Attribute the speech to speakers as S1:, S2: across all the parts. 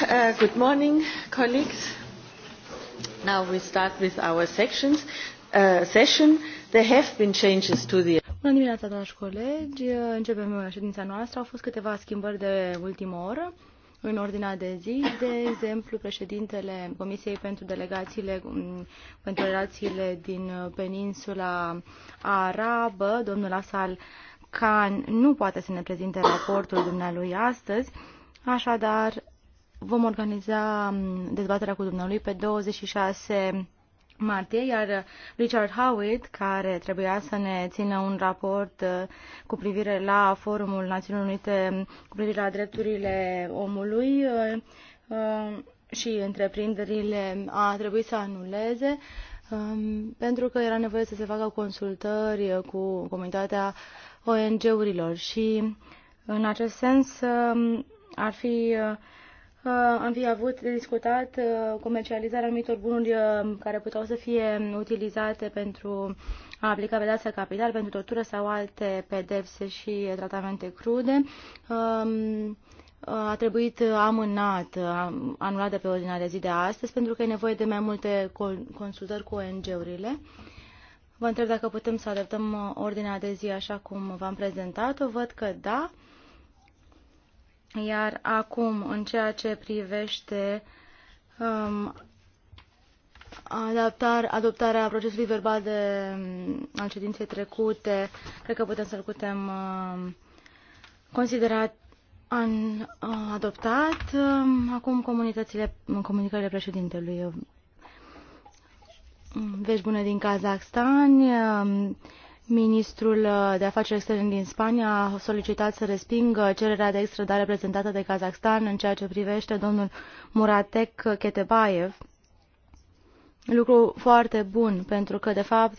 S1: Uh, good morning, colleagues. Now we start with our sections, uh, session. There have been changes to the... Bună dimineața, dragi colegi. Uh, începem ședința noastră. Au fost câteva schimbări de ultimă oră în ordinea de zi. De exemplu, președintele Comisiei pentru Delegațiile um, pentru Relațiile din Peninsula Arabă, domnul Asal Khan, nu poate să ne prezinte raportul dumnealui astăzi. Așadar, vom organiza um, dezbaterea cu dumnealui pe 26 martie, iar Richard Howitt, care trebuia să ne țină un raport uh, cu privire la Forumul Națiunilor Unite um, cu privire la drepturile omului uh, uh, și întreprinderile, a trebuit să anuleze um, pentru că era nevoie să se facă consultări cu comunitatea ONG-urilor și în acest sens ar fi uh, am fi avut de discutat uh, comercializarea anumitor bunuri uh, care puteau să fie utilizate pentru a aplica pedeapsa capital pentru tortură sau alte pedepse și tratamente crude um, a trebuit amânat, anulat de pe ordinea de zi de astăzi, pentru că e nevoie de mai multe consultări cu ONG-urile. Vă întreb dacă putem să adaptăm ordinea de zi așa cum v-am prezentat-o. Văd că da. Iar acum, în ceea ce privește um, adaptar, adoptarea procesului verbal de, um, al ședinței trecute, cred că putem să-l putem um, considera an, uh, adoptat. Um, acum, comunitățile, comunicările președintelui. Um, vești bune din Kazakhstan. Um, Ministrul uh, de Afaceri Externe din Spania a solicitat să respingă cererea de extradare prezentată de Kazakhstan în ceea ce privește domnul Muratek Ketebaev. Lucru foarte bun, pentru că, de fapt,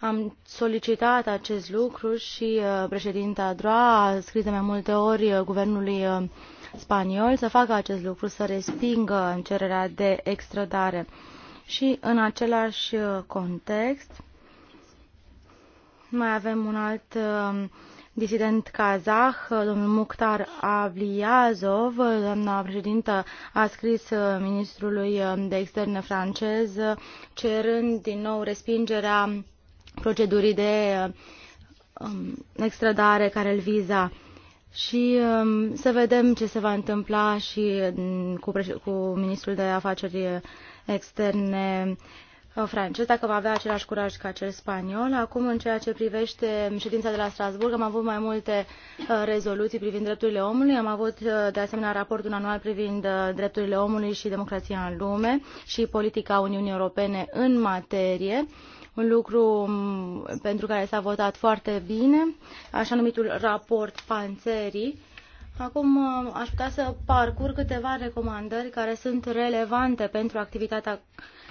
S1: am solicitat acest lucru și uh, președinta Droa a scris de mai multe ori uh, guvernului spaniol să facă acest lucru, să respingă cererea de extradare. Și în același context, mai avem un alt uh, disident kazah, uh, domnul Mukhtar Avliazov, doamna președintă a scris uh, ministrului um, de externe francez uh, cerând din nou respingerea procedurii de um, extradare care îl viza și să vedem ce se va întâmpla și mm, cu, cu ministrul de afaceri externe francez, dacă va avea același curaj ca cel spaniol. Acum, în ceea ce privește ședința de la Strasburg, am avut mai multe uh, rezoluții privind drepturile omului, am avut uh, de asemenea raportul anual privind uh, drepturile omului și democrația în lume și politica Uniunii Europene în materie un lucru mm, pentru care s-a votat foarte bine, așa numitul raport Panțerii. Acum aș putea să parcurg câteva recomandări care sunt relevante pentru activitatea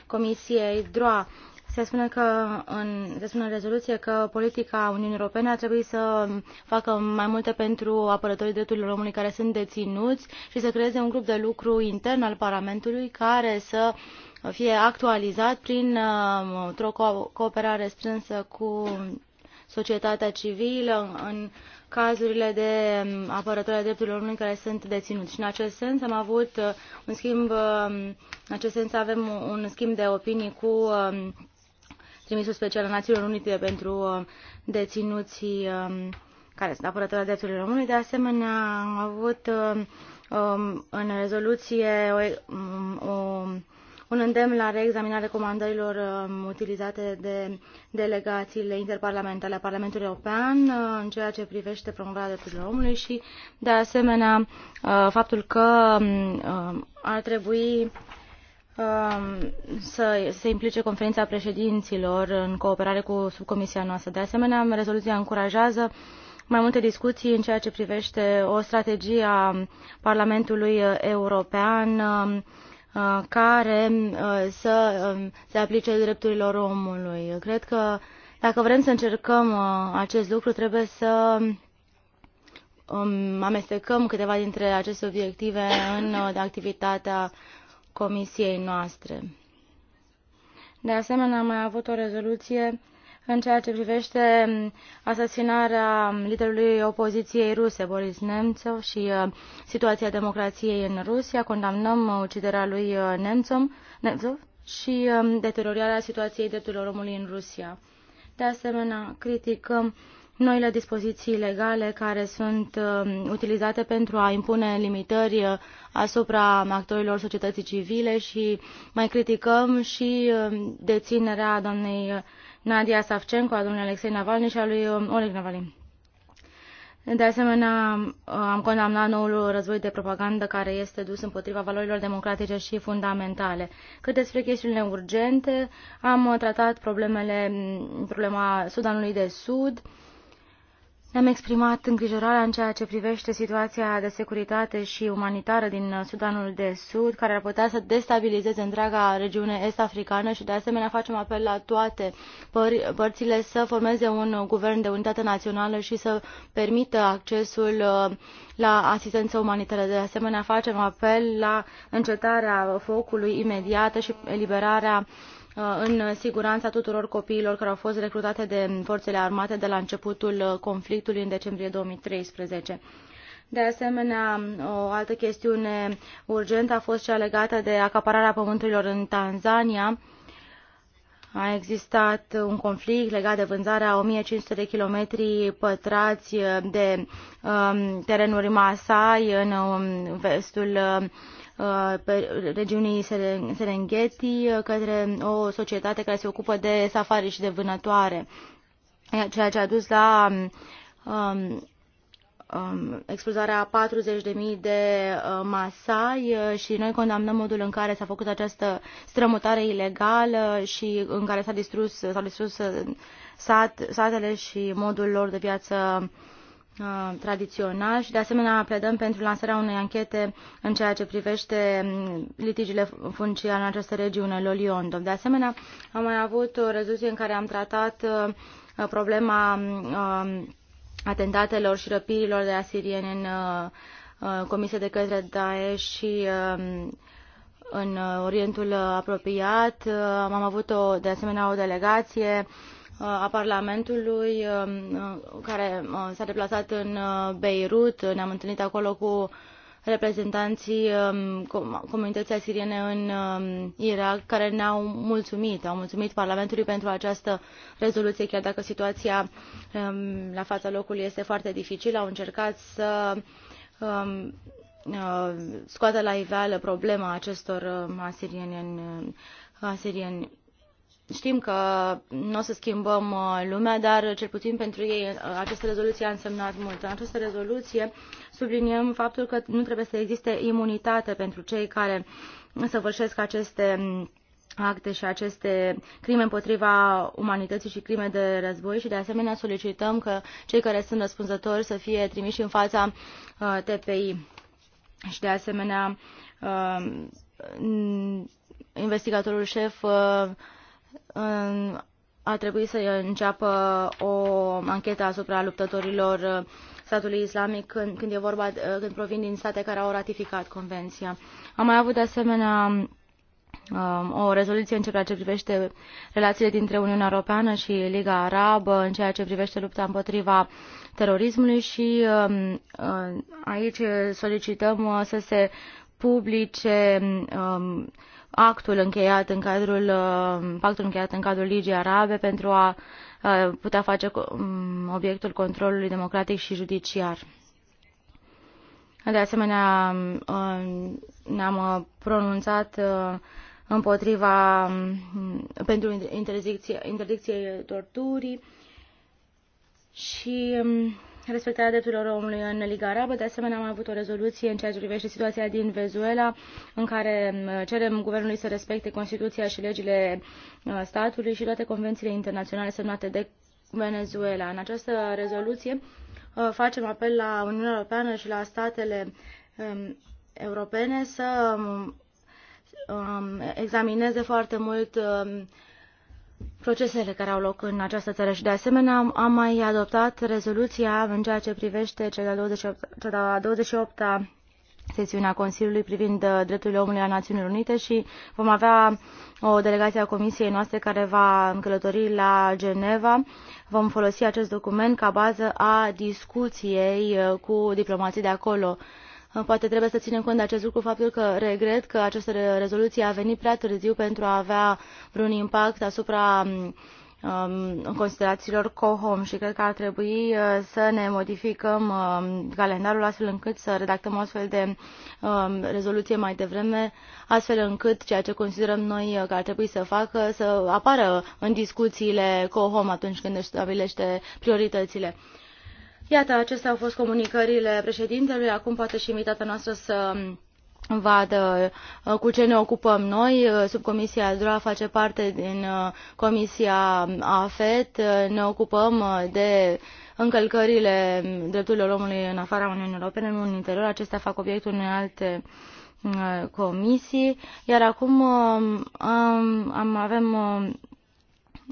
S1: Comisiei DROA. Se spune, că în, se spune în rezoluție că politica Uniunii Europene ar trebui să facă mai multe pentru apărătorii drepturilor omului care sunt deținuți și să creeze un grup de lucru intern al Parlamentului care să fie actualizat prin uh, o cooperare strânsă cu societatea civilă în cazurile de mm, apărători a drepturilor omului care sunt deținuți. Și în acest sens am avut uh, un schimb, um, în acest sens avem un schimb de opinii cu um, trimisul special al Națiunilor Unite pentru uh, deținuții um, care sunt apărători a drepturilor omului. De asemenea, am avut în rezoluție o, o un îndemn la reexaminarea recomandărilor um, utilizate de delegațiile interparlamentare ale Parlamentului European uh, în ceea ce privește promovarea drepturilor omului și, de asemenea, uh, faptul că um, um, ar trebui să se implice conferința președinților în cooperare cu subcomisia noastră. De asemenea, rezoluția încurajează mai multe discuții în ceea ce privește o strategie a Parlamentului European Uh, care uh, să um, se aplice drepturilor omului. Cred că dacă vrem să încercăm uh, acest lucru, trebuie să um, amestecăm câteva dintre aceste obiective în activitatea comisiei noastre. De asemenea, am mai avut o rezoluție în ceea ce privește mm, asasinarea mm, liderului opoziției ruse Boris Nemțov și uh, situația democrației în Rusia. Condamnăm uciderea lui uh, Nemțov și um, deteriorarea situației drepturilor omului în Rusia. De asemenea, criticăm noile dispoziții legale care sunt um, utilizate pentru a impune limitări uh, asupra actorilor societății civile și mai criticăm și um, deținerea doamnei Nadia Savchenko, a domnului Alexei Navalny și a lui um, Oleg Navalny. De asemenea, am condamnat noul război de propagandă care este dus împotriva valorilor democratice și fundamentale. Cât despre chestiunile urgente, am tratat problemele, problema Sudanului de Sud, ne-am exprimat îngrijorarea în ceea ce privește situația de securitate și umanitară din Sudanul de Sud, care ar putea să destabilizeze întreaga regiune est-africană și de asemenea facem apel la toate păr- părțile să formeze un guvern de unitate națională și să permită accesul uh, la asistență umanitară. De asemenea facem apel la încetarea focului imediată și eliberarea Uh, în siguranța tuturor copiilor care au fost recrutate de forțele armate de la începutul conflictului în decembrie 2013. De asemenea, o altă chestiune urgentă a fost cea legată de acapararea pământurilor în Tanzania. A existat un conflict legat de vânzarea 1500 de kilometri pătrați de um, terenuri Masai în um, vestul um, Uh, pe regiunii Serengeti uh, către o societate care se ocupă de safari și de vânătoare, ceea ce a dus la um, um, um expulzarea a 40.000 de uh, masai și noi condamnăm modul în care s-a făcut această strămutare ilegală și în care s-a distrus, s distrus sat, satele și modul lor de viață uh, Uh, tradițional și de asemenea pledăm pentru lansarea unei anchete în ceea ce privește um, litigiile funciare în această regiune, Loliondo. De asemenea, am mai avut o rezoluție în care am tratat uh, problema um, atentatelor și răpirilor de asirieni în uh, comise de către Daesh și um, în Orientul apropiat. Am avut o, de asemenea o delegație Uh, a Parlamentului um, uh, care uh, s-a deplasat în Beirut. Ne-am întâlnit acolo cu reprezentanții um, comunității siriene în um, Irak care ne-au mulțumit, au mulțumit Parlamentului pentru această rezoluție, chiar dacă situația la fața locului este foarte dificilă. Au încercat să scoată la iveală problema acestor asirieni, asirieni Știm că nu o să schimbăm uh, lumea, dar uh, cel puțin pentru ei uh, această rezoluție a însemnat mult. În această rezoluție subliniem faptul că nu trebuie să existe imunitate pentru cei care săvârșesc aceste mm, acte și aceste crime împotriva umanității și crime de război și de asemenea solicităm că cei care sunt răspunzători să fie trimiși în fața uh, TPI și de asemenea uh, mm, investigatorul șef uh, a trebui să înceapă o anchetă asupra luptătorilor uh, statului islamic când, când e vorba uh, când provin din state care au ratificat convenția. Am mai avut de asemenea um, o rezoluție în ceea ce privește relațiile dintre Uniunea Europeană și Liga Arabă, în ceea ce privește lupta împotriva terorismului și um, uh, aici solicităm să se publice um, actul încheiat în cadrul, uh, pactul încheiat în cadrul Ligii Arabe pentru a uh, putea face um, obiectul controlului democratic și judiciar. De asemenea, um, ne-am uh, pronunțat împotriva um, pentru interdicție, interdicție torturii și respectarea drepturilor omului în Liga Arabă. De asemenea, am avut o rezoluție în ceea ce privește situația din Venezuela, în care uh, cerem guvernului să respecte Constituția și legile uh, statului și toate convențiile internaționale semnate de Venezuela. În această rezoluție uh, facem apel la Uniunea Europeană și la statele um, europene să um, um, examineze foarte mult procesele care au loc în această țară și de asemenea am mai adoptat rezoluția în ceea ce privește cea de-a 28-a sesiunea Consiliului privind uh, drepturile omului a Națiunilor Unite și vom avea o delegație a Comisiei noastre care va călători la Geneva. Vom folosi acest document ca bază a discuției uh, cu diplomații de acolo. Poate trebuie să ținem cont de acest lucru faptul că regret că această rezoluție a venit prea târziu pentru a avea vreun impact asupra um, considerațiilor COHOM și cred că ar trebui uh, să ne modificăm um, calendarul astfel încât să redactăm o astfel de um, rezoluție mai devreme, astfel încât ceea ce considerăm noi uh, că ar trebui să facă să apară în discuțiile COHOM atunci când își stabilește prioritățile. Iată, acestea au fost comunicările președintelui. Acum poate și invitata noastră să vadă uh, cu ce ne ocupăm noi. Uh, subcomisia DROA face parte din uh, Comisia AFET. Ne ocupăm de încălcările drepturilor omului în afara Uniunii Europene, nu în interior. Acestea fac obiectul unei alte comisii. Iar acum am, avem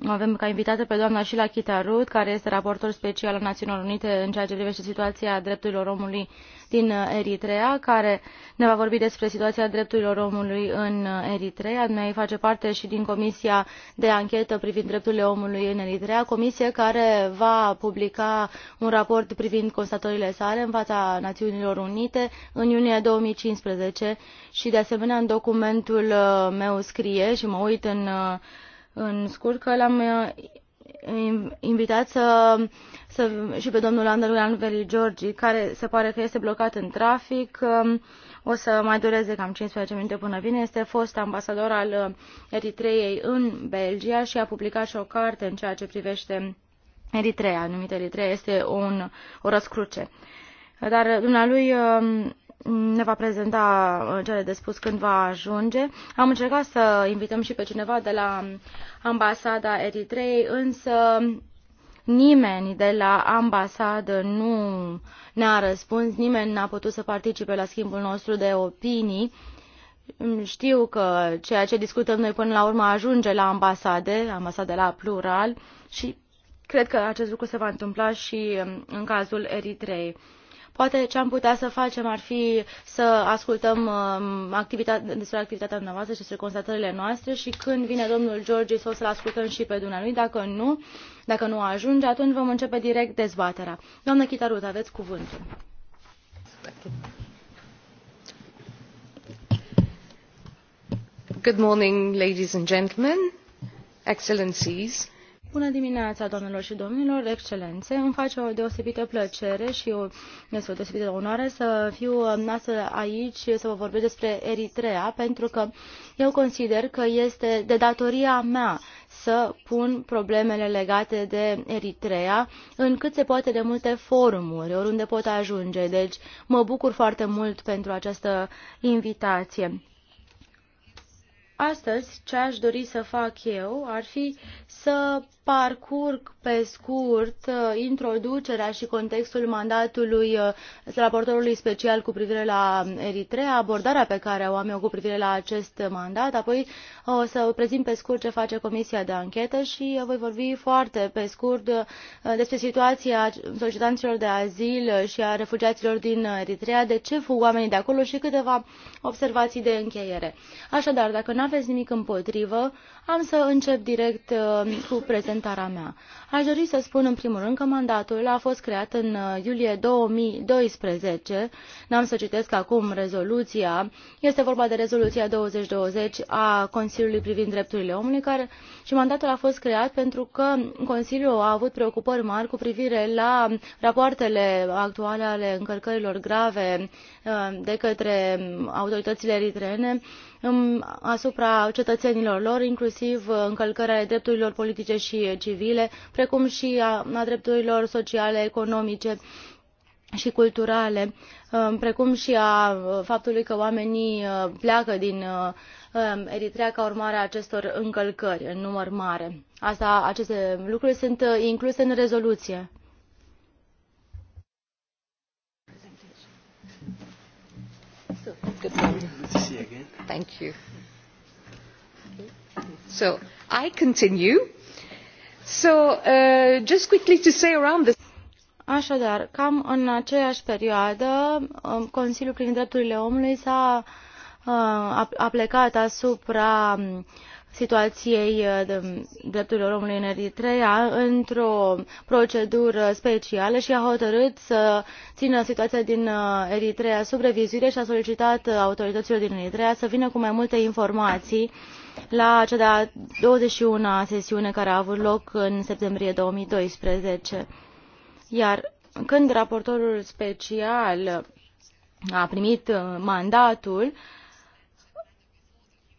S1: avem ca invitată pe doamna Sheila Chitarut, care este raportor special al Națiunilor Unite în ceea ce privește situația drepturilor omului din Eritrea, care ne va vorbi despre situația drepturilor omului în Eritrea. Noi face parte și din Comisia de Anchetă privind drepturile omului în Eritrea, comisie care va publica un raport privind constatările sale în fața Națiunilor Unite în iunie 2015 și de asemenea în documentul uh, meu scrie și mă uit în uh, în scurt că l-am uh, invitat să, să, și pe domnul Andrei Veli Georgi, care se pare că este blocat în trafic. Um, o să mai dureze cam 15 minute până vine. Este fost ambasador al uh, Eritreei în Belgia și a publicat și o carte în ceea ce privește Eritrea. Numită Eritrea este un, o răscruce. Dar dumnealui um, ne va prezenta uh, cele de spus când va ajunge. Am încercat să invităm și pe cineva de la ambasada Eritrei, însă nimeni de la ambasadă nu ne-a răspuns, nimeni n-a putut să participe la schimbul nostru de opinii. Știu că ceea ce discutăm noi până la urmă ajunge la ambasade, ambasade la plural și cred că acest lucru se va întâmpla și um, în cazul Eritrei. Poate ce am putea să facem ar fi să ascultăm um, activitatea, despre activitatea dumneavoastră și despre constatările noastre și când vine domnul George să o să-l ascultăm și pe dumneavoastră. Dacă nu, dacă nu ajunge, atunci vom începe direct dezbaterea. Doamnă Chitarut, aveți cuvântul. Good morning, ladies and gentlemen, excellencies. Bună dimineața, domnilor și domnilor, excelențe! Îmi face o deosebită plăcere și o, este o deosebită onoare să fiu um, astăzi aici să vă vorbesc despre Eritrea, pentru că eu consider că este de datoria mea să pun problemele legate de Eritrea în cât se poate de multe forumuri, oriunde pot ajunge. Deci mă bucur foarte mult pentru această invitație. Astăzi, ce aș dori să fac eu ar fi să parcurg pe scurt uh, introducerea și contextul mandatului uh, raportorului special cu privire la Eritrea, abordarea pe care o am eu cu privire la acest mandat, apoi uh, o să prezint pe scurt ce face Comisia de Anchetă și voi vorbi foarte pe scurt despre situația solicitanților de azil și a refugiaților din Eritrea, de ce fug oamenii de acolo și câteva observații de încheiere. Așadar, dacă nu aveți nimic împotrivă, am să încep direct uh, cu prezentarea mea. Aș dori să spun în primul rând că mandatul a fost creat în uh, iulie 2012. N-am să citesc acum rezoluția. Este vorba de rezoluția 2020 a Consiliului privind drepturile omului care, și mandatul a fost creat pentru că Consiliul a avut preocupări mari cu privire la rapoartele actuale ale încălcărilor grave uh, de către autoritățile eritrene asupra cetățenilor lor, inclusiv uh, încălcări ale drepturilor politice și uh, civile, precum și a drepturilor sociale, economice și culturale, um, precum și a uh, faptului că oamenii pleacă din um, Eritrea ca urmare a acestor încălcări în număr mare. Asta, aceste lucruri sunt incluse în rezoluție.
S2: Good morning.
S1: Așadar, cam în aceeași perioadă, um, Consiliul privind drepturile omului s-a uh, a plecat asupra um, situației uh, drepturilor omului în eritreea într o procedură specială și a hotărât să țină situația din uh, eritreea sub revizuire și a solicitat uh, autorităților din eritreea să vină cu mai multe informații la cea de a 21 a sesiune care a avut loc în septembrie 2012. iar când raportorul special a primit mandatul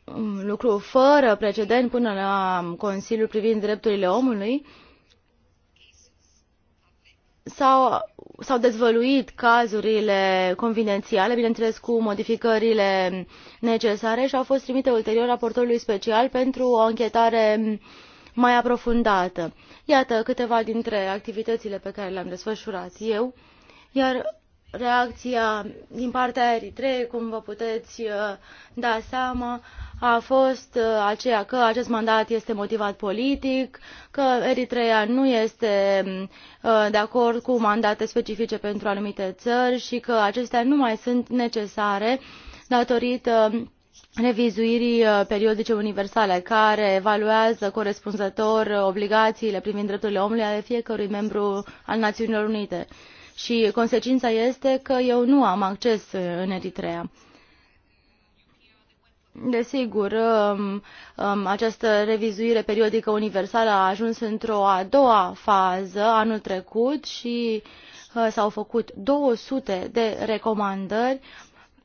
S1: Um, lucru fără precedent până la Consiliul privind drepturile omului, s-au, s-au dezvăluit cazurile confidențiale, bineînțeles cu modificările necesare și au fost trimite ulterior raportorului special pentru o anchetare mai aprofundată. Iată câteva dintre activitățile pe care le-am desfășurat eu, iar reacția din partea Eritrei, cum vă puteți uh, da seama, a fost uh, aceea că acest mandat este motivat politic, că Eritrea nu este mm, uh, de acord cu mandate specifice pentru anumite țări și că acestea nu mai sunt necesare datorită revizuirii periodice universale care evaluează corespunzător obligațiile privind drepturile omului ale fiecărui membru al națiunilor unite și consecința este că eu nu am acces uh, în Eritrea. Desigur, um, um, această revizuire periodică universală a ajuns într-o a doua fază anul trecut și uh, s-au făcut 200 de recomandări.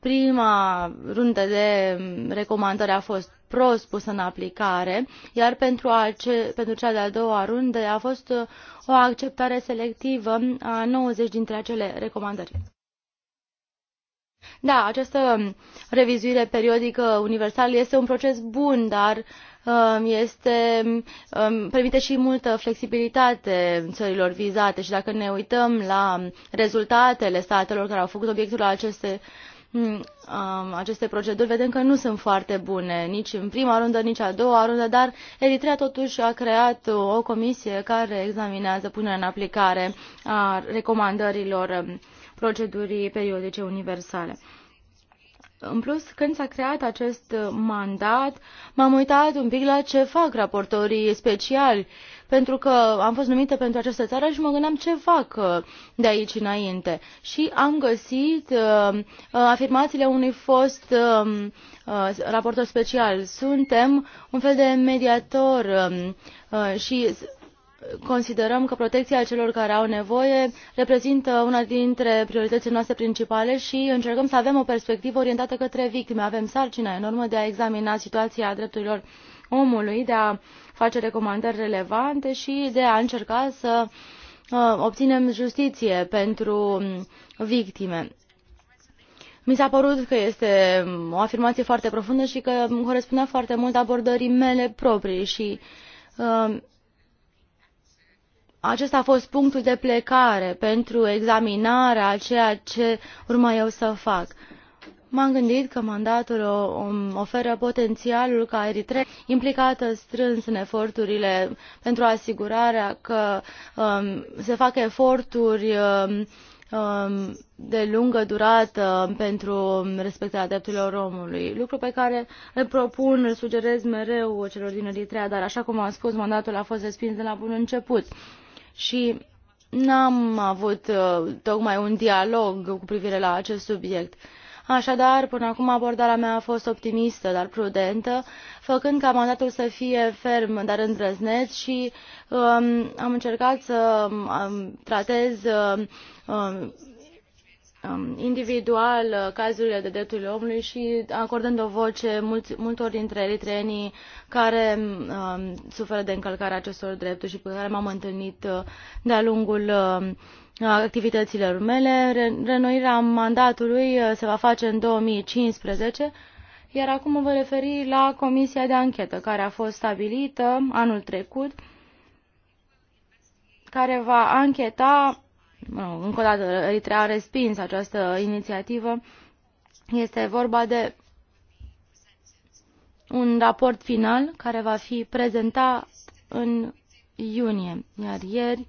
S1: Prima rundă de um, recomandări a fost prost pus în aplicare, iar pentru, ace, pentru cea de-a doua rundă a fost uh, o acceptare selectivă a 90 dintre acele recomandări. Da, această revizuire periodică universală este un proces bun, dar um, este, um, permite și multă flexibilitate țărilor vizate și dacă ne uităm la rezultatele statelor care au făcut obiectul aceste Mm, aceste proceduri vedem că nu sunt foarte bune nici în prima rundă, nici a doua rundă, dar Eritrea totuși a creat o comisie care examinează punerea în aplicare a recomandărilor um, procedurii periodice universale. În plus, când s-a creat acest mandat, m-am uitat un pic la ce fac raportorii speciali pentru că am fost numită pentru această țară și mă gândeam ce fac uh, de aici înainte. Și am găsit uh, uh, afirmațiile unui fost um, raportor special. Suntem un fel de mediator um, și considerăm că protecția celor care au nevoie reprezintă una dintre prioritățile noastre principale și încercăm să avem o perspectivă orientată către victime. Avem sarcina enormă de a examina situația drepturilor omului, de a face recomandări relevante și de a încerca să uh, obținem justiție pentru um, victime. Mi s-a părut că este um, o afirmație foarte profundă și că corespundea foarte mult abordării mele proprii și um, acesta a fost punctul de plecare pentru examinarea a ceea ce urma eu să fac m-am gândit că mandatul oferă potențialul ca eritreea implicată strâns în eforturile pentru asigurarea că um, se fac eforturi um, um, de lungă durată pentru respectarea drepturilor omului, lucru pe care îl propun, îl sugerez mereu celor din Eritrea, dar așa cum am spus, mandatul a fost respins de la bun început. Și n-am avut uh, tocmai un dialog cu privire la acest subiect. Așadar, până acum abordarea mea a fost optimistă, dar prudentă, făcând ca mandatul să fie ferm, dar îndrăzneț și um, am încercat să um, tratez um, um, um individual uh, cazurile de drepturile omului și acordând o voce multor dintre eritreenii care um, suferă de încălcarea acestor drepturi și pe care m-am întâlnit uh, de-a lungul um, activităților mele. Renoirea mandatului uh, se va face în 2015, iar acum mă voi referi la comisia de anchetă care a fost stabilită anul trecut, care va ancheta, încă o dată, Eritrea a respins această inițiativă, este vorba de un raport final care va fi prezentat în iunie, iar ieri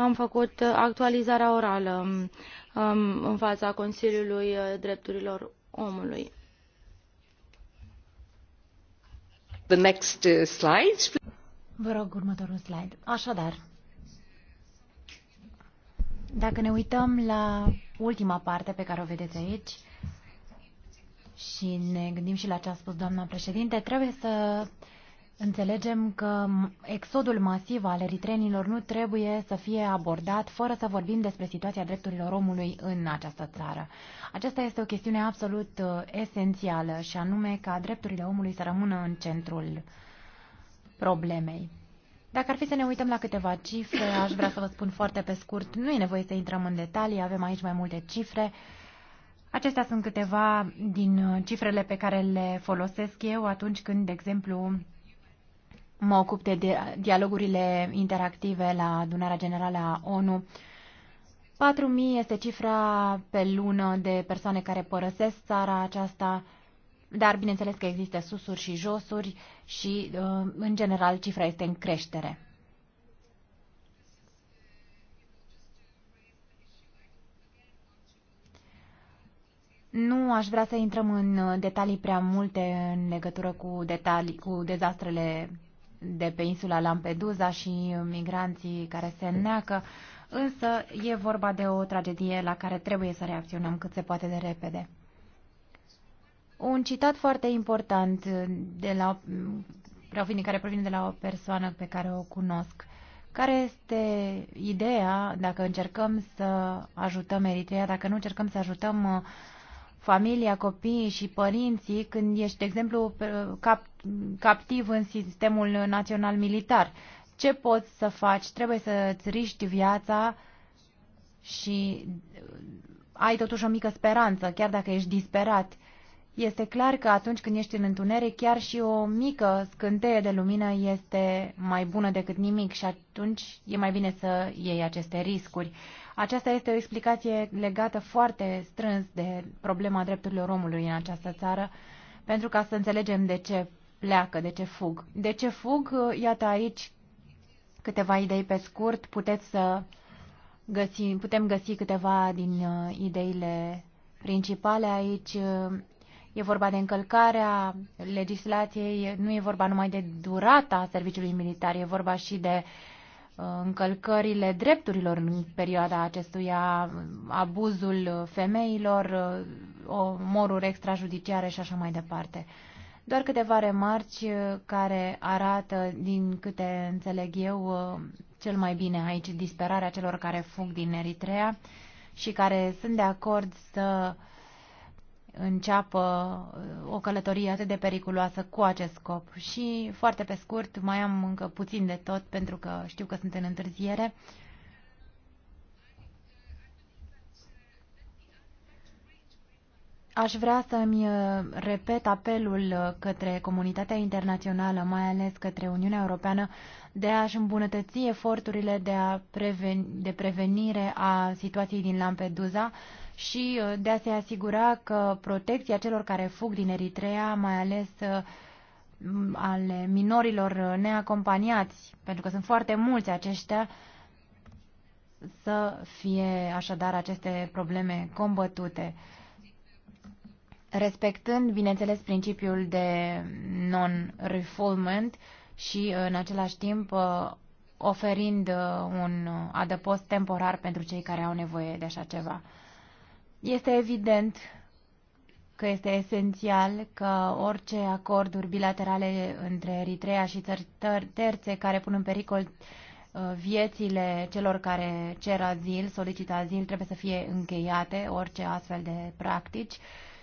S1: am făcut uh, actualizarea orală um, um, în fața Consiliului uh, Drepturilor Omului. The next uh, slide.
S3: Vă rog următorul slide. Așadar, dacă ne uităm la ultima parte pe care o vedeți aici și ne gândim și la ce a spus doamna președinte, trebuie să uh, Înțelegem că exodul masiv al eritrenilor nu trebuie să fie abordat fără să vorbim despre situația drepturilor omului în această țară. Aceasta este o chestiune absolut uh, esențială și anume ca drepturile omului să rămână în centrul problemei. Dacă ar fi să ne uităm la câteva cifre, aș vrea să vă spun foarte pe scurt, nu e nevoie să intrăm în detalii, avem aici mai multe cifre. Acestea sunt câteva din uh, cifrele pe care le folosesc eu atunci când, de exemplu, mă ocup de dialogurile interactive la adunarea generală a ONU. 4.000 este cifra pe lună de persoane care părăsesc țara aceasta, dar bineînțeles că există susuri și josuri și, uh, în general, cifra este în creștere. Nu aș vrea să intrăm în uh, detalii prea multe în legătură cu, detalii, cu dezastrele de pe insula Lampedusa și migranții care se neacă, însă e vorba de o tragedie la care trebuie să reacționăm cât se poate de repede. Un citat foarte important de la, care provine de la o persoană pe care o cunosc. Care este ideea dacă încercăm să ajutăm Eritrea, dacă nu încercăm să ajutăm uh, familia, copiii și părinții când ești, de exemplu, cap, captiv în sistemul național militar. Ce poți să faci? Trebuie să-ți riști viața și ai totuși o mică speranță, chiar dacă ești disperat. Este clar că atunci când ești în întuneric, chiar și o mică scânteie de lumină este mai bună decât nimic și atunci e mai bine să iei aceste riscuri. Aceasta este o explicație legată foarte strâns de problema drepturilor omului în această țară, pentru ca să înțelegem de ce pleacă, de ce fug. De ce fug, iată aici câteva idei pe scurt, puteți să găsi, putem găsi câteva din uh, ideile principale aici. E vorba de încălcarea legislației, nu e vorba numai de durata serviciului militar, e vorba și de uh, încălcările drepturilor în perioada acestuia, abuzul femeilor, omoruri extrajudiciare și așa mai departe. Doar câteva remarci care arată, din câte înțeleg eu, cel mai bine aici disperarea celor care fug din Eritrea și care sunt de acord să înceapă uh, o călătorie atât de periculoasă cu acest scop. Și foarte pe scurt, mai am încă puțin de tot pentru că știu că sunt în întârziere. Aș vrea să-mi uh, repet apelul uh, către comunitatea internațională, mai ales către Uniunea Europeană, de a-și îmbunătăți eforturile de, a preveni, de prevenire a situației din Lampedusa și uh, de a se asigura că protecția celor care fug din Eritrea, mai ales uh, ale minorilor uh, neacompaniați, pentru că sunt foarte mulți aceștia, să fie așadar aceste probleme combătute, respectând, bineînțeles, principiul de non-refoulement și, în același timp, oferind un adăpost temporar pentru cei care au nevoie de așa ceva. Este evident că este esențial că orice acorduri bilaterale între Eritrea și țări terțe care pun în pericol uh, viețile celor care cer azil, solicită azil, trebuie să fie încheiate, orice astfel de practici.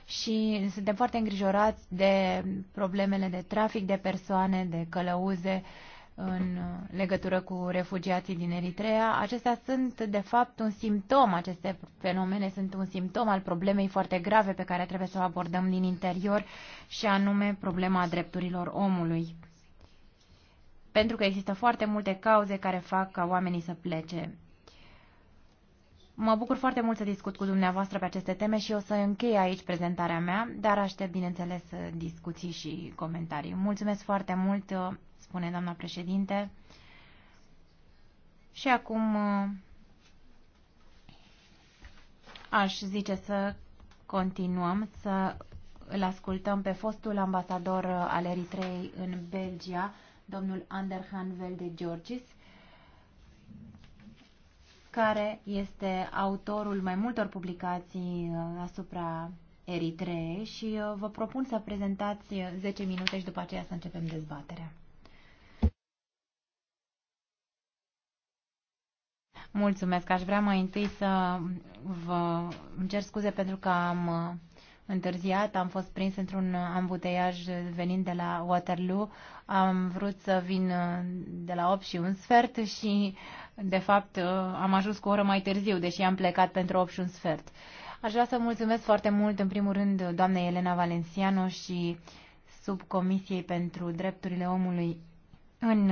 S3: Și suntem foarte îngrijorați de problemele de trafic de persoane, de călăuze, uh, în uh, legătură cu refugiații din Eritrea. Acestea sunt, de fapt, un simptom, aceste fenomene sunt un simptom al problemei foarte grave pe care trebuie să o abordăm din interior și anume problema drepturilor omului. Pentru că există foarte multe cauze care fac ca oamenii să plece. Mă bucur foarte mult să discut cu dumneavoastră pe aceste teme și o să închei aici prezentarea mea, dar aștept, bineînțeles, discuții și comentarii. Mulțumesc foarte mult! Uh, spune doamna președinte. Și acum uh, aș zice să continuăm să îl ascultăm pe fostul ambasador uh, al Eritrei în Belgia, domnul Anderhan Velde Georgis, care este autorul mai multor publicații uh, asupra Eritreei și vă propun să prezentați 10 minute și după aceea să începem dezbaterea. Mulțumesc. Aș vrea mai întâi să vă îmi cer scuze pentru că am uh, întârziat, am fost prins într-un uh, ambuteiaj venind de la Waterloo. Am vrut să vin uh, de la 8 și un sfert și, de fapt, am ajuns cu o oră mai târziu, deși am plecat pentru 8 și un sfert. Aș vrea să mulțumesc foarte mult, în primul rând, doamnei Elena Valenciano și subcomisiei pentru drepturile omului în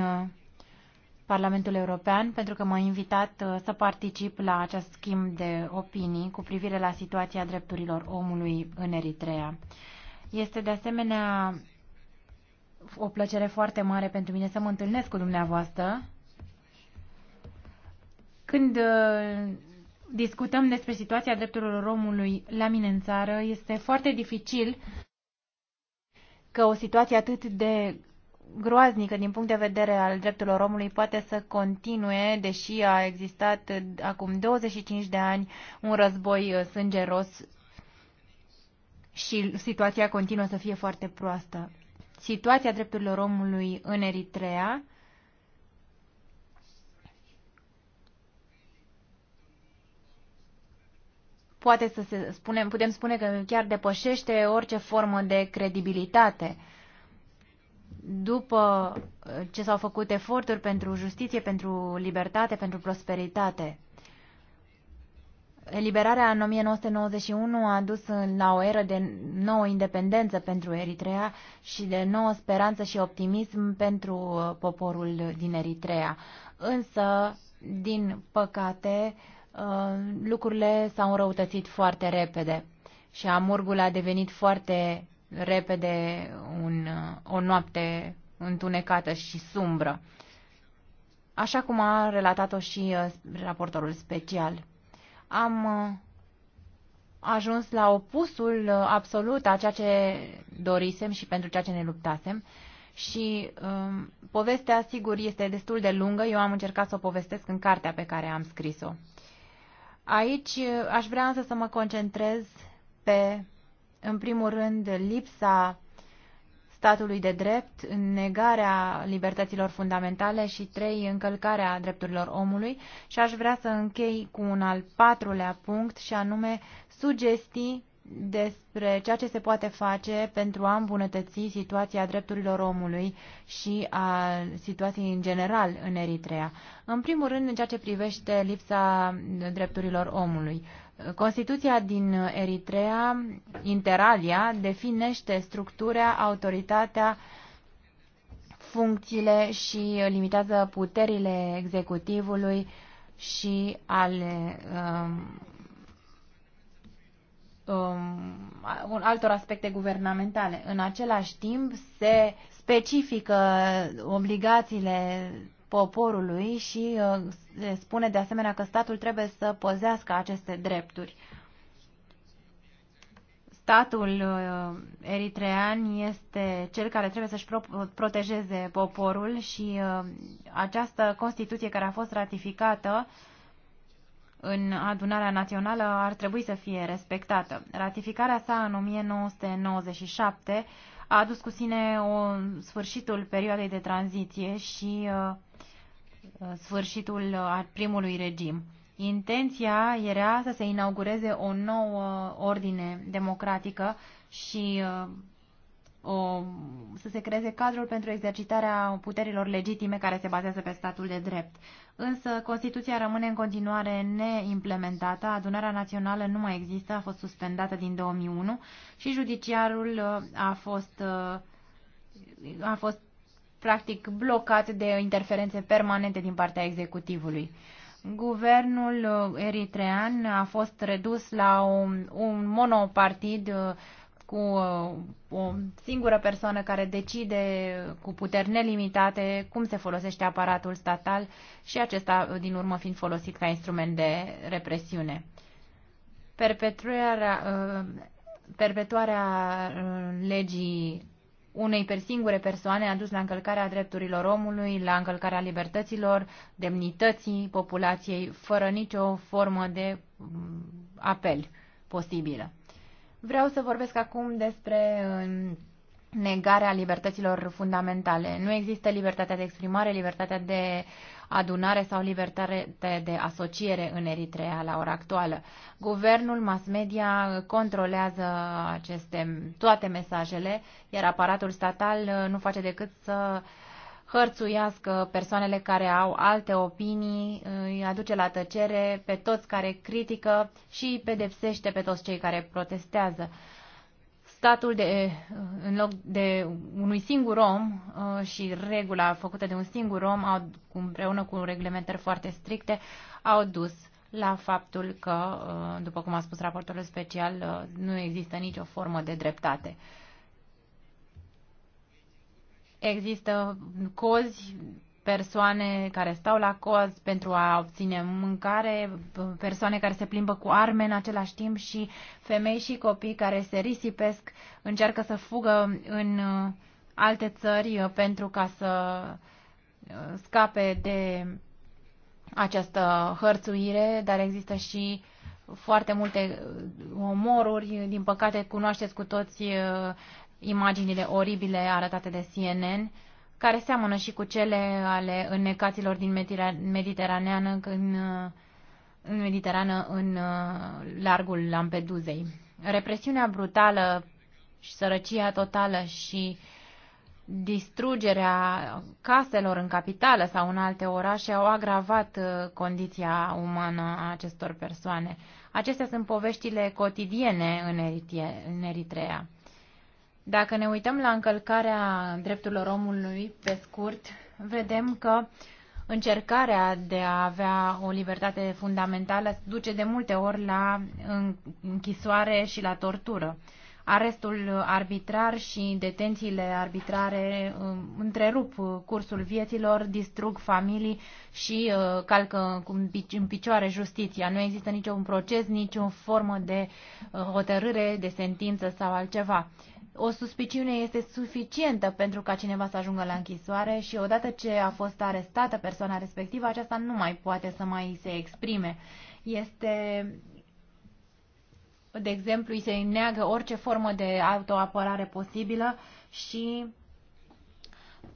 S3: Parlamentul European pentru că m-a invitat uh, să particip la acest schimb de opinii cu privire la situația drepturilor omului în Eritrea. Este de asemenea o plăcere foarte mare pentru mine să mă întâlnesc cu dumneavoastră. Când uh, discutăm despre situația drepturilor omului la mine în țară, este foarte dificil că o situație atât de groaznică din punct de vedere al drepturilor omului poate să continue, deși a existat acum 25 de ani un război uh, sângeros și situația continuă să fie foarte proastă. Situația drepturilor omului în Eritrea poate să se spunem, putem spune că chiar depășește orice formă de credibilitate după uh, ce s-au făcut eforturi pentru justiție, pentru libertate, pentru prosperitate. Eliberarea în 1991 a dus la o eră de nouă independență pentru Eritrea și de nouă speranță și optimism pentru uh, poporul din Eritrea. Însă, din păcate, uh, lucrurile s-au înrăutățit foarte repede și amurgul a devenit foarte repede un, o noapte întunecată și sumbră, așa cum a relatat-o și uh, raportorul special. Am uh, ajuns la opusul uh, absolut a ceea ce dorisem și pentru ceea ce ne luptasem. Și um, povestea, sigur, este destul de lungă. Eu am încercat să o povestesc în cartea pe care am scris-o. Aici aș vrea însă să mă concentrez pe în primul rând, lipsa statului de drept, negarea libertăților fundamentale și trei, încălcarea drepturilor omului și aș vrea să închei cu un al patrulea punct și anume sugestii despre ceea ce se poate face pentru a îmbunătăți situația drepturilor omului și a situației în general în Eritrea. În primul rând, în ceea ce privește lipsa drepturilor omului. Constituția din Eritrea, Interalia, definește structura, autoritatea, funcțiile și limitează puterile executivului și ale um, um, altor aspecte guvernamentale. În același timp se specifică obligațiile poporului și uh, se spune de asemenea că statul trebuie să păzească aceste drepturi. Statul uh, eritrean este cel care trebuie să-și protejeze poporul și uh, această Constituție care a fost ratificată în adunarea națională ar trebui să fie respectată. Ratificarea sa în 1997 a adus cu sine o, sfârșitul perioadei de tranziție și uh, Uh, sfârșitul uh, primului regim. Intenția era să se inaugureze o nouă ordine democratică și uh, o, să se creeze cadrul pentru exercitarea puterilor legitime care se bazează pe statul de drept. Însă Constituția rămâne în continuare neimplementată, adunarea națională nu mai există, a fost suspendată din 2001 și judiciarul a fost, a fost practic blocat de interferențe permanente din partea executivului. Guvernul uh, eritrean a fost redus la un, un monopartid uh, cu uh, o singură persoană care decide cu puteri nelimitate cum se folosește aparatul statal și acesta din urmă fiind folosit ca instrument de represiune. Perpetuarea, perpetuarea legii unei per singure persoane a dus la încălcarea drepturilor omului, la încălcarea libertăților, demnității populației, fără nicio formă de mm, apel posibilă. Vreau să vorbesc acum despre negarea libertăților fundamentale. Nu există libertatea de exprimare, libertatea de adunare sau libertate de asociere în Eritrea la ora actuală. Guvernul mass media controlează aceste, toate mesajele, iar aparatul statal uh, nu face decât să hărțuiască persoanele care au alte opinii, uh, îi aduce la tăcere pe toți care critică și pedepsește pe toți cei care protestează statul de, în loc de unui singur om uh, și regula făcută de un singur om, împreună cu reglementări foarte stricte, au dus la faptul că, uh, după cum a spus raportorul special, uh, nu există nicio formă de dreptate. Există cozi persoane care stau la coz pentru a obține mâncare, persoane care se plimbă cu arme în același timp și femei și copii care se risipesc, încearcă să fugă în uh, alte țări uh, pentru ca să uh, scape de această hărțuire, dar există și foarte multe omoruri. Din păcate, cunoașteți cu toți imaginile oribile arătate de CNN care seamănă și cu cele ale înnecaților din Mediteraneană în, în Mediterană în uh, largul Lampeduzei. Represiunea brutală și sărăcia totală și distrugerea caselor în capitală sau în alte orașe au agravat uh, condiția umană a acestor persoane. Acestea sunt poveștile cotidiene în Eritrea. Dacă ne uităm la încălcarea drepturilor omului, pe scurt, vedem că încercarea de a avea o libertate fundamentală duce de multe ori la închisoare și la tortură. Arestul arbitrar și detențiile arbitrare um, întrerup cursul vieților, distrug familii și uh, calcă în picioare justiția. Nu există niciun proces, nicio formă de uh, hotărâre, de sentință sau altceva o suspiciune este suficientă pentru ca cineva să ajungă la închisoare și odată ce a fost arestată persoana respectivă, aceasta nu mai poate să mai se exprime. Este, de exemplu, îi se neagă orice formă de autoapărare posibilă și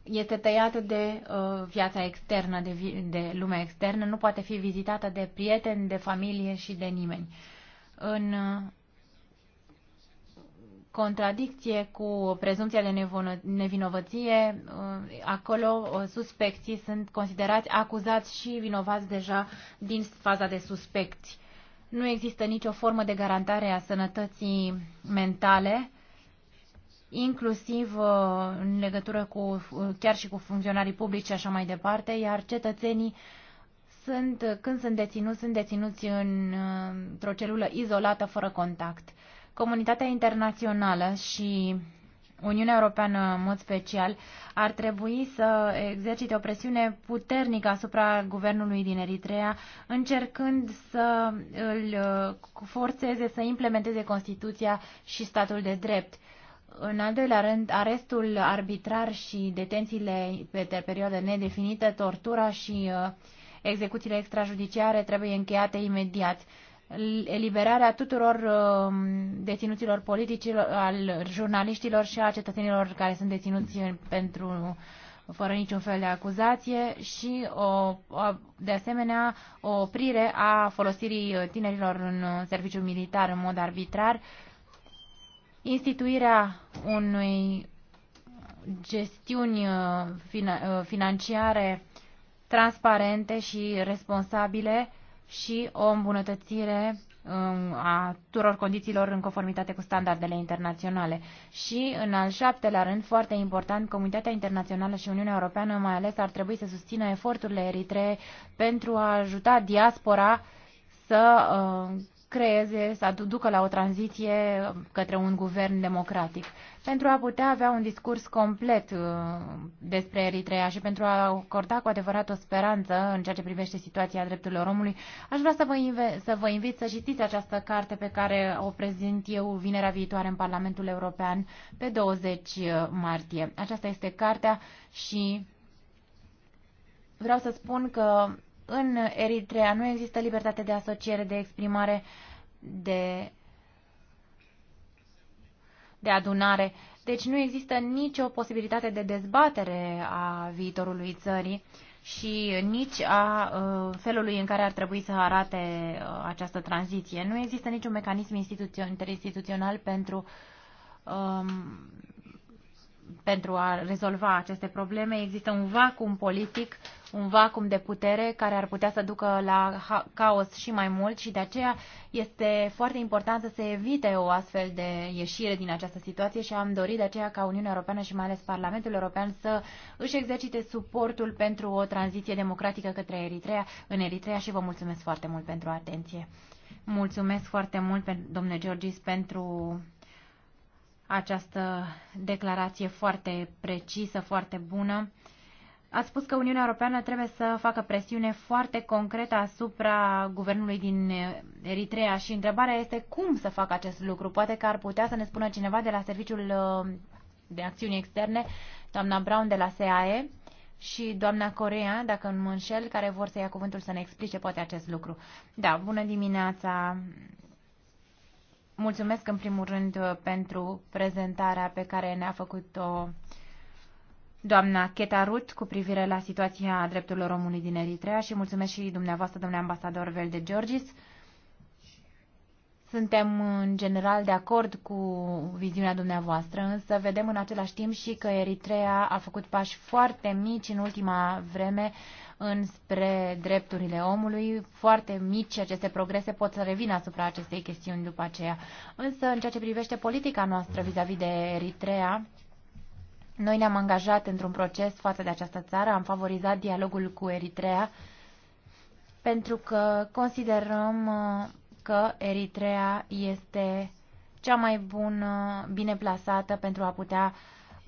S3: este tăiată de uh, viața externă, de, vi- de lumea externă, nu poate fi vizitată de prieteni, de familie și de nimeni. În uh, contradicție cu prezumția de nevinovăție, uh, acolo uh, suspecții sunt considerați acuzați și vinovați deja din faza de suspecți. Nu există nicio formă de garantare a sănătății mentale, inclusiv uh, în legătură cu chiar și cu funcționarii publici și așa mai departe, iar cetățenii sunt, când sunt deținuți, sunt deținuți într-o celulă izolată, fără contact. Comunitatea internațională și Uniunea Europeană, în mod special, ar trebui să exercite o presiune puternică asupra guvernului din Eritrea, încercând să îl uh, forțeze să implementeze Constituția și statul de drept. În al doilea rând, arestul arbitrar și detențiile pe perioade nedefinite, tortura și uh, execuțiile extrajudiciare trebuie încheiate imediat eliberarea tuturor um, deținuților politici, al jurnaliștilor și a cetățenilor care sunt deținuți pentru fără niciun fel de acuzație și o, o, de asemenea o oprire a folosirii tinerilor în serviciu militar în mod arbitrar, instituirea unui gestiuni uh, uh, financiare transparente și responsabile și o îmbunătățire um, a tuturor condițiilor în conformitate cu standardele internaționale. Și, în al șaptelea rând, foarte important, comunitatea internațională și Uniunea Europeană mai ales ar trebui să susțină eforturile Eritrei pentru a ajuta diaspora să uh, creeze, să ducă la o tranziție către un guvern democratic, pentru a putea avea un discurs complet uh, despre Eritrea și pentru a acorda cu adevărat o speranță în ceea ce privește situația drepturilor omului, aș vrea să vă, inv- să vă invit să citiți această carte pe care o prezint eu vinerea viitoare în Parlamentul European pe 20 uh, martie. Aceasta este cartea și vreau să spun că în Eritrea nu există libertate de asociere, de exprimare, de, de adunare. Deci nu există nicio posibilitate de dezbatere a viitorului țării și nici a ă, felului în care ar trebui să arate ă, această tranziție. Nu există niciun mecanism instituțional interinstituțional pentru um, pentru a rezolva aceste probleme. Există un vacum politic, un vacum de putere care ar putea să ducă la caos și mai mult și de aceea este foarte important să se evite o astfel de ieșire din această situație și am dorit de aceea ca Uniunea Europeană și mai ales Parlamentul European să își exercite suportul pentru o tranziție democratică către Eritrea în Eritrea și vă mulțumesc foarte mult pentru atenție. Mulțumesc foarte mult, domnule Georgis, pentru această declarație foarte precisă, foarte bună. Ați spus că Uniunea Europeană trebuie să facă presiune foarte concretă asupra guvernului din Eritrea și întrebarea este cum să facă acest lucru. Poate că ar putea să ne spună cineva de la Serviciul uh, de Acțiuni Externe, doamna Brown de la SAE și doamna Corea, dacă nu mă înșel, care vor să ia cuvântul să ne explice poate acest lucru. Da, bună dimineața, mulțumesc în primul rând uh, pentru prezentarea pe care ne-a făcut-o doamna Chetarut cu privire la situația drepturilor omului din Eritrea și mulțumesc și dumneavoastră, domnule ambasador Velde Georgis. Suntem în general de acord cu viziunea dumneavoastră, însă vedem în același timp și că Eritrea a făcut pași foarte mici în ultima vreme înspre drepturile omului. Foarte mici aceste progrese pot să revină asupra acestei chestiuni după aceea. Însă, în ceea ce privește politica noastră vis-a-vis -vis de Eritrea, noi ne-am angajat într-un proces față de această țară, am favorizat dialogul cu Eritrea, pentru că considerăm uh, că Eritrea este cea mai bună, bine plasată pentru a putea uh,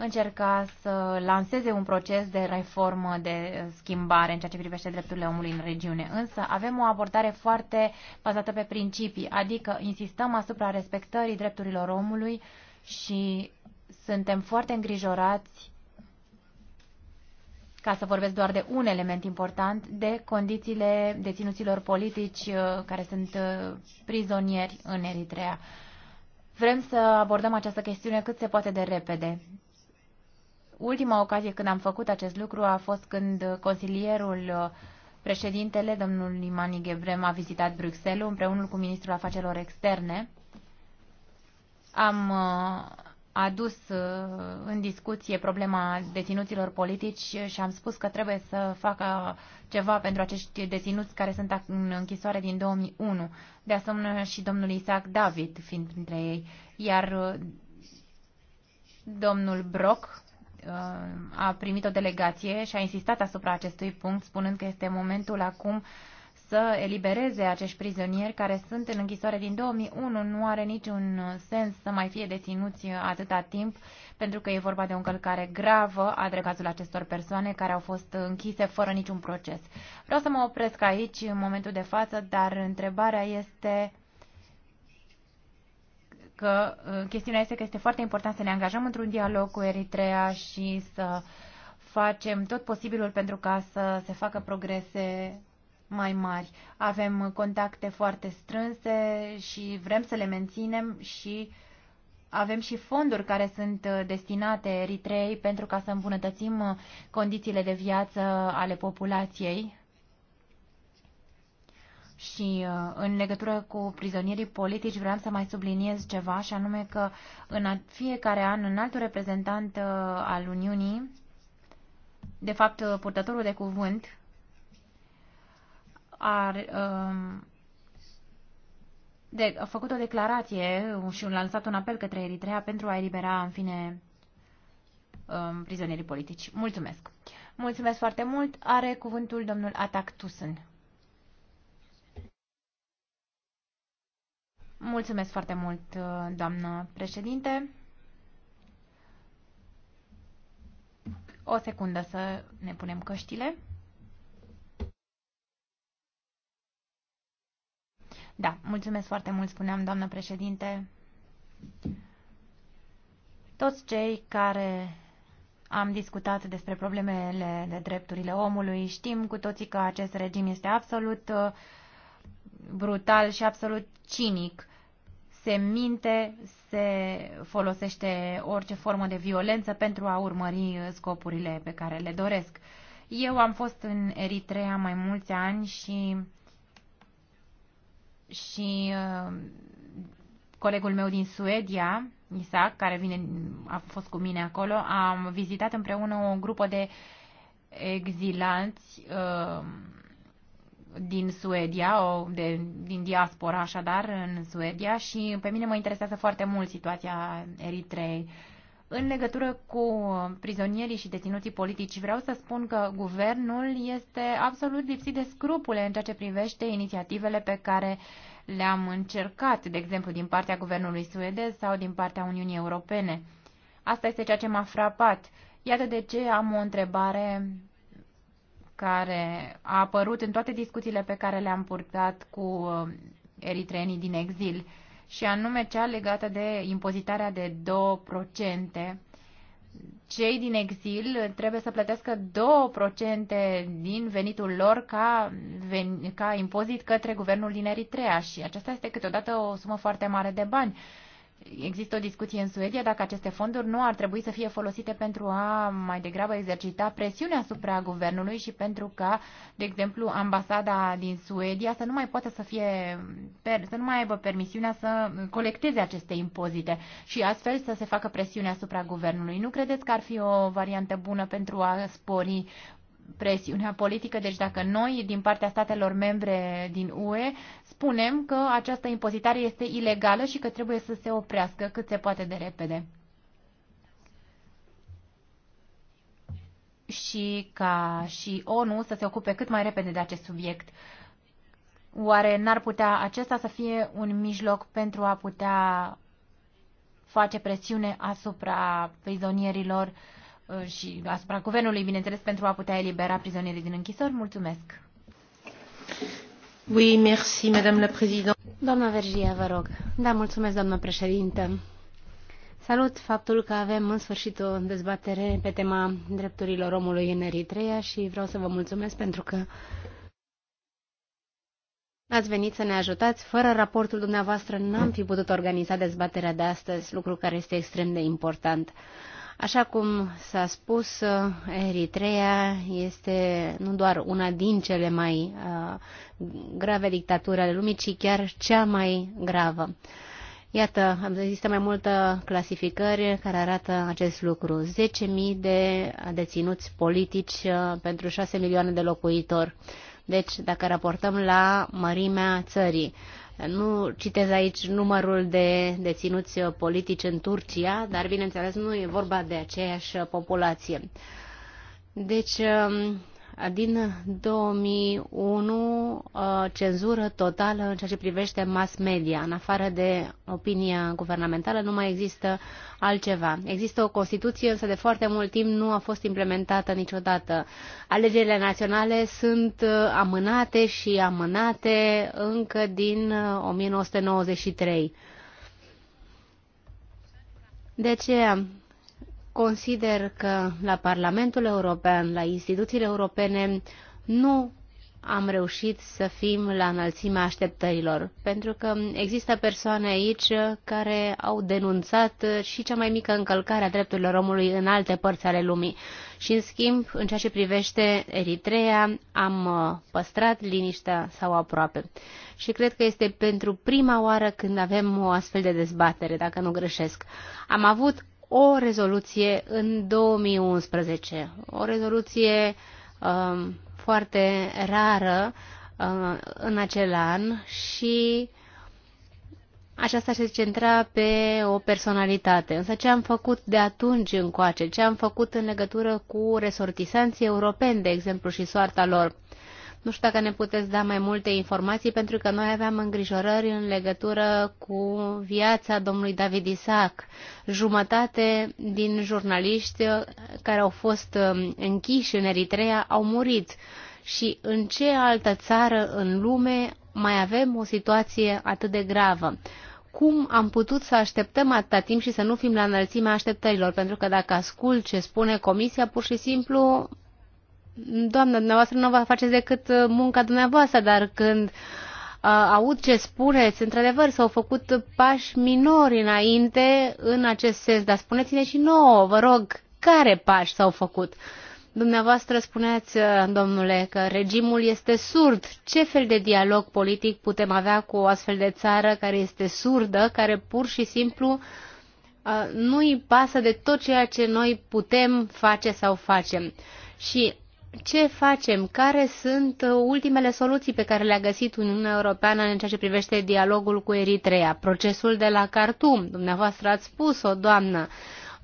S3: încerca să lanseze un proces de reformă, de schimbare în ceea ce privește drepturile omului în regiune. Însă avem o abordare foarte bazată pe principii, adică insistăm asupra respectării drepturilor omului și suntem foarte îngrijorați ca să vorbesc doar de un element important, de condițiile deținuților politici uh, care sunt uh, prizonieri în Eritrea. Vrem să abordăm această chestiune cât se poate de repede. Ultima ocazie când am făcut acest lucru a fost când consilierul uh, președintele, domnul Imani Ghebrem, a vizitat Bruxelles împreună cu ministrul afacerilor externe. Am uh, adus uh, în discuție problema deținuților politici și am spus că trebuie să facă ceva pentru acești deținuți care sunt în închisoare din 2001. De asemenea și domnul Isaac David fiind printre ei. Iar domnul Brock, Uh, a primit o delegație și a insistat asupra acestui punct, spunând că este momentul acum să elibereze acești prizonieri care sunt în închisoare din 2001. Nu are niciun sens să mai fie deținuți atâta timp, pentru că e vorba de o încălcare gravă a dreptul acestor persoane care au fost închise fără niciun proces. Vreau să mă opresc aici în momentul de față, dar întrebarea este că uh, chestiunea este că este foarte important să ne angajăm într-un dialog cu Eritrea și să facem tot posibilul pentru ca să se facă progrese mai mari. Avem contacte foarte strânse și vrem să le menținem și avem și fonduri care sunt uh, destinate Eritrei pentru ca să îmbunătățim uh, condițiile de viață ale populației și uh, în legătură cu prizonierii politici vreau să mai subliniez ceva și anume că în fiecare an în altul reprezentant uh, al Uniunii, de fapt uh, purtătorul de cuvânt, a, um, de, a făcut o declarație și a lansat un apel către Eritrea pentru a elibera în fine um, prizonierii politici. Mulțumesc! Mulțumesc foarte mult! Are cuvântul domnul Atac Tusen. Mulțumesc foarte mult, uh, doamnă președinte. O secundă să ne punem căștile. Da, mulțumesc foarte mult, spuneam, doamnă președinte. Toți cei care am discutat despre problemele de drepturile omului, știm cu toții că acest regim este absolut uh, brutal și absolut cinic. Se minte, se folosește orice formă de violență pentru a urmări uh, scopurile pe care le doresc. Eu am fost în Eritrea mai mulți ani și și uh, colegul meu din Suedia, Isaac, care vine, a fost cu mine acolo, am vizitat împreună o grupă de exilanți uh, din Suedia, o, de, din diaspora așadar, în Suedia și pe mine mă interesează foarte mult situația Eritrei. În legătură cu prizonierii și deținuții politici, vreau să spun că guvernul este absolut lipsit de scrupule în ceea ce privește inițiativele pe care le-am încercat, de exemplu, din partea guvernului suedez sau din partea Uniunii Europene. Asta este ceea ce m-a frapat. Iată de ce am o întrebare care a apărut în toate discuțiile pe care le-am purtat cu uh, eritreenii din exil, și anume cea legată de impozitarea de 2%. Cei din exil trebuie să plătească 2% din venitul lor ca, ven, ca impozit către guvernul din Eritrea și aceasta este câteodată o sumă foarte mare de bani Există o discuție în Suedia dacă aceste fonduri nu ar trebui să fie folosite pentru a mai degrabă exercita presiune asupra guvernului și pentru ca, de exemplu, ambasada din Suedia să nu mai poată să fie, să nu mai aibă permisiunea să colecteze aceste impozite și astfel să se facă presiune asupra guvernului. Nu credeți că ar fi o variantă bună pentru a spori presiunea politică, deci dacă noi, din partea statelor membre din UE, spunem că această impozitare este ilegală și că trebuie să se oprească cât se poate de repede. Și ca și ONU să se ocupe cât mai repede de acest subiect. Oare n-ar putea acesta să fie un mijloc pentru a putea face presiune asupra prizonierilor uh, și asupra guvernului, bineînțeles, pentru a putea elibera prizonierii din închisori? Mulțumesc!
S2: vă rog. Da, mulțumesc, doamnă președintă. Salut faptul că avem în sfârșit o dezbatere pe tema drepturilor omului în eritreea și vreau să vă mulțumesc pentru că ați venit să ne ajutați. Fără raportul dumneavoastră n-am fi putut organiza dezbaterea de astăzi, lucru care este extrem de important. Așa cum s-a spus, Eritrea este nu doar una din cele mai uh, grave dictaturi ale lumii, ci chiar cea mai gravă. Iată, există mai multă clasificări care arată acest lucru. 10.000 de deținuți politici uh, pentru 6 milioane de locuitori. Deci, dacă raportăm la mărimea țării, nu citez aici numărul de deținuți politici în Turcia, dar bineînțeles nu e vorba de aceeași populație. Deci um, din 2001 uh, cenzură totală în ceea ce privește mass media. În afară de opinia guvernamentală nu mai există altceva. Există o Constituție, însă de foarte mult timp nu a fost implementată niciodată. Alegerile naționale sunt uh, amânate și amânate încă din 1993. Uh, de ce? Consider că la Parlamentul European, la instituțiile europene, nu am reușit să fim la înălțimea așteptărilor, pentru că există persoane aici care au denunțat și cea mai mică încălcare a drepturilor omului în alte părți ale lumii. Și, în schimb, în ceea ce privește Eritrea, am uh, păstrat liniștea sau aproape. Și cred că este pentru prima oară când avem o astfel de dezbatere, dacă nu greșesc. Am avut o rezoluție în 2011, o rezoluție um, foarte rară uh, în acel an și aceasta se centra pe o personalitate. Însă ce am făcut de atunci încoace, ce am făcut în legătură cu resortisanții europeni, de exemplu, și soarta lor, nu știu dacă ne puteți da mai multe informații, pentru că noi aveam îngrijorări în legătură cu viața domnului David Isaac. Jumătate din jurnaliști care au fost um, închiși în Eritrea au murit. Și în ce altă țară în lume mai avem o situație atât de gravă? cum am putut să așteptăm atâta timp și să nu fim la înălțimea așteptărilor, pentru că dacă ascult ce spune Comisia, pur și simplu doamnă, dumneavoastră nu vă faceți decât uh, munca dumneavoastră, dar când uh, aud ce spuneți, într-adevăr s-au făcut pași minori înainte în acest sens, dar spuneți-ne și nouă, vă rog, care pași s-au făcut? Dumneavoastră spuneați, uh, domnule, că regimul este surd. Ce fel de dialog politic putem avea cu o astfel de țară care este surdă, care pur și simplu uh, nu i pasă de tot ceea ce noi putem face sau facem? Și ce facem, care sunt uh, ultimele soluții pe care le-a găsit Uniunea Europeană în ceea ce privește dialogul cu Eritrea, procesul de la Khartoum. Dumneavoastră ați spus-o, doamnă,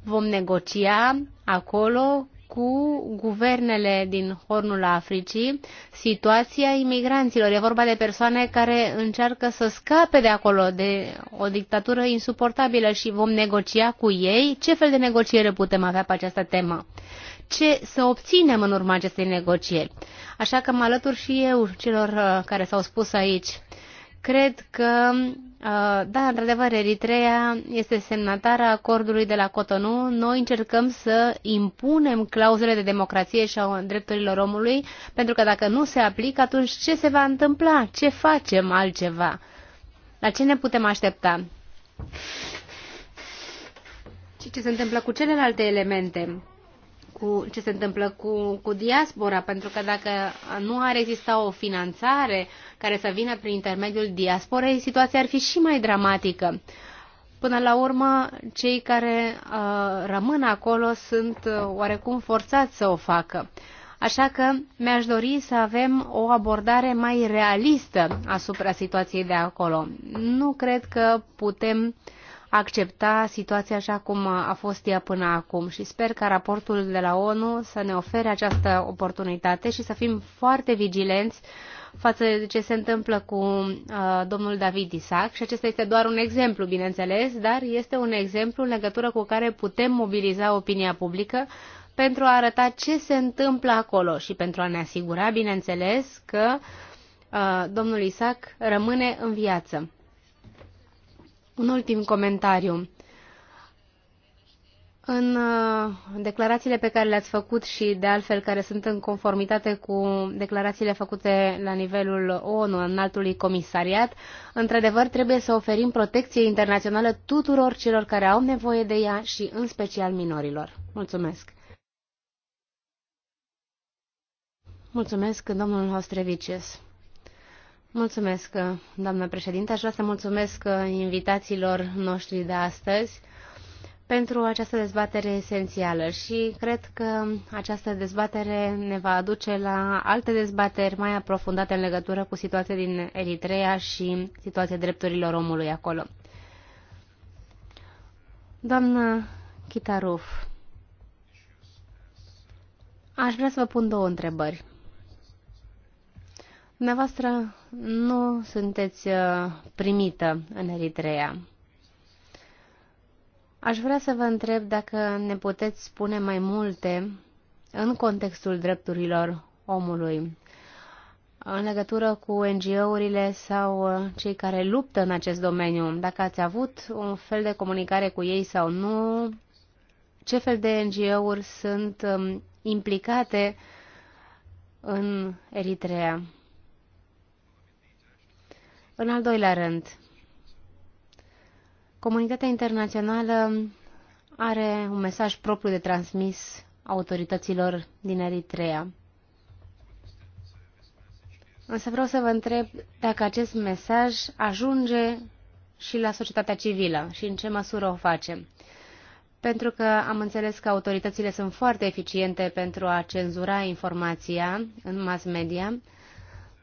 S2: vom negocia acolo cu guvernele din Hornul Africii situația imigranților. E vorba de persoane care încearcă să scape de acolo, de o dictatură insuportabilă și vom negocia cu ei. Ce fel de negociere putem avea pe această temă? ce să obținem în urma acestei negocieri. Așa că mă alătur și eu celor uh, care s-au spus aici. Cred că, uh, da, într-adevăr, Eritrea este semnatara acordului de la Cotonou. Noi încercăm să impunem clauzele de democrație și a drepturilor omului, pentru că dacă nu se aplică, atunci ce se va întâmpla? Ce facem altceva? La ce ne putem aștepta? Și ce se întâmplă cu celelalte elemente? cu ce se întâmplă cu, cu diaspora, pentru că dacă nu ar exista o finanțare care să vină prin intermediul diasporei, situația ar fi și mai dramatică. Până la urmă, cei care uh, rămân acolo sunt uh, oarecum forțați să o facă. Așa că mi-aș dori să avem o abordare mai realistă asupra situației de acolo. Nu cred că putem uh, accepta situația așa cum a fost ea până acum și sper ca raportul de la ONU să ne ofere această oportunitate și să fim foarte vigilenți față de ce se întâmplă cu uh, domnul David Isaac și acesta este doar un exemplu, bineînțeles, dar este un exemplu în legătură cu care putem mobiliza opinia publică pentru a arăta ce se întâmplă acolo și pentru a ne asigura, bineînțeles, că uh, domnul Isaac rămâne în viață. Un ultim comentariu. În uh, declarațiile pe care le-ați făcut și de altfel care sunt în conformitate cu declarațiile făcute la nivelul ONU, în altului comisariat, într-adevăr trebuie să oferim protecție internațională tuturor celor care au nevoie de ea și în special minorilor. Mulțumesc! Mulțumesc, domnul Hostrevicius. Mulțumesc, doamnă președintă. Aș vrea să mulțumesc invitațiilor noștri de astăzi pentru această dezbatere esențială și cred că această dezbatere ne va aduce la alte dezbateri mai aprofundate în legătură cu situația din Eritrea și situația drepturilor omului acolo. Doamnă Chitaruf, aș vrea să vă pun două întrebări. Dumneavoastră nu sunteți uh, primită în Eritrea. Aș vrea să vă întreb dacă ne puteți spune mai multe în contextul drepturilor omului, în legătură cu NGO-urile sau uh, cei care luptă în acest domeniu, dacă ați avut un fel de comunicare cu ei sau nu, ce fel de NGO-uri sunt um, implicate în Eritrea. În al doilea rând, comunitatea internațională are un mesaj propriu de transmis autorităților din Eritrea. Însă vreau să vă întreb dacă acest mesaj ajunge și la societatea civilă și în ce măsură o facem. Pentru că am înțeles că autoritățile sunt foarte eficiente pentru a cenzura informația în mass media,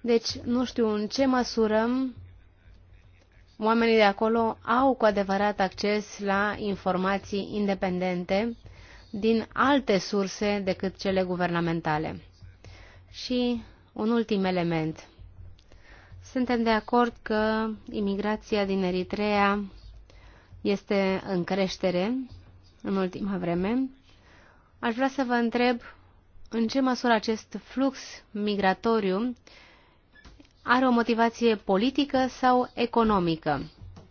S2: deci nu știu în ce măsură oamenii de acolo au cu adevărat acces la informații independente din alte surse decât cele guvernamentale. Și un ultim element. Suntem de acord că imigrația din Eritrea este în creștere în ultima vreme. Aș vrea să vă întreb în ce măsură acest flux migratoriu are o motivație politică sau economică,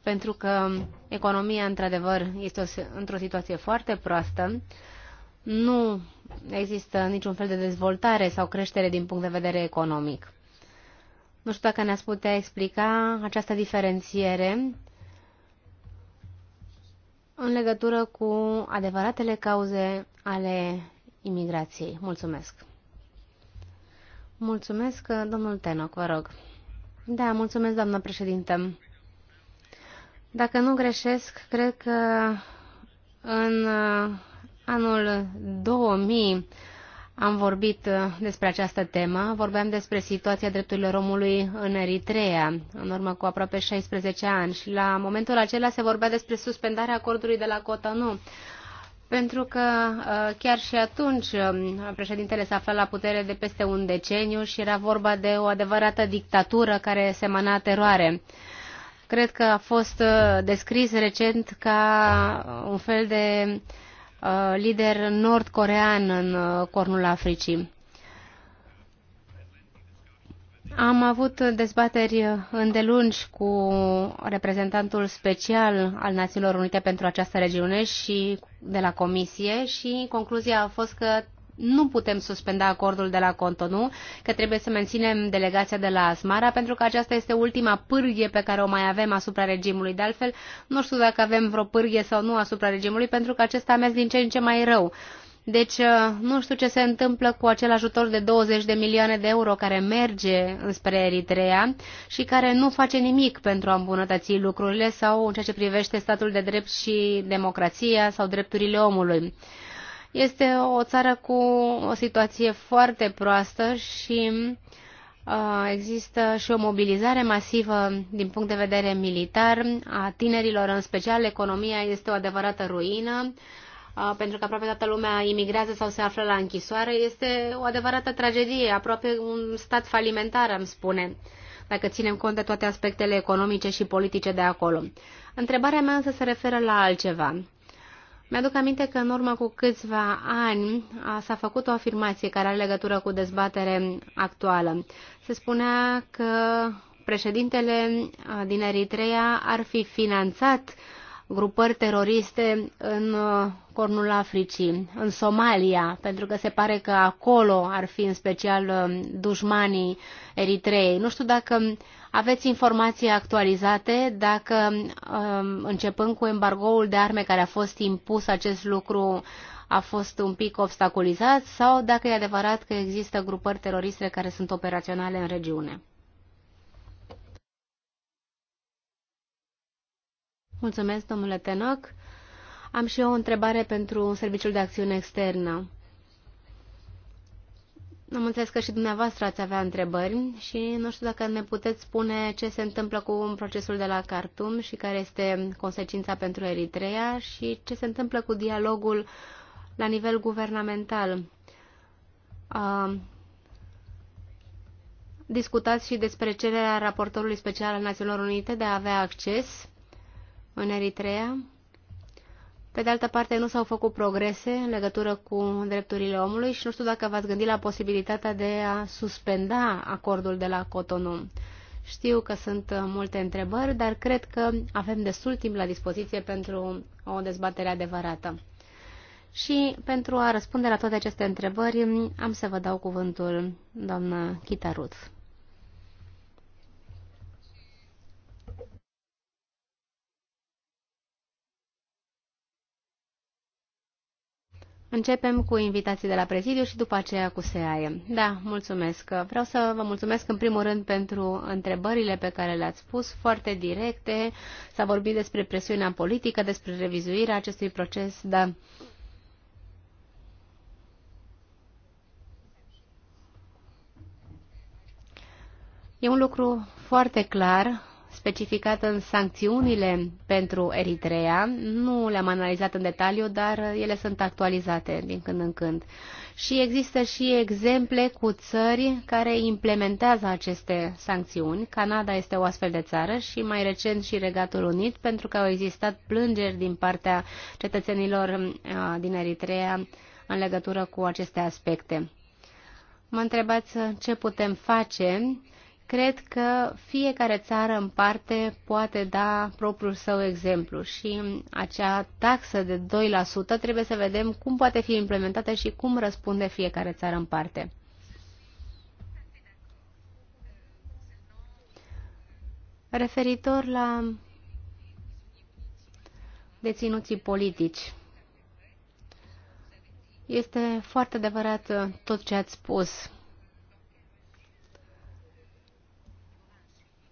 S2: pentru că economia, într-adevăr, este într-o situație foarte proastă, nu există niciun fel de dezvoltare sau creștere din punct de vedere economic. Nu știu dacă ne-ați putea explica această diferențiere în legătură cu adevăratele cauze ale imigrației. Mulțumesc! Mulțumesc, domnul Tenoc, vă rog. Da, mulțumesc, doamnă președinte. Dacă nu greșesc, cred că în uh, anul 2000 am vorbit uh, despre această temă. Vorbeam despre situația drepturilor omului în Eritrea, în urmă cu aproape 16 ani. Și la momentul acela se vorbea despre suspendarea acordului de la Cotonou pentru că uh, chiar și atunci um, președintele se afla la putere de peste un deceniu și era vorba de o adevărată dictatură care semăna teroare. Cred că a fost uh, descris recent ca uh, un fel de lider nord-corean în cornul Africii. Am avut dezbateri îndelungi cu reprezentantul special al Națiunilor Unite pentru această regiune și de la Comisie și concluzia a fost că nu putem suspenda acordul de la Contonu, că trebuie să menținem delegația de la Asmara, pentru că aceasta este ultima pârghie pe care o mai avem asupra regimului. De altfel, nu știu dacă avem vreo pârghie sau nu asupra regimului, pentru că acesta a mers din ce în ce mai rău. Deci uh, nu știu ce se întâmplă cu acel ajutor de 20 de milioane de euro care merge înspre Eritrea și care nu face nimic pentru a îmbunătăți lucrurile sau în ceea ce privește statul de drept și democrația sau drepturile omului. Este o țară cu o situație foarte proastă și uh, există și o mobilizare masivă din punct de vedere militar a tinerilor, în special economia este o adevărată ruină pentru că aproape toată lumea imigrează sau se află la închisoare, este o adevărată tragedie, aproape un stat falimentar, am spune, dacă ținem cont de toate aspectele economice și politice de acolo. Întrebarea mea însă se referă la altceva. Mi-aduc aminte că în urmă cu câțiva ani s-a făcut o afirmație care are legătură cu dezbatere actuală. Se spunea că președintele din Eritrea ar fi finanțat uh, grupări teroriste în uh, cornul Africii, în Somalia, pentru că se pare că acolo ar fi în special uh, dușmanii Eritreei. Nu știu dacă aveți informații actualizate, dacă um, începând cu embargoul de arme care a fost impus acest lucru a fost un pic obstaculizat sau dacă e adevărat că există grupări teroriste care sunt operaționale în regiune. Mulțumesc, domnule Tenoc. Am și eu o întrebare pentru Serviciul de Acțiune Externă. Am înțeles că și dumneavoastră ați avea întrebări și nu știu dacă ne puteți spune ce se întâmplă cu procesul de la Khartoum și care este consecința pentru Eritrea și ce se întâmplă cu dialogul la nivel guvernamental. Uh, discutați și despre cererea raportorului special al Națiunilor Unite de a avea acces în Eritrea. Pe de altă parte, nu s-au făcut progrese în legătură cu drepturile omului și nu știu dacă v-ați gândit la posibilitatea de a suspenda acordul de la Cotonou. Știu că sunt multe întrebări, dar cred că avem destul timp la dispoziție pentru o dezbatere adevărată. Și pentru a răspunde la toate aceste întrebări, am să vă dau cuvântul, doamna Chita Ruth. Începem cu invitații de la prezidiu și după aceea cu SEAE. Da, mulțumesc. Vreau să vă mulțumesc în primul rând pentru întrebările pe care le-ați pus, foarte directe. S-a vorbit despre presiunea politică, despre revizuirea acestui proces, dar E un lucru foarte clar specificat în sancțiunile pentru Eritrea. Nu le-am analizat în detaliu, dar ele sunt actualizate din când în când. Și există și exemple cu țări care implementează aceste sancțiuni. Canada este o astfel de țară și mai recent și Regatul Unit, pentru că au existat plângeri din partea cetățenilor uh, din Eritrea în legătură cu aceste aspecte. Mă întrebați uh, ce putem face Cred că fiecare țară în parte poate da propriul său exemplu și acea taxă de 2% trebuie să vedem cum poate fi implementată și cum răspunde fiecare țară în parte. Referitor la deținuții politici, este foarte adevărat tot ce ați spus.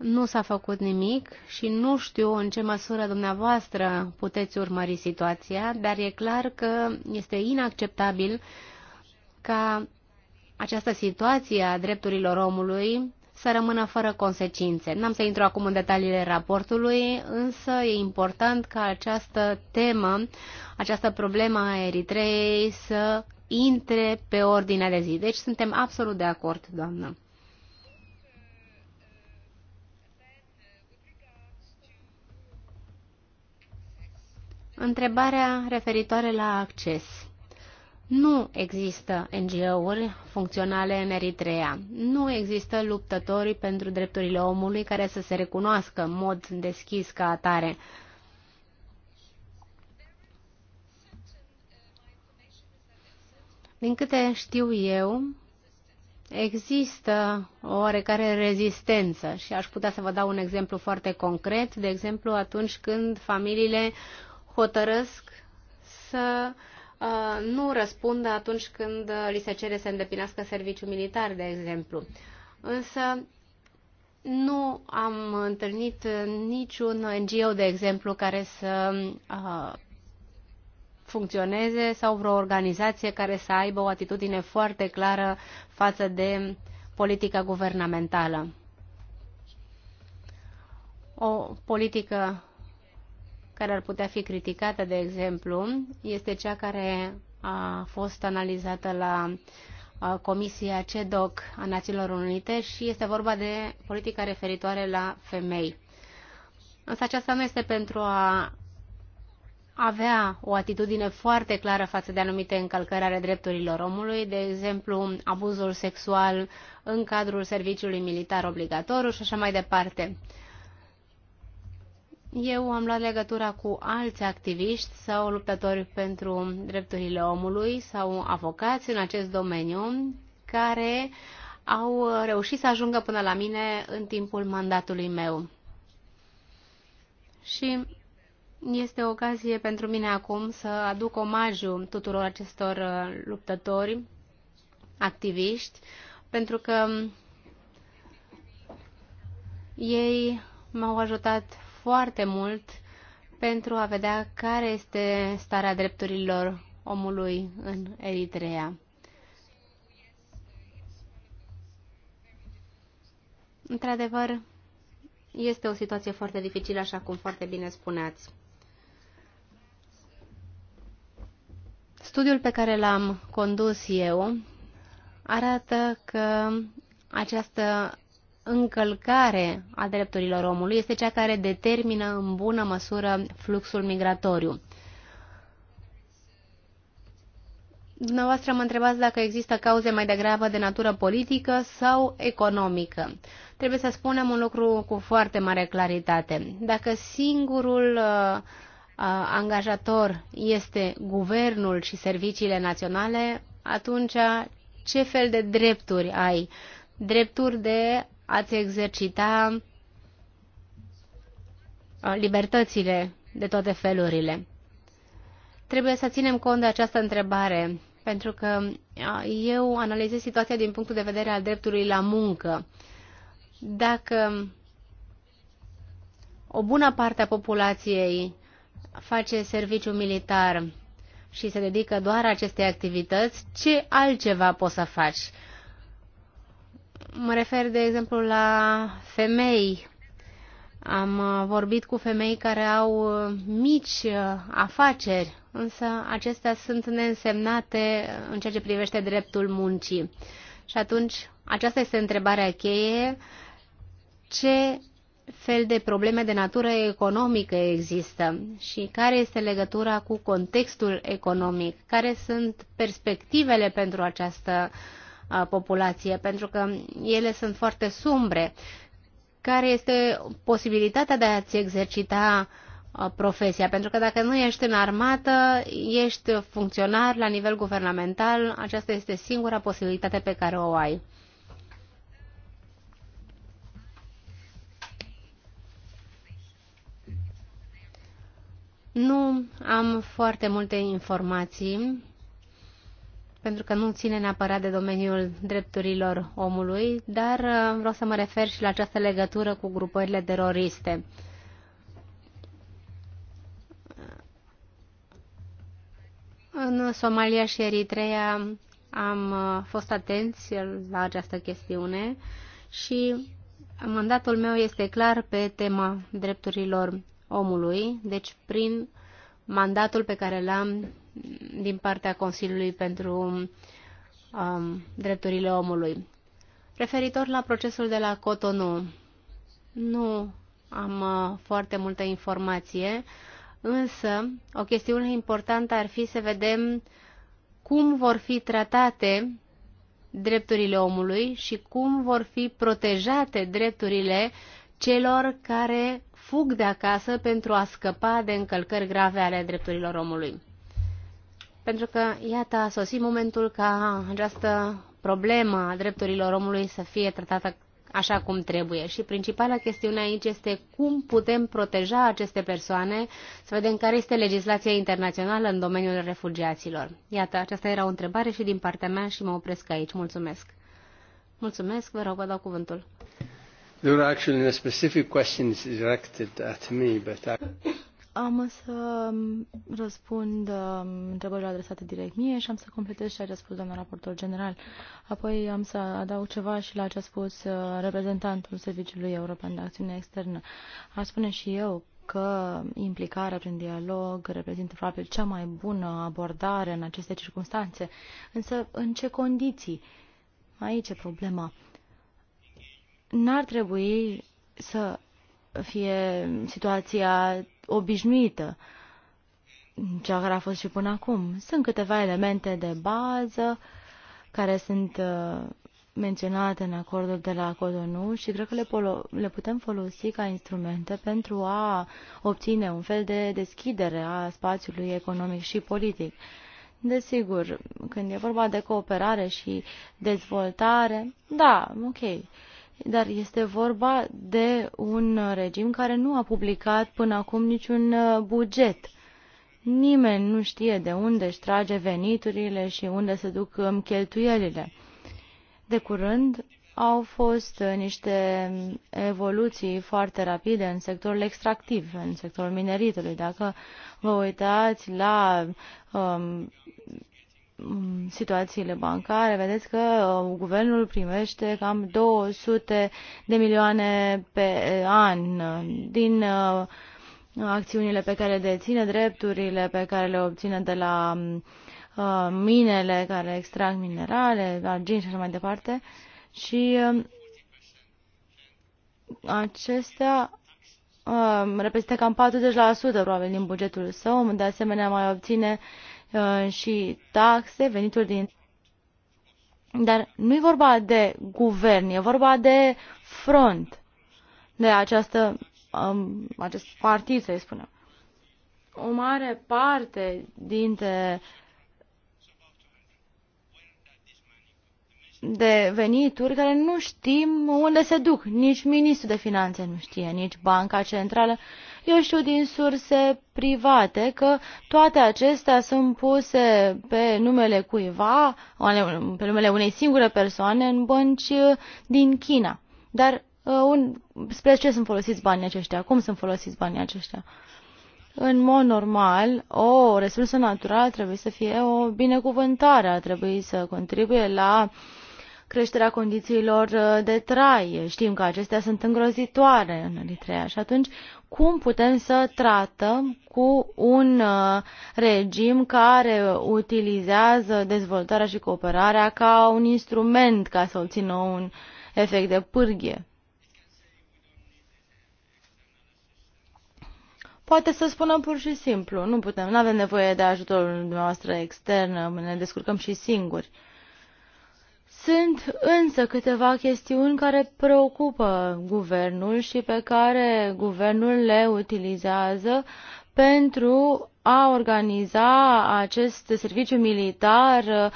S2: nu s-a făcut nimic și nu știu în ce măsură dumneavoastră puteți urmări situația, dar e clar că este inacceptabil ca această situație a drepturilor omului să rămână fără consecințe. N-am să intru acum în detaliile raportului, însă e important ca această temă, această problemă a Eritreei să intre pe ordinea de zi. Deci suntem absolut de acord, doamnă. Întrebarea referitoare la acces. Nu există NGO-uri funcționale în Eritrea. Nu există luptători pentru drepturile omului care să se recunoască în mod deschis ca atare. Din câte știu eu, există o oarecare rezistență și aș putea să vă dau un exemplu foarte concret, de exemplu atunci când familiile hotărăsc să uh, nu răspundă atunci când li se cere să îndeplinească serviciu militar, de exemplu. Însă nu am întâlnit niciun NGO, de exemplu, care să uh, funcționeze sau vreo organizație care să aibă o atitudine foarte clară față de politica guvernamentală. O politică care ar putea fi criticată, de exemplu, este cea care a fost analizată la Comisia CEDOC a Națiunilor Unite și este vorba de politica referitoare la femei. Însă aceasta nu este pentru a avea o atitudine foarte clară față de anumite încălcări ale drepturilor omului, de exemplu abuzul sexual în cadrul serviciului militar obligatoriu și așa mai departe. Eu am luat legătura cu alți activiști sau luptători pentru drepturile omului sau avocați în acest domeniu care au reușit să ajungă până la mine în timpul mandatului meu. Și este o ocazie pentru mine acum să aduc omagiu tuturor acestor uh, luptători, activiști, pentru că ei m-au ajutat foarte mult pentru a vedea care este starea drepturilor omului în Eritrea. Într-adevăr, este o situație foarte dificilă, așa cum foarte bine spuneați. Studiul pe care l-am condus eu arată că această încălcare a drepturilor omului este cea care determină în bună măsură fluxul migratoriu. Dumneavoastră mă întrebați dacă există cauze mai degrabă de natură politică sau economică. Trebuie să spunem un lucru cu foarte mare claritate. Dacă singurul uh, uh angajator este guvernul și serviciile naționale, atunci ce fel de drepturi ai? Drepturi de ați exercita uh, libertățile de toate felurile. Trebuie să ținem cont de această întrebare, pentru că uh, eu analizez situația din punctul de vedere al dreptului la muncă. Dacă o bună parte a populației face serviciu militar și se dedică doar acestei activități, ce altceva poți să faci? Mă refer, de exemplu, la femei. Am uh, vorbit cu femei care au uh, mici uh, afaceri, însă acestea sunt neînsemnate în ceea ce privește dreptul muncii. Și atunci, aceasta este întrebarea cheie. Ce fel de probleme de natură economică există și care este legătura cu contextul economic? Care sunt perspectivele pentru această uh, populație, pentru că ele sunt foarte sumbre. Care este posibilitatea de a-ți exercita profesia? Pentru că dacă nu ești în armată, ești funcționar la nivel guvernamental, aceasta este singura posibilitate pe care o ai. Nu am foarte multe informații pentru că nu ține neapărat de domeniul drepturilor omului, dar uh, vreau să mă refer și la această legătură cu grupările teroriste. În Somalia și Eritrea am uh, fost atenți la această chestiune și mandatul meu este clar pe tema drepturilor omului, deci prin mandatul pe care l-am din partea Consiliului pentru um, drepturile omului. Referitor la procesul de la Cotonou, nu am uh, foarte multă informație, însă o chestiune importantă ar fi să vedem cum vor fi tratate drepturile omului și cum vor fi protejate drepturile celor care fug de acasă pentru a scăpa de încălcări grave ale drepturilor omului pentru că, iată, a sosit momentul ca această problemă a drepturilor omului să fie tratată așa cum trebuie. Și principala chestiune aici este cum putem proteja aceste persoane, să vedem care este legislația internațională în domeniul refugiaților. Iată, aceasta era o întrebare și din partea mea și mă opresc aici. Mulțumesc. Mulțumesc, vă rog, vă dau cuvântul.
S1: There were actually specific questions directed at me, but I... Am să răspund um, întrebările adresate direct mie și am să completez ce a spus doamna raportor general. Apoi am să adaug ceva și la ce a spus uh, reprezentantul Serviciului European de Acțiune Externă. A spune și eu că implicarea prin dialog reprezintă probabil cea mai bună abordare în aceste circunstanțe. Însă, în ce condiții? Aici e problema. N-ar trebui să fie situația obișnuită, cea care a fost și până acum. Sunt câteva elemente de bază care sunt uh, menționate în acordul de la Cotonou și cred că le, le putem folosi ca instrumente pentru a obține un fel de deschidere a spațiului economic și politic. Desigur, când e vorba de cooperare și dezvoltare, da, ok, dar este vorba de un regim care nu a publicat până acum niciun uh, buget. Nimeni nu știe de unde își trage veniturile și unde se duc um, cheltuielile. De curând au fost uh, niște um, evoluții foarte rapide în sectorul extractiv, în sectorul mineritului. Dacă vă uitați la um, Mm, situațiile bancare, vedeți că uh, guvernul primește cam 200 de milioane pe an uh, din uh, acțiunile pe care le deține, drepturile pe care le obține de la mm, minele care extrag minerale, argint și așa mai departe. Și um, acestea um, reprezintă cam 40% probabil din bugetul său, de asemenea mai obține Uh, și taxe, venituri din... Dar nu e vorba de guvern, e vorba de front, de această, um, acest partid, să-i spunem. O mare parte dintre uh, de venituri care nu știm unde se duc. Nici ministrul de finanțe nu știe, nici banca centrală. Eu știu din surse private că toate acestea sunt puse pe numele cuiva, pe numele unei singure persoane în bănci uh, din China. Dar uh, un, spre ce sunt folosiți banii aceștia? Cum sunt folosiți banii aceștia? În mod normal, o resursă naturală trebuie să fie o binecuvântare, trebuie trebui să contribuie la uh, creșterea condițiilor uh, de trai. Știm că acestea sunt îngrozitoare în Eritrea și atunci cum putem să tratăm cu un uh, regim care utilizează dezvoltarea și cooperarea ca un instrument ca să obțină un efect de pârghie? poate să spună pur și simplu, nu putem, nu avem nevoie de ajutorul dumneavoastră extern, ne descurcăm și singuri. Sunt însă câteva chestiuni care preocupă guvernul și pe care guvernul le utilizează pentru a organiza acest serviciu militar uh,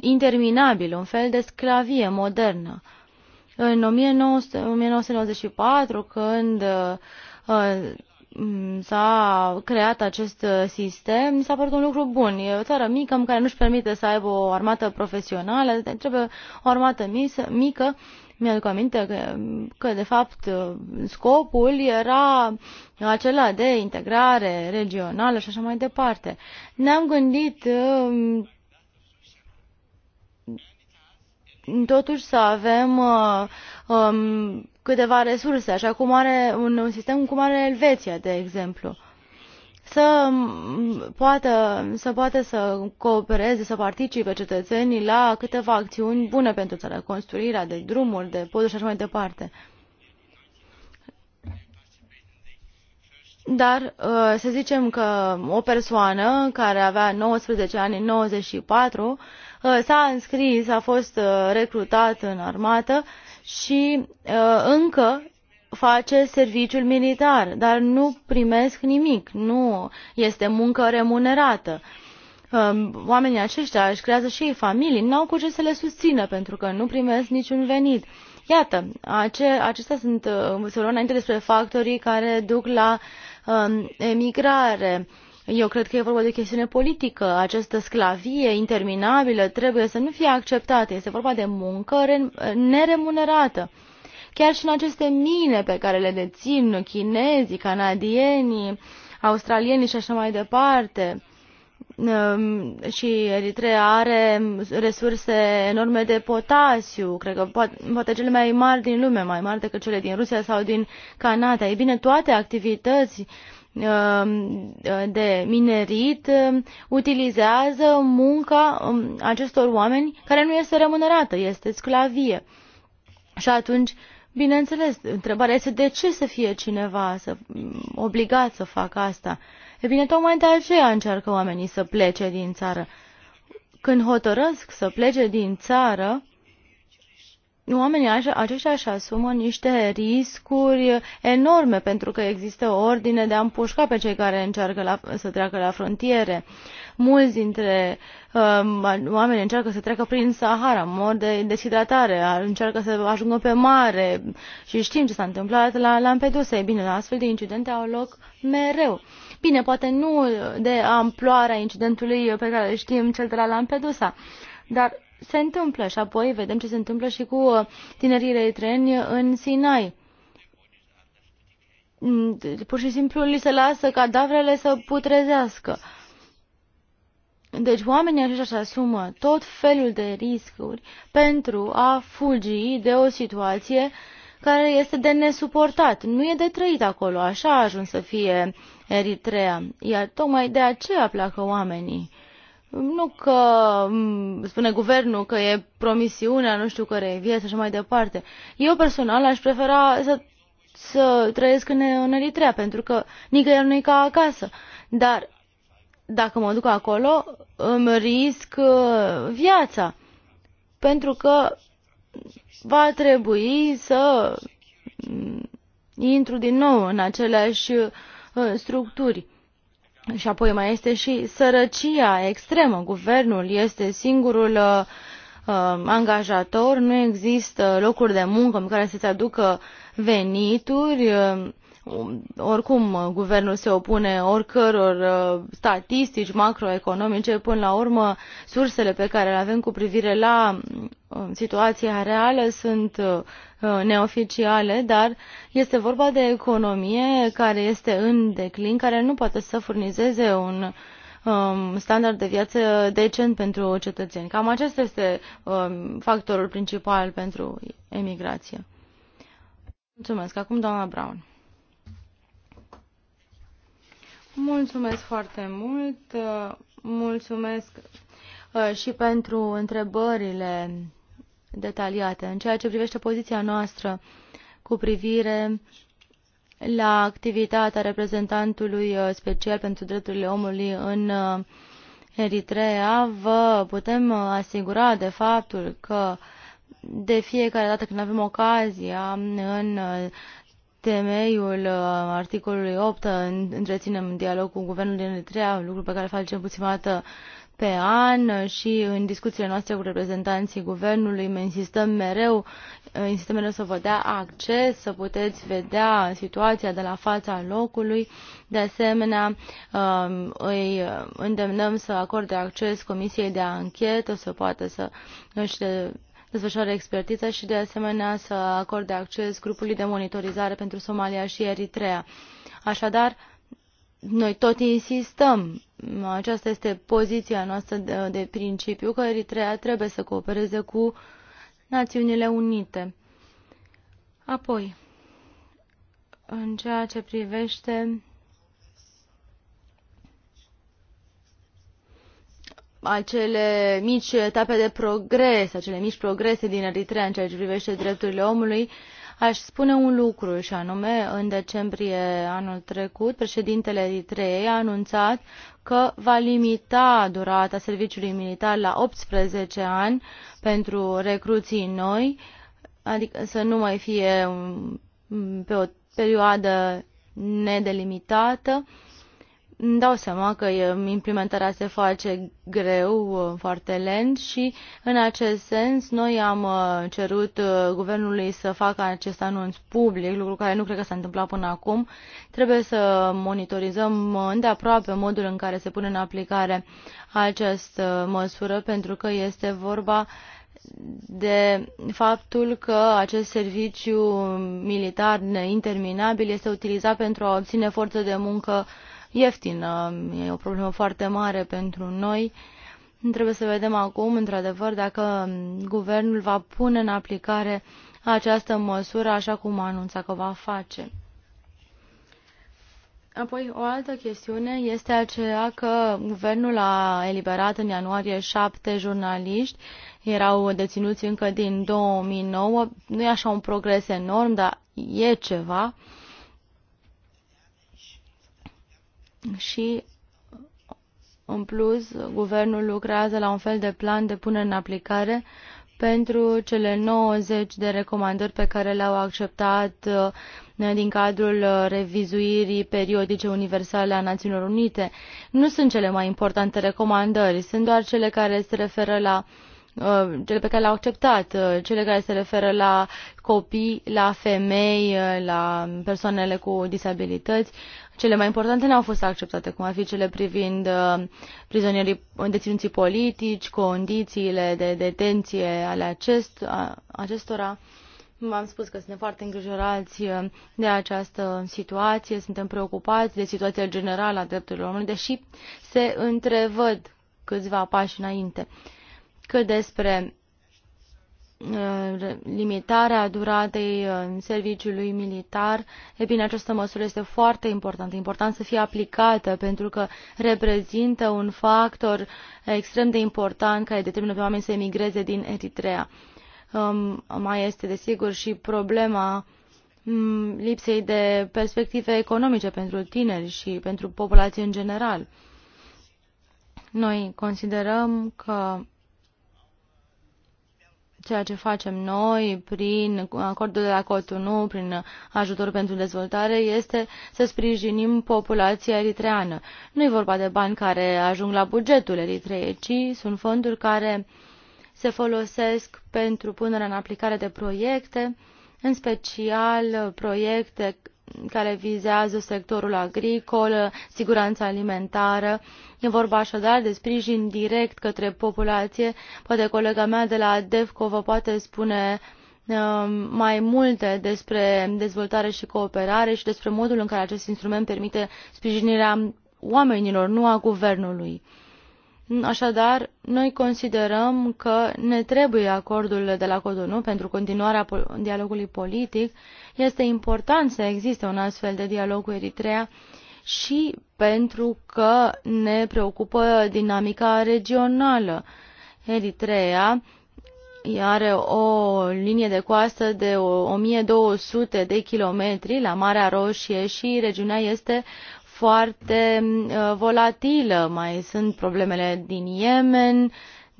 S1: interminabil, un fel de sclavie modernă. În 1994, când uh, Mm, s-a creat acest uh, sistem, mi s-a părut un lucru bun. E o țară mică în care nu-și permite să aibă o armată profesională, trebuie o armată mică. Mi-aduc aminte că, că, de fapt, uh, scopul era acela de integrare regională și așa mai departe. Ne-am gândit um, totuși să avem uh, um, câteva resurse, așa cum are un sistem cum are Elveția, de exemplu. Să poată, să poată să coopereze, să participe cetățenii la câteva acțiuni bune pentru țară, construirea de drumuri, de poduri și așa mai departe. Dar uh, să zicem că o persoană care avea 19 ani în 94 uh, s-a înscris, a fost uh, recrutat în armată și uh, încă face serviciul militar, dar nu primesc nimic, nu este muncă remunerată. Uh, oamenii aceștia își creează și ei familii, n-au cu ce să le susțină pentru că nu primesc niciun venit. Iată, ace, acestea sunt, uh, să luăm înainte despre factorii care duc la uh, emigrare, uh, eu cred că e vorba de o chestiune politică. Această sclavie interminabilă trebuie să nu fie acceptată. Este vorba de muncă neremunerată. Chiar și în aceste mine pe care le dețin chinezii, canadienii, australienii și așa mai departe, um, și Eritrea are resurse enorme de potasiu, cred că poate, poate cele mai mari din lume, mai mari decât cele din Rusia sau din Canada. Ei bine, toate activități Um, de minerit um, utilizează munca um, acestor oameni care nu este remunerată, este sclavie. Și atunci, bineînțeles, întrebarea este de ce să fie cineva să, obligat să facă asta? E bine, tocmai de aceea încearcă oamenii să plece din țară. Când hotărăsc să plece din țară, oamenii aceștia își asumă niște riscuri enorme pentru că există o ordine de a împușca pe cei care încearcă la, să treacă la frontiere. Mulți dintre uh, um, oameni încearcă să treacă prin Sahara, mor de deshidratare, încearcă să ajungă pe mare și știm ce s-a întâmplat la Lampedusa. E bine, astfel de incidente au loc mereu. Bine, poate nu de amploarea incidentului pe care știm cel de la Lampedusa, dar se întâmplă și apoi vedem ce se întâmplă și cu uh, tinerii eritreni în Sinai. Mm, pur și simplu li se lasă cadavrele să putrezească. Deci oamenii aceștia își asumă tot felul de riscuri pentru a fugi de o situație care este de nesuportat. Nu e de trăit acolo, așa a ajuns să fie Eritrea. Iar tocmai de aceea pleacă oamenii nu că mm, spune guvernul că e promisiunea nu știu care e viața și mai departe. Eu personal aș prefera să, să trăiesc în, în Eritrea pentru că nicăieri nu e ca acasă. Dar dacă mă duc acolo îmi risc uh, viața pentru că va trebui să mm, intru din nou în aceleași uh, structuri. Și apoi mai este și sărăcia extremă. Guvernul este singurul uh, uh, angajator, nu există locuri de muncă în care să-ți aducă venituri. Uh, oricum uh, guvernul se opune oricăror uh, statistici macroeconomice până la urmă sursele pe care le avem cu privire la uh, situația reală sunt neoficiale dar este vorba de economie care este în declin care nu poate să furnizeze un um, standard de viață decent pentru cetățeni. Cam acesta este um, factorul principal pentru emigrație. Mulțumesc. Acum doamna Brown Mulțumesc foarte mult. Uh, mulțumesc uh, și pentru întrebările detaliate în ceea ce privește poziția noastră cu privire la activitatea reprezentantului uh, special pentru drepturile omului în Eritrea, vă putem asigura de faptul că de fiecare dată când avem ocazia în temeiul uh, articolului 8 uh, întreținem un dialog cu guvernul din Eritrea, lucru pe care îl facem puțin dată pe an uh, și în discuțiile noastre cu reprezentanții guvernului insistăm mereu, insistăm mereu să vă dea acces, să puteți vedea situația de la fața locului. De asemenea, um, îi îndemnăm să acorde acces Comisiei de anchetă, să poată să își desfășoare expertiză și de asemenea să acorde acces grupului de monitorizare pentru Somalia și Eritrea. Așadar, noi tot insistăm, aceasta este poziția noastră de, de principiu, că Eritrea trebuie să coopereze cu Națiunile Unite. Apoi, în ceea ce privește acele mici etape de progres, acele mici progrese din Eritrea în ceea ce privește drepturile omului, aș spune un lucru și anume, în decembrie anul trecut, președintele Eritreei a anunțat că va limita durata serviciului militar la 18 ani pentru recruții noi, adică să nu mai fie pe o perioadă nedelimitată. Îmi dau seama că implementarea se face greu, uh, foarte lent și în acest sens noi am uh, cerut uh, guvernului să facă acest anunț public, lucru care nu cred că s-a întâmplat până acum. Trebuie să monitorizăm îndeaproape modul în care se pune în aplicare această măsură pentru că este vorba de faptul că acest serviciu militar interminabil este utilizat pentru a obține forță de muncă uh, ieftină. E o problemă foarte mare pentru noi. Trebuie să vedem acum, într-adevăr, dacă guvernul va pune în aplicare această măsură așa cum anunța că va face. Apoi, o altă chestiune este aceea că guvernul a eliberat în ianuarie șapte jurnaliști, erau deținuți încă din 2009. Nu e așa un progres enorm, dar e ceva. Uh, și în plus, guvernul lucrează la un fel de plan de punere în aplicare pentru cele 90 de recomandări pe care le-au acceptat uh, din cadrul uh, revizuirii periodice universale a Națiunilor Unite. Nu sunt cele mai importante recomandări, sunt doar cele care se referă la uh, cele pe care le-au acceptat, cele care se referă la copii, la femei, la persoanele cu disabilități. Cele mai importante n-au fost acceptate, cum ar fi cele privind uh, prizonierii deținuții politici, condițiile de detenție ale acest, a, acestora. V-am spus că suntem foarte îngrijorați uh, de această situație, suntem preocupați de situația generală a drepturilor omului, deși se întrevăd câțiva pași înainte. Cât despre Uh, limitarea duratei uh, serviciului militar, e bine, această măsură este foarte importantă, important să fie aplicată pentru că reprezintă un factor extrem de important care determină pe oameni să emigreze din Eritrea. Um, mai este, desigur, și problema mm, lipsei de perspective economice pentru tineri și pentru populație în general. Noi considerăm că ceea ce facem noi prin acordul de la Cotonou, prin ajutor pentru dezvoltare, este să sprijinim populația eritreană. Nu e vorba de bani care ajung la bugetul Eritreei, ci sunt fonduri care se folosesc pentru punerea în aplicare de proiecte, în special proiecte care vizează sectorul agricol, siguranța alimentară. E vorba așadar de sprijin direct către populație. Poate colega mea de la DEFCO vă poate spune um, mai multe despre dezvoltare și cooperare și despre modul în care acest instrument permite sprijinirea oamenilor, nu a guvernului. Așadar, noi considerăm că ne trebuie acordul de la Cotonou pentru continuarea dialogului politic este important să existe un astfel de dialog cu Eritrea și pentru că ne preocupă dinamica regională. Eritrea are o linie de coastă de 1200 de kilometri la Marea Roșie și regiunea este foarte uh, volatilă. Mai sunt problemele din Yemen,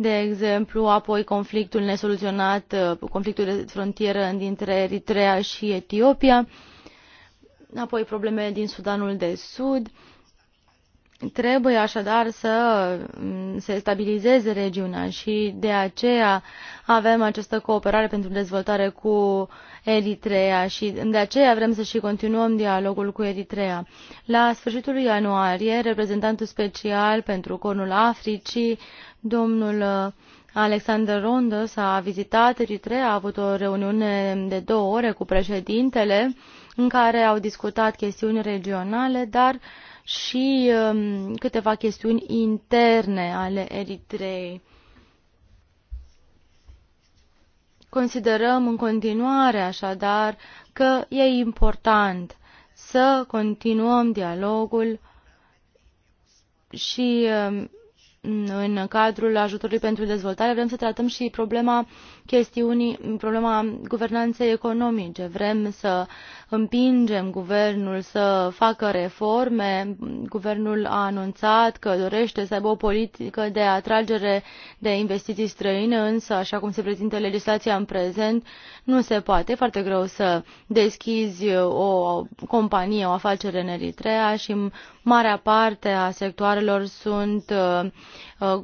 S1: de exemplu apoi conflictul nesoluționat uh, conflictul de frontieră dintre eritreea și etiopia apoi problemele din sudanul de sud trebuie așadar să mm, se stabilizeze regiunea și de aceea avem această cooperare pentru dezvoltare cu Eritrea și de aceea vrem să și continuăm dialogul cu Eritrea. La sfârșitul ianuarie, reprezentantul special pentru Cornul Africii Domnul uh, Alexander Rondos a vizitat Eritrea, a avut o reuniune de două ore cu președintele în care au discutat chestiuni regionale, dar și um, câteva chestiuni interne ale Eritrei. Considerăm în continuare așadar că e important să continuăm dialogul și um, în cadrul ajutorului pentru dezvoltare vrem să tratăm și problema chestiunii problema guvernanței economice vrem să împingem guvernul să facă reforme. Guvernul a anunțat că dorește să aibă o politică de atragere de investiții străine, însă, așa cum se prezintă legislația în prezent, nu se poate. E foarte greu să deschizi o companie, o afacere în Eritrea și marea parte a sectoarelor sunt uh,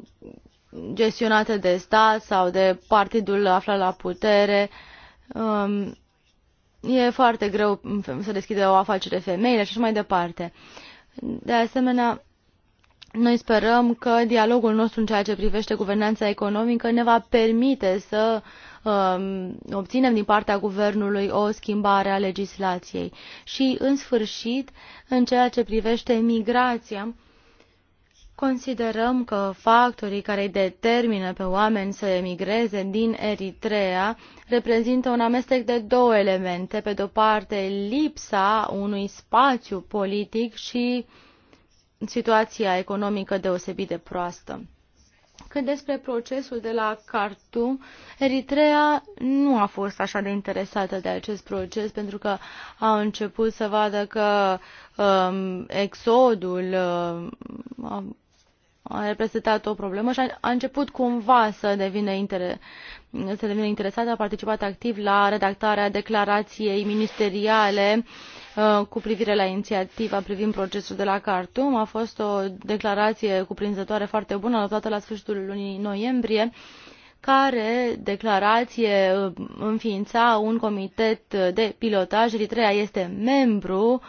S1: gestionate de stat sau de partidul aflat la putere. Um, e foarte greu mm, să deschidă o afacere femeile și așa mai departe. De asemenea, noi sperăm că dialogul nostru în ceea ce privește guvernanța economică ne va permite să um, obținem din partea guvernului o schimbare a legislației. Și, în sfârșit, în ceea ce privește migrația, Considerăm că factorii care îi determină pe oameni să emigreze din Eritrea reprezintă un amestec de două elemente. Pe de-o parte, lipsa unui spațiu politic și situația economică deosebit de proastă. Cât despre procesul de la Khartoum, Eritrea nu a fost așa de interesată de acest proces pentru că a început să vadă că um, exodul um, a reprezentat o problemă și a, început cumva să devină, inter, să devină interesată, a participat activ la redactarea declarației ministeriale uh, cu privire la inițiativa privind procesul de la Khartoum. A fost o declarație cuprinzătoare foarte bună, adoptată la sfârșitul lunii noiembrie, care declarație uh, înființa un comitet de pilotaj. Eritrea este membru uh,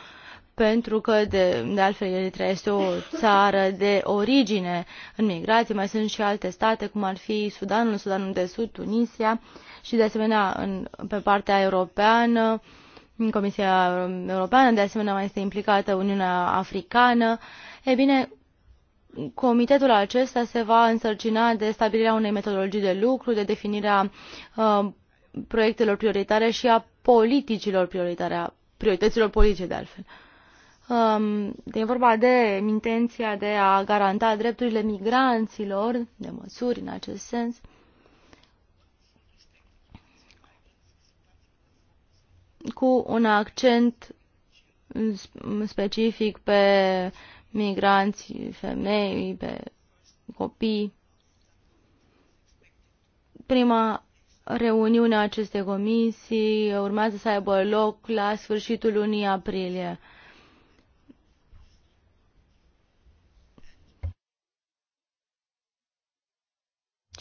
S1: pentru că, de, de altfel, Eritrea este o țară de origine în migrație. Mai sunt și alte state, cum ar fi Sudanul, Sudanul de Sud, Tunisia și, de asemenea, în, pe partea europeană, în Comisia Europeană, de asemenea, mai este implicată Uniunea Africană. E bine, comitetul acesta se va însărcina de stabilirea unei metodologii de lucru, de definirea uh, proiectelor prioritare și a politicilor prioritare, a priorităților politice, de altfel. Uh, Um, e vorba de intenția de a garanta drepturile migranților, de măsuri în acest sens. cu un accent specific pe migranți, femei, pe copii. Prima reuniune a acestei comisii urmează să aibă loc la sfârșitul lunii aprilie.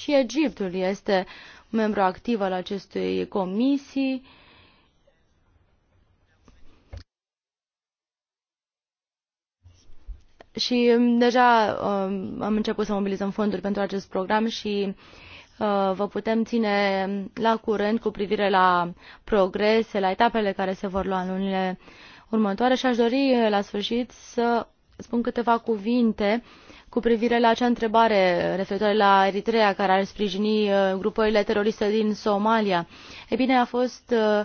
S1: Și Egiptul este membru activ al acestei comisii. Și um, deja um, am început să mobilizăm fonduri pentru acest program și uh, vă putem ține la curent cu privire la progrese, la etapele care se vor lua în lunile următoare și aș dori la sfârșit să spun câteva cuvinte cu privire la acea întrebare referitoare la Eritrea care ar sprijini uh, grupările teroriste din Somalia. E bine, a fost uh,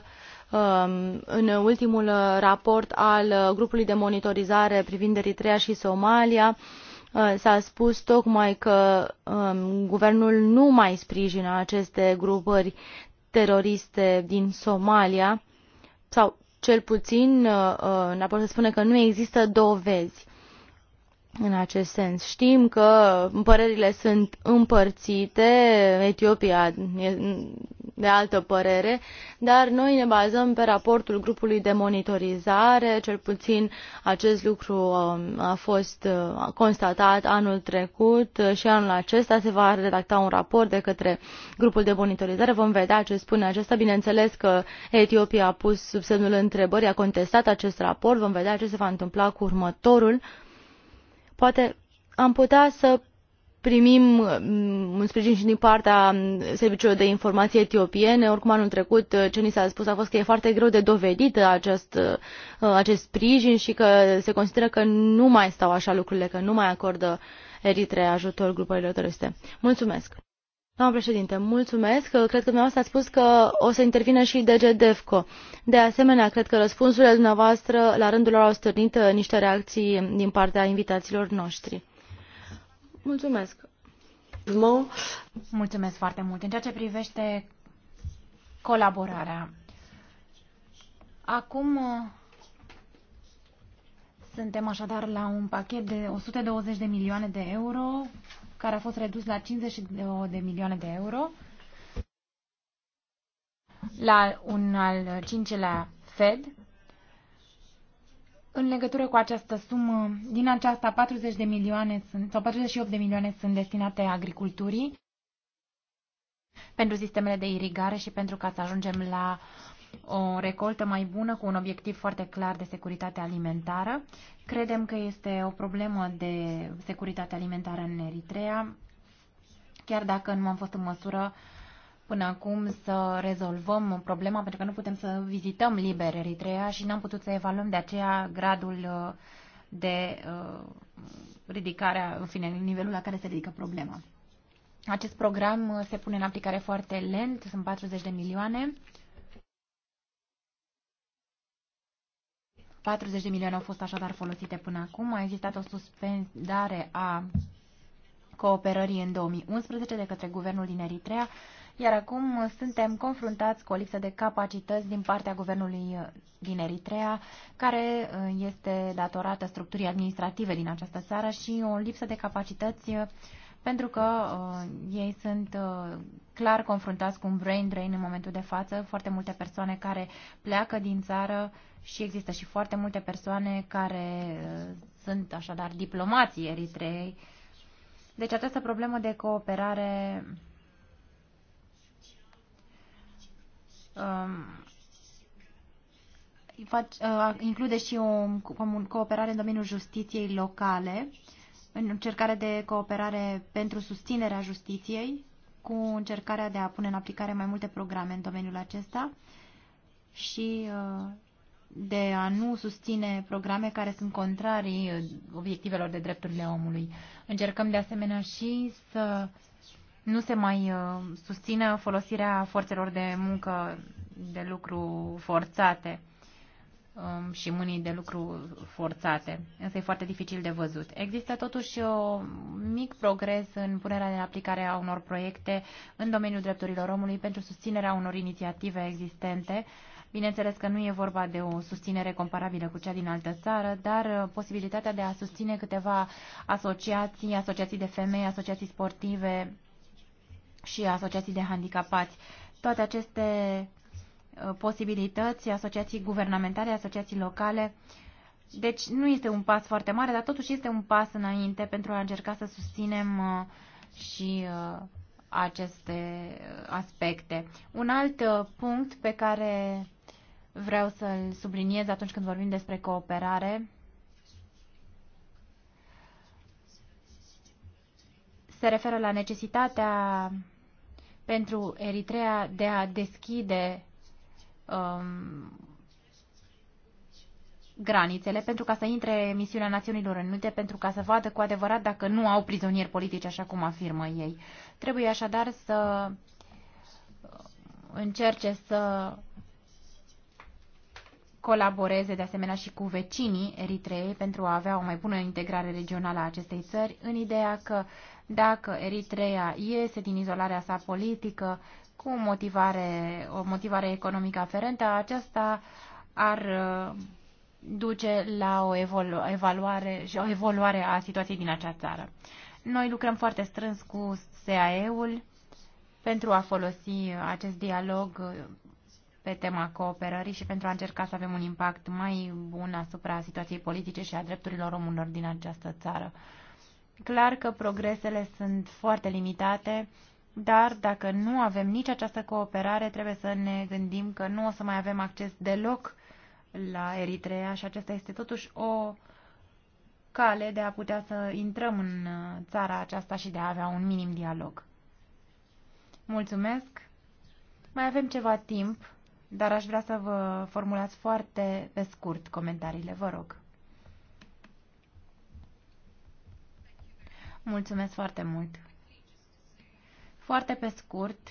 S1: um, în ultimul raport al uh, grupului de monitorizare privind Eritrea și Somalia s-a spus tocmai că um, guvernul nu mai sprijină aceste grupări teroriste din Somalia sau cel puțin raportul spune că nu există dovezi în acest sens. Știm că părerile sunt împărțite, Etiopia e de altă părere, dar noi ne bazăm pe raportul grupului de monitorizare, cel puțin acest lucru um, a fost uh, constatat anul trecut și anul acesta se va redacta un raport de către grupul de monitorizare. Vom vedea ce spune acesta. Bineînțeles că Etiopia a pus sub semnul întrebării, a contestat acest raport, vom vedea ce se va întâmpla cu următorul. Poate am putea să primim mm, un sprijin și din partea serviciului de informații etiopiene. Oricum, anul trecut uh, ce ni s-a spus a fost că e foarte greu de dovedit uh, acest, uh, acest sprijin și că se consideră că nu mai stau așa lucrurile, că nu mai acordă Eritrea ajutor grupărilor teroriste. Mulțumesc! Doamna președinte, mulțumesc. Cred că dumneavoastră ați spus că o să intervine și DG DEFCO. De asemenea, cred că răspunsurile dumneavoastră la rândul lor au stârnit uh, niște reacții din partea invitaților noștri.
S3: Mulțumesc. Mulțumesc foarte mult. În ceea ce privește colaborarea, acum uh, suntem așadar la un pachet de 120 de milioane de euro care a fost redus la 52 de milioane de euro. La un al cincelea Fed, în legătură cu această sumă, din aceasta 40 de milioane sunt, sau 48 de milioane sunt destinate agriculturii pentru sistemele de irigare și pentru ca să ajungem la o recoltă mai bună cu un obiectiv foarte clar de securitate alimentară. Credem că este o problemă de securitate alimentară în Eritrea, chiar dacă nu am fost în măsură până acum să rezolvăm problema, pentru că nu putem să vizităm liber Eritrea și n-am putut să evaluăm de aceea gradul uh, de uh, ridicare în fine, nivelul la care se ridică problema. Acest program se pune în aplicare foarte lent, sunt 40 de milioane 40 de milioane au fost așadar folosite până acum. A existat o suspendare a cooperării în 2011 de către guvernul din Eritrea, iar acum suntem confruntați cu o lipsă de capacități din partea guvernului din Eritrea, care uh, este datorată structurii administrative din această țară și o lipsă de capacități uh, pentru că uh, ei sunt uh, clar confruntați cu un brain drain în momentul de față, foarte multe persoane care pleacă din țară și există și foarte multe persoane care uh, sunt așadar diplomații eritrei. Deci această problemă de cooperare um, uh, include și o cooperare în domeniul justiției locale în încercarea de cooperare pentru susținerea justiției, cu încercarea de a pune în aplicare mai multe programe în domeniul acesta și uh, de a nu susține programe care sunt contrarii uh, obiectivelor de drepturile omului. Încercăm de asemenea și să nu se mai uh, susțină folosirea forțelor de muncă de lucru forțate um, și mânii de lucru forțate, însă e foarte dificil de văzut. Există totuși o mic progres în punerea în aplicare a unor proiecte în domeniul drepturilor omului pentru susținerea unor inițiative existente. Bineînțeles că nu e vorba de o susținere comparabilă cu cea din altă țară, dar uh, posibilitatea de a susține câteva asociații, asociații de femei, asociații sportive și asociații de handicapați. Toate aceste Uh, posibilități, asociații guvernamentale, asociații locale. Deci nu este un pas foarte mare, dar totuși este un pas înainte pentru a încerca să susținem uh, și uh, aceste aspecte. Un alt punct pe care vreau să-l subliniez atunci când vorbim despre cooperare se referă la necesitatea pentru Eritrea de a deschide Um, granițele pentru ca să intre misiunea Națiunilor Unite, pentru ca să vadă cu adevărat dacă nu au prizonieri politici, așa cum afirmă ei. Trebuie așadar să încerce să colaboreze de asemenea și cu vecinii Eritreei pentru a avea o mai bună integrare regională a acestei țări, în ideea că dacă Eritrea iese din izolarea sa politică cu o motivare, o motivare economică aferentă, aceasta ar uh, duce la o evaluare și o evoluare a situației din acea țară. Noi lucrăm foarte strâns cu SAE-ul pentru a folosi acest dialog uh, pe tema cooperării și pentru a încerca să avem un impact mai bun asupra situației politice și a drepturilor omului din această țară. Clar că progresele sunt foarte limitate dar dacă nu avem nici această cooperare, trebuie să ne gândim că nu o să mai avem acces deloc la Eritrea și acesta este totuși o cale de a putea să intrăm în uh, țara aceasta și de a avea un minim dialog. Mulțumesc! Mai avem ceva timp, dar aș vrea să vă formulați foarte pe scurt comentariile, vă rog. Mulțumesc foarte mult! Foarte pe scurt,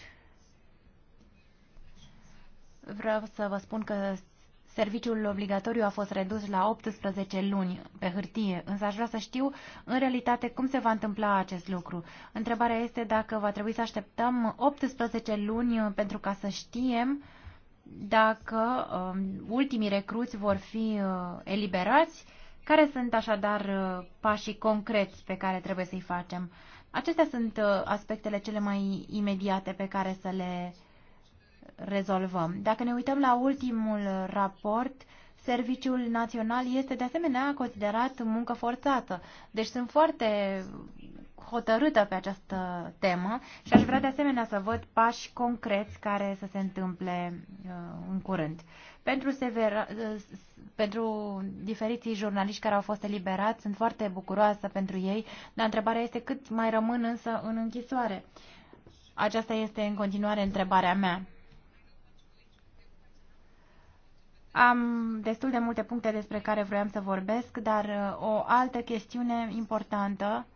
S3: vreau să vă spun că serviciul obligatoriu a fost redus la 18 luni pe hârtie, însă aș vrea să știu în realitate cum se va întâmpla acest lucru. Întrebarea este dacă va trebui să așteptăm 18 luni pentru ca să știm dacă uh, ultimii recruți vor fi uh, eliberați, care sunt așadar uh, pașii concreți pe care trebuie să-i facem. Acestea sunt uh, aspectele cele mai imediate pe care să le rezolvăm. Dacă ne uităm la ultimul raport, serviciul național este de asemenea considerat muncă forțată. Deci sunt foarte hotărâtă pe această temă și aș vrea de asemenea să văd pași concreți care să se întâmple uh, în curând pentru, severa, pentru diferiții jurnaliști care au fost eliberați. Sunt foarte bucuroasă pentru ei, dar întrebarea este cât mai rămân însă în închisoare. Aceasta este în continuare întrebarea mea. Am destul de multe puncte despre care vroiam să vorbesc, dar uh, o altă chestiune importantă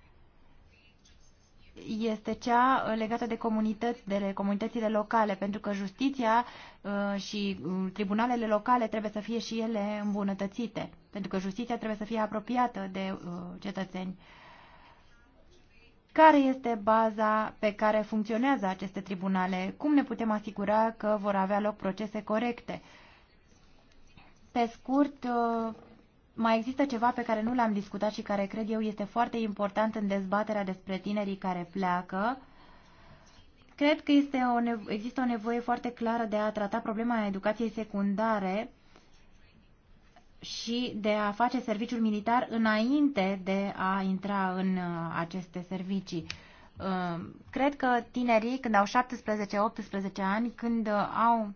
S3: este cea uh, legată de comunități, de comunitățile locale, pentru că justiția uh, și uh, tribunalele locale trebuie să fie și ele îmbunătățite, pentru că justiția trebuie să fie apropiată de cetățeni. Care este baza pe care funcționează aceste tribunale? Cum ne putem asigura că vor avea loc procese corecte? Pe scurt, mai există ceva pe care nu l-am discutat și care cred eu este foarte important în dezbaterea despre tinerii care pleacă. Cred că este o există o nevoie foarte clară de a trata problema educației secundare și de a face serviciul militar înainte de a intra în uh, aceste servicii. Uh, cred că tinerii, când au 17-18 ani, când uh, au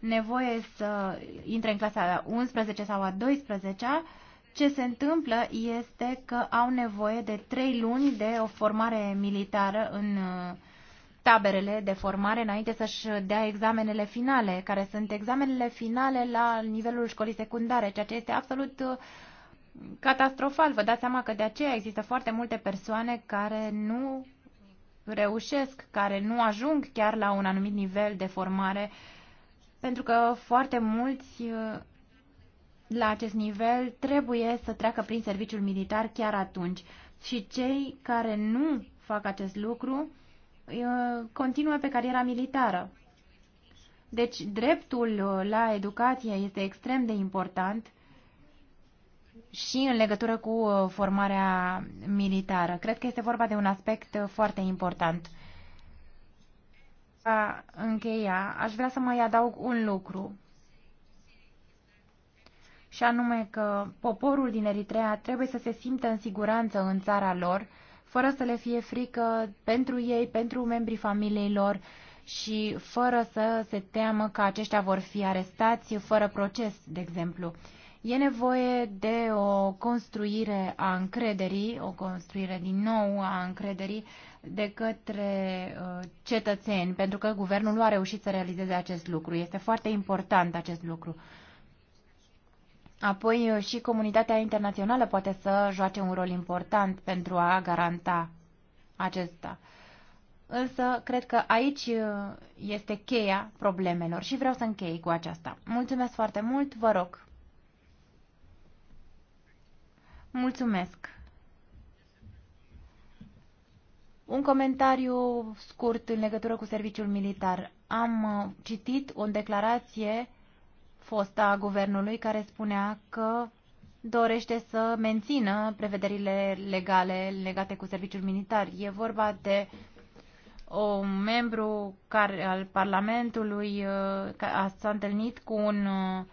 S3: nevoie să intre în clasa 11 sau a 12-a, ce se întâmplă este că au nevoie de trei luni de o formare militară în uh, taberele de formare înainte să-și dea examenele finale, care sunt examenele finale la nivelul școlii secundare, ceea ce este absolut uh, catastrofal. Vă dați seama că de aceea există foarte multe persoane care nu reușesc, care nu ajung chiar la un anumit nivel de formare uh, pentru că foarte mulți uh, la acest nivel trebuie să treacă prin serviciul militar chiar atunci. Și cei care nu fac acest lucru uh, continuă pe cariera militară. Deci dreptul uh, la educație este extrem de important și în legătură cu formarea militară. Cred că este vorba de un aspect foarte important a încheia, aș vrea să mai adaug un lucru. Și anume că poporul din Eritrea trebuie să se simtă în siguranță în țara lor, fără să le fie frică pentru ei, pentru membrii familiei lor și fără să se teamă că aceștia vor fi arestați fără proces, de exemplu. E nevoie de o construire a încrederii, o construire din nou a încrederii de către uh, cetățeni, pentru că guvernul nu a reușit să realizeze acest lucru. Este foarte important acest lucru. Apoi uh, și comunitatea internațională poate să joace un rol important pentru a garanta acesta. Însă, cred că aici uh, este cheia problemelor și vreau să închei cu aceasta. Mulțumesc foarte mult, vă rog. Mulțumesc. Un comentariu scurt în legătură cu serviciul militar. Am uh, citit o declarație fosta a guvernului care spunea că dorește să mențină prevederile legale legate cu serviciul militar. E vorba de un membru care, al Parlamentului uh, a, s-a întâlnit cu un uh,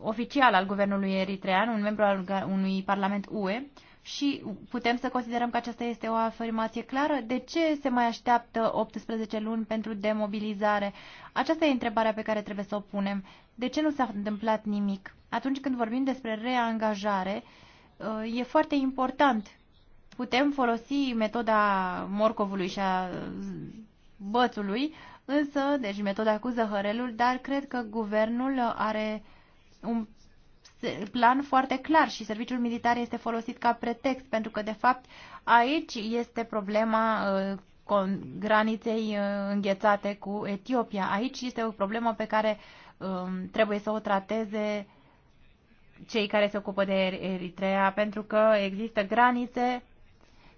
S3: oficial al guvernului eritrean, un membru al unui parlament UE, și putem să considerăm că aceasta este o afirmație clară? De ce se mai așteaptă 18 luni pentru demobilizare? Aceasta e întrebarea pe care trebuie să o punem. De ce nu s-a întâmplat nimic? Atunci când vorbim despre reangajare, uh, e foarte important. Putem folosi metoda morcovului și a bățului, însă, deci metoda cu zăhărelul, dar cred că guvernul are un plan foarte clar și serviciul militar este folosit ca pretext, pentru că, de fapt, aici este problema uh, graniței uh, înghețate cu Etiopia. Aici este o problemă pe care um, trebuie să o trateze cei care se ocupă de er-, Eritrea, pentru că există granițe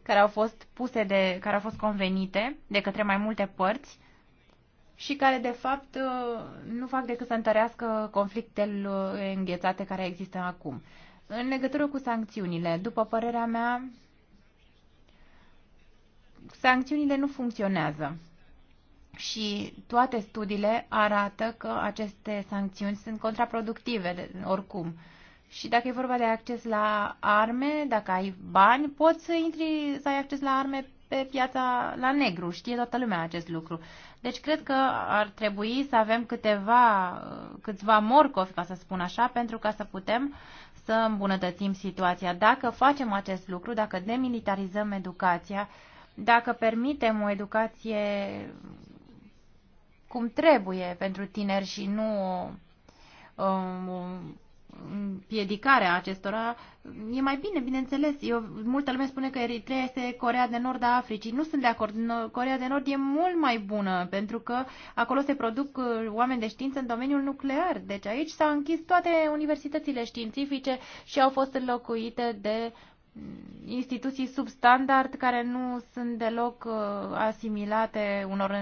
S3: care au fost puse de, care au fost convenite de către mai multe părți și care, de fapt, uh, nu fac decât să întărească conflictele înghețate care există acum. În legătură cu sancțiunile, după părerea mea, sancțiunile nu funcționează. Și toate studiile arată că aceste sancțiuni sunt contraproductive, oricum. Și dacă e vorba de acces la arme, dacă ai bani, poți să intri, să ai acces la arme pe piața la negru. Știe toată lumea acest lucru. Deci cred că ar trebui să avem câteva, câțiva morcovi, ca să spun așa, pentru ca să putem să îmbunătățim situația. Dacă facem acest lucru, dacă demilitarizăm educația, dacă permitem o educație cum trebuie pentru tineri și nu o, um, piedicarea acestora, e mai bine, bineînțeles. Eu, multă lume spune că Eritrea este Corea de Nord a Africii. Nu sunt de acord. Corea de Nord e mult mai bună, pentru că acolo se produc uh, oameni de știință în domeniul nuclear. Deci aici s-au închis toate universitățile științifice și au fost înlocuite de mm, instituții substandard care nu sunt deloc uh, asimilate unor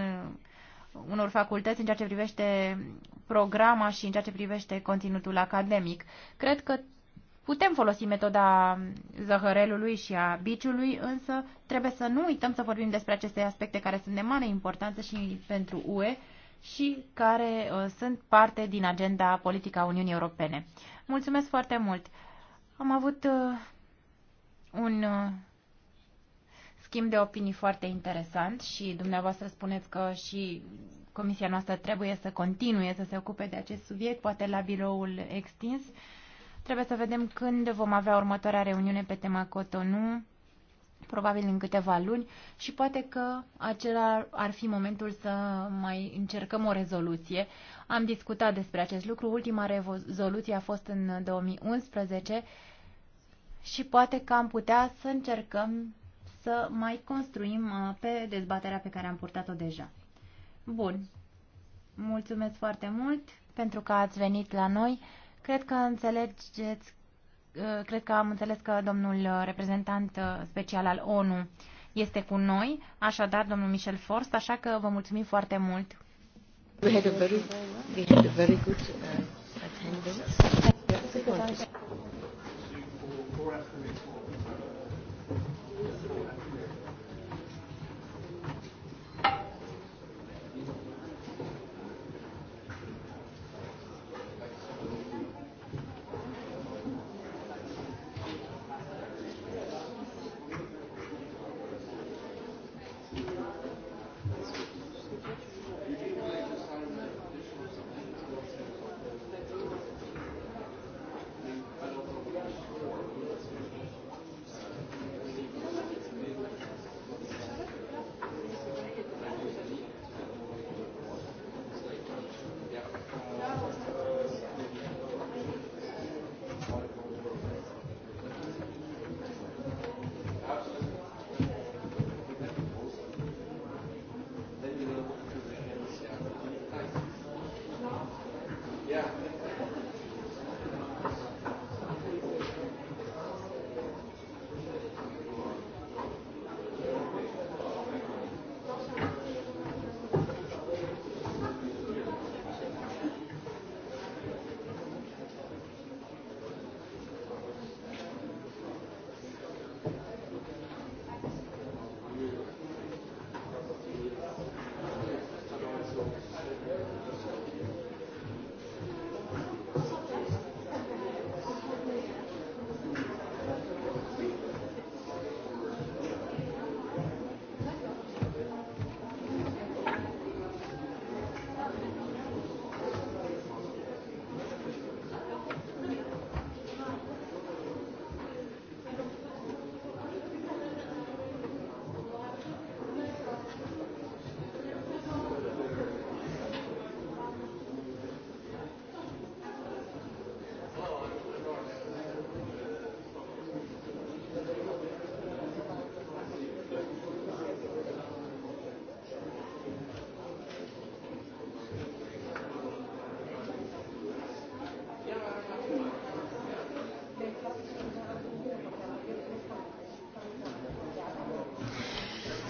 S3: unor facultăți în ceea ce privește programa și în ceea ce privește conținutul academic. Cred că putem folosi metoda zăhărelului și a biciului, însă trebuie să nu uităm să vorbim despre aceste aspecte care sunt de mare importanță și pentru UE și care uh, sunt parte din agenda politică a Uniunii Europene. Mulțumesc foarte mult! Am avut uh, un uh, schimb de opinii foarte interesant și dumneavoastră spuneți că și comisia noastră trebuie să continue să se ocupe de acest subiect, poate la biroul extins. Trebuie să vedem când vom avea următoarea reuniune pe tema Cotonou, probabil în câteva luni, și poate că acela ar fi momentul să mai încercăm o rezoluție. Am discutat despre acest lucru, ultima rezoluție a fost în 2011 și poate că am putea să încercăm să mai construim uh, pe dezbaterea pe care am purtat-o deja. Bun. Mulțumesc foarte mult pentru că ați venit la noi. Cred că înțelegeți, uh, cred că am înțeles că domnul uh, reprezentant uh, special al ONU este cu noi, așadar domnul Michel Forst, așa că vă mulțumim foarte mult.
S1: We had a very, we had a very good uh, attendance.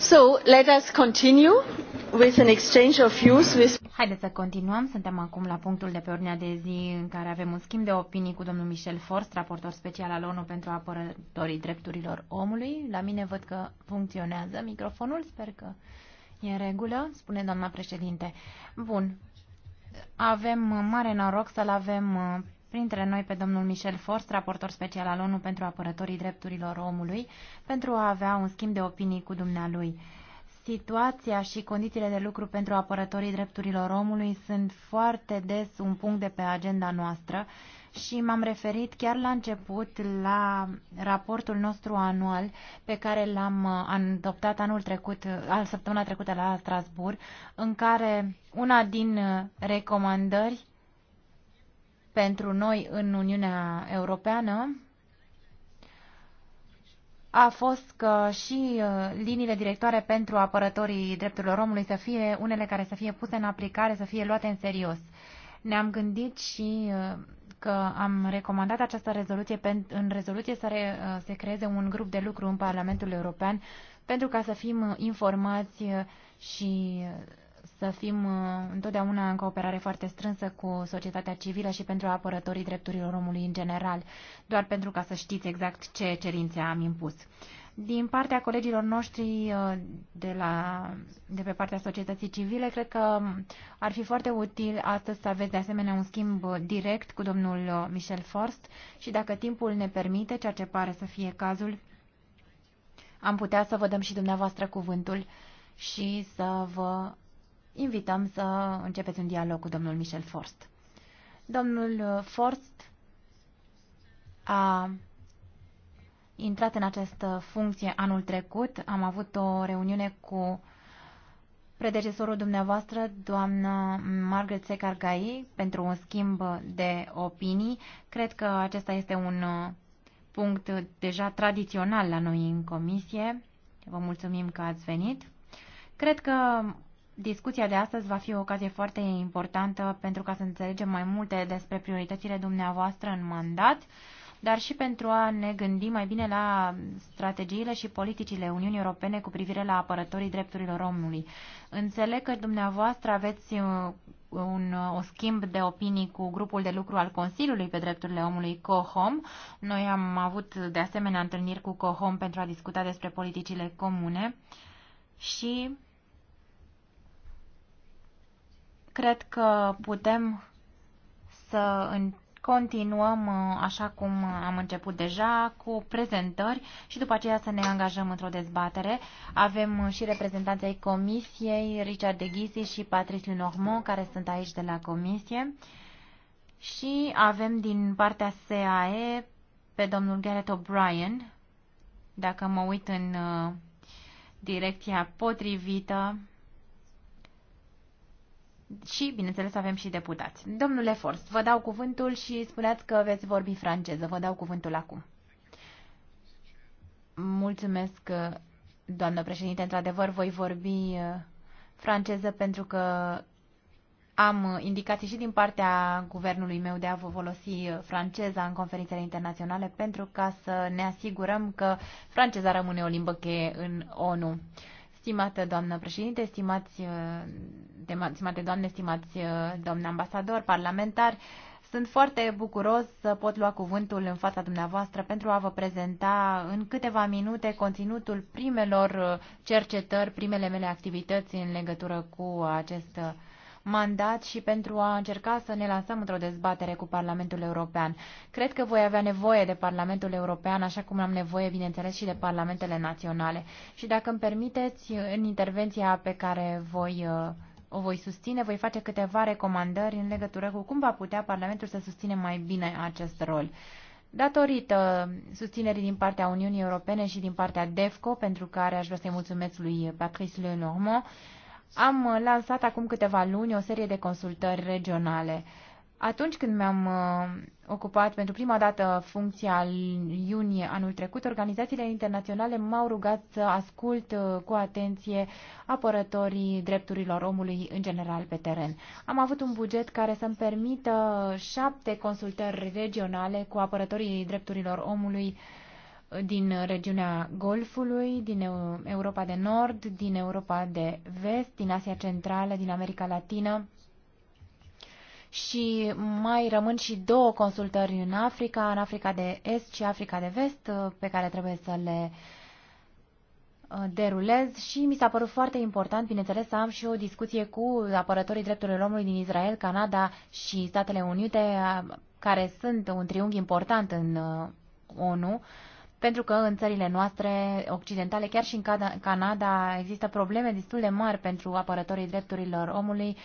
S1: So, let us continue with an exchange of views with... Haideți să
S3: continuăm. Suntem acum la punctul de pe ordinea de zi în care avem un schimb de opinii cu domnul Michel Forst, raportor special al ONU pentru apărătorii drepturilor omului. La mine văd că funcționează microfonul. Sper că e în regulă, spune doamna președinte. Bun. Avem mare noroc să-l avem printre noi pe domnul Michel Forst, raportor special al ONU pentru apărătorii drepturilor omului, pentru a avea un schimb de opinii cu dumnealui. Situația și condițiile de lucru pentru apărătorii drepturilor omului sunt foarte des un punct de pe agenda noastră și m-am referit chiar la început la raportul nostru anual pe care l-am uh, adoptat anul trecut, uh, al săptămâna trecută la Strasbourg, în care una din uh, recomandări pentru noi în Uniunea Europeană a fost că și uh, liniile directoare pentru apărătorii drepturilor omului să fie unele care să fie puse în aplicare, să fie luate în serios. Ne-am gândit și uh, că am recomandat această rezoluție în rezoluție să re, uh, se creeze un grup de lucru în Parlamentul European pentru ca să fim informați și să fim uh, întotdeauna în cooperare foarte strânsă cu societatea civilă și pentru apărătorii drepturilor omului în general, doar pentru ca să știți exact ce cerințe am impus. Din partea colegilor noștri uh, de, la, de pe partea societății civile, cred că ar fi foarte util astăzi să aveți de asemenea un schimb direct cu domnul uh, Michel Forst și dacă timpul ne permite, ceea ce pare să fie cazul, am putea să vă dăm și dumneavoastră cuvântul și să vă invităm să începeți un dialog cu domnul Michel Forst. Domnul uh, Forst a intrat în această funcție anul trecut. Am avut o reuniune cu predecesorul dumneavoastră, doamna Margaret Secargai, pentru un schimb de opinii. Cred că acesta este un uh, punct deja tradițional la noi în comisie. Vă mulțumim că ați venit. Cred că Discuția de astăzi va fi o ocazie foarte importantă pentru ca să înțelegem mai multe despre prioritățile dumneavoastră în mandat, dar și pentru a ne gândi mai bine la strategiile și politicile Uniunii Europene cu privire la apărătorii drepturilor omului. Înțeleg că dumneavoastră aveți uh, un, uh, o schimb de opinii cu grupul de lucru al Consiliului pe drepturile omului COHOM. Noi am avut de asemenea întâlniri cu COHOM pentru a discuta despre politicile comune și Cred că putem să continuăm uh, așa cum am început deja cu prezentări și după aceea să ne angajăm într-o dezbatere. Avem uh, și reprezentanții Comisiei, Richard de Ghisi și Patrice Lenormand, care sunt aici de la Comisie. Și avem din partea SAE pe domnul Gareth O'Brien, dacă mă uit în uh, direcția potrivită, și, bineînțeles, avem și deputați. Domnule Forst, vă dau cuvântul și spuneați că veți vorbi franceză. Vă dau cuvântul acum. Mulțumesc, doamnă președinte. Într-adevăr, voi vorbi uh, franceză pentru că am indicații și din partea guvernului meu de a vă folosi uh, franceza în conferințele internaționale pentru ca să ne asigurăm că franceza rămâne o limbă cheie în ONU. Stimată doamnă președinte, stimați, uh, stimate doamne, stimați uh, domn ambasador, parlamentar, sunt foarte bucuros să pot lua cuvântul în fața dumneavoastră pentru a vă prezenta în câteva minute conținutul primelor uh, cercetări, primele mele activități în legătură cu acest mandat și pentru a încerca să ne lansăm într-o dezbatere cu Parlamentul European. Cred că voi avea nevoie de Parlamentul European, așa cum am nevoie, bineînțeles, și de Parlamentele Naționale. Și dacă îmi permiteți, în intervenția pe care voi uh, o voi susține, voi face câteva recomandări în legătură cu cum va putea Parlamentul să susține mai bine acest rol. Datorită susținerii din partea Uniunii Europene și din partea DEFCO, pentru care aș vrea să-i mulțumesc lui Patrice Le Normand. Am uh, lansat acum câteva luni o serie de consultări regionale. Atunci când mi-am uh, ocupat pentru prima dată funcția iunie anul trecut, organizațiile internaționale m-au rugat să ascult uh, cu atenție apărătorii drepturilor omului în general pe teren. Am avut un buget care să-mi permită șapte consultări regionale cu apărătorii drepturilor omului din regiunea Golfului, din Europa de Nord, din Europa de Vest, din Asia Centrală, din America Latină și mai rămân și două consultări în Africa, în Africa de Est și Africa de Vest, pe care trebuie să le uh, derulez și mi s-a părut foarte important, bineînțeles, să am și o discuție cu apărătorii drepturilor omului din Israel, Canada și Statele Unite, uh, care sunt un triunghi important în uh, ONU pentru că în țările noastre occidentale, chiar și în Canada, există probleme destul de mari pentru apărătorii drepturilor omului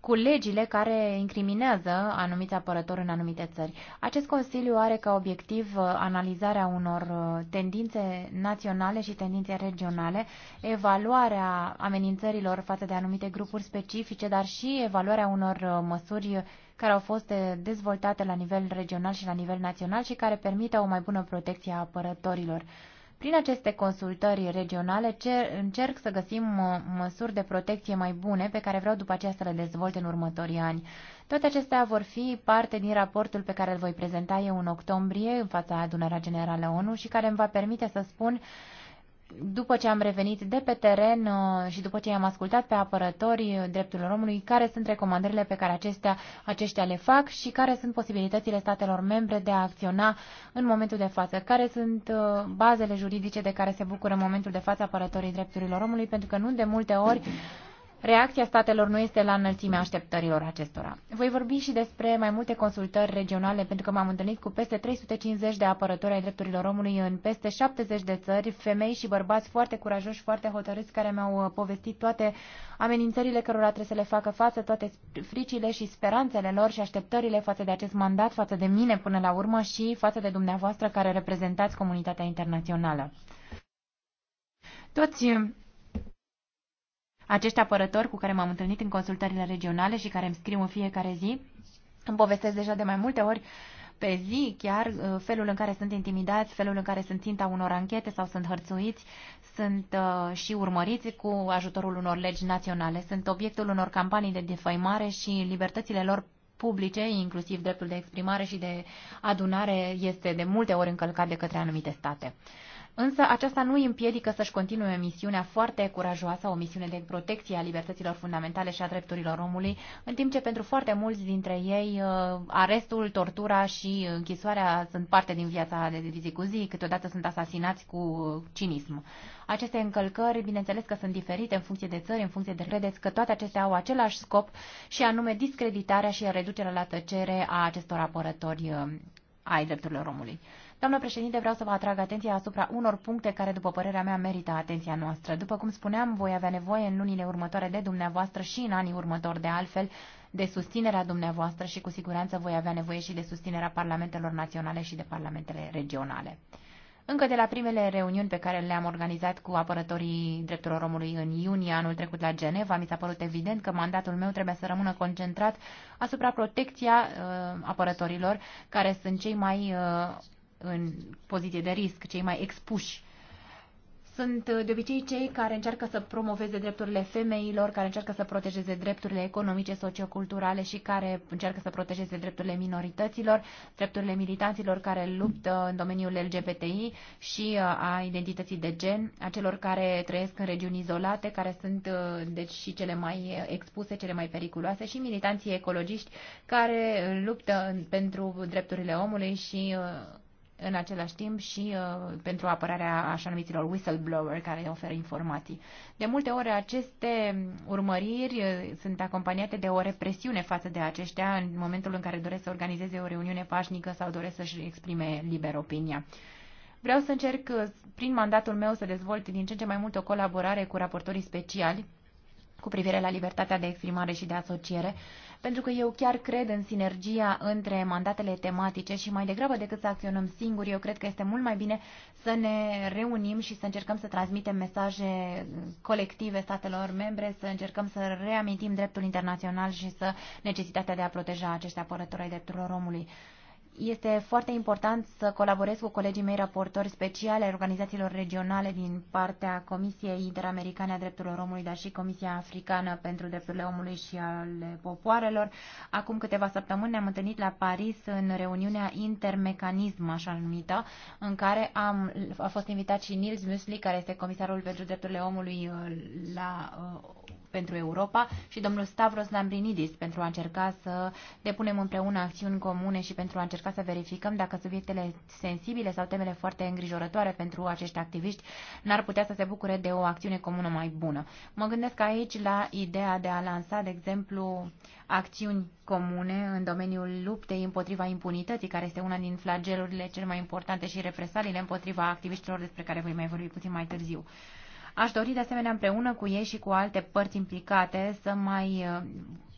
S3: cu legile care incriminează anumiți apărători în anumite țări. Acest Consiliu are ca obiectiv uh, analizarea unor uh, tendințe naționale și tendințe regionale, evaluarea amenințărilor față de anumite grupuri specifice, dar și evaluarea unor uh, măsuri care au fost eh, dezvoltate la nivel regional și la nivel național și care permită o mai bună protecție a apărătorilor. Prin aceste consultări regionale cer, încerc să găsim măsuri de protecție mai bune pe care vreau după aceea să le dezvolt în următorii ani. Toate acestea vor fi parte din raportul pe care îl voi prezenta eu în octombrie în fața Adunării generală ONU și care îmi va permite să spun uh, după ce am revenit de pe teren uh, și după ce i-am ascultat pe apărătorii uh, drepturilor omului, care sunt recomandările pe care acestea, aceștia le fac și care sunt posibilitățile statelor membre de a acționa în momentul de față, care sunt uh, bazele juridice de care se bucură în momentul de față apărătorii drepturilor omului, pentru că nu de multe ori Reacția statelor nu este la înălțimea așteptărilor acestora. Voi vorbi și despre mai multe consultări regionale, pentru că m-am întâlnit cu peste 350 de apărători ai drepturilor omului în peste 70 de țări, femei și bărbați foarte curajoși, foarte hotărâți, care mi-au uh, povestit toate amenințările cărora trebuie să le facă față, toate fricile și speranțele lor și așteptările față de acest mandat, față de mine până la urmă și față de dumneavoastră care reprezentați comunitatea internațională. Toți acești apărători cu care m-am întâlnit în consultările regionale și care îmi scriu în fiecare zi, îmi povestesc deja de mai multe ori pe zi chiar uh, felul în care sunt intimidați, felul în care sunt ținta unor anchete sau sunt hărțuiți, sunt uh, și urmăriți cu ajutorul unor legi naționale, sunt obiectul unor campanii de defăimare și libertățile lor publice, inclusiv dreptul de exprimare și de adunare, este de multe ori încălcat de către anumite state însă aceasta nu îi împiedică să-și continue misiunea foarte curajoasă, o misiune de protecție a libertăților fundamentale și a drepturilor omului, în timp ce pentru foarte mulți dintre ei uh, arestul, tortura și închisoarea sunt parte din viața de zi cu zi, câteodată sunt asasinați cu cinism. Aceste încălcări, bineînțeles că sunt diferite în funcție de țări, în funcție de credeți că toate acestea au același scop și anume discreditarea și reducerea la tăcere a acestor apărători uh, ai drepturilor omului. Doamnă președinte, vreau să vă atrag atenția asupra unor puncte care, după părerea mea, merită atenția noastră. După cum spuneam, voi avea nevoie în lunile următoare de dumneavoastră și în anii următori de altfel de susținerea dumneavoastră și cu siguranță voi avea nevoie și de susținerea parlamentelor naționale și de parlamentele regionale. Încă de la primele reuniuni pe care le-am organizat cu apărătorii drepturilor omului în iunie anul trecut la Geneva, mi s-a părut evident că mandatul meu trebuie să rămână concentrat asupra protecția uh, apărătorilor, care sunt cei mai uh, în poziție de risc, cei mai expuși. Sunt uh, de obicei cei care încearcă să promoveze drepturile femeilor, care încearcă să protejeze drepturile economice, socioculturale și care încearcă să protejeze drepturile minorităților, drepturile militanților care luptă în domeniul LGBTI și uh, a identității de gen, a celor care trăiesc în regiuni izolate, care sunt uh, deci și cele mai expuse, cele mai periculoase și militanții ecologiști care luptă pentru drepturile omului și în același timp și uh, pentru apărarea așa numiților whistleblower care oferă informații. De multe ori aceste urmăriri uh, sunt acompaniate de o represiune față de aceștia în momentul în care doresc să organizeze o reuniune pașnică sau doresc să-și exprime liber opinia. Vreau să încerc uh, prin mandatul meu să dezvolt din ce în ce mai mult o colaborare cu raportorii speciali cu privire la libertatea de exprimare și de asociere, pentru că eu chiar cred în sinergia între mandatele tematice și mai degrabă decât să acționăm singuri, eu cred că este mult mai bine să ne reunim și să încercăm să transmitem mesaje colective statelor membre, să încercăm să reamintim dreptul internațional și să necesitatea de a proteja aceste apărători ai drepturilor omului. Este foarte important să colaborez cu colegii mei raportori speciale ai organizațiilor regionale din partea Comisiei Interamericane a Drepturilor Omului, dar și Comisia Africană pentru Drepturile Omului și ale Popoarelor. Acum câteva săptămâni ne-am întâlnit la Paris în reuniunea Intermecanism, așa numită, în care am, a fost invitat și Nils Musli, care este comisarul pentru drepturile omului la uh, pentru Europa și domnul Stavros Lambrinidis pentru a încerca să depunem împreună acțiuni comune și pentru a încerca să verificăm dacă subiectele sensibile sau temele foarte îngrijorătoare pentru acești activiști n-ar putea să se bucure de o acțiune comună mai bună. Mă gândesc aici la ideea de a lansa, de exemplu, acțiuni comune în domeniul luptei împotriva impunității, care este una din flagelurile cele mai importante și represalile împotriva activiștilor despre care voi mai vorbi puțin mai târziu. Aș dori de asemenea împreună cu ei și cu alte părți implicate să mai uh,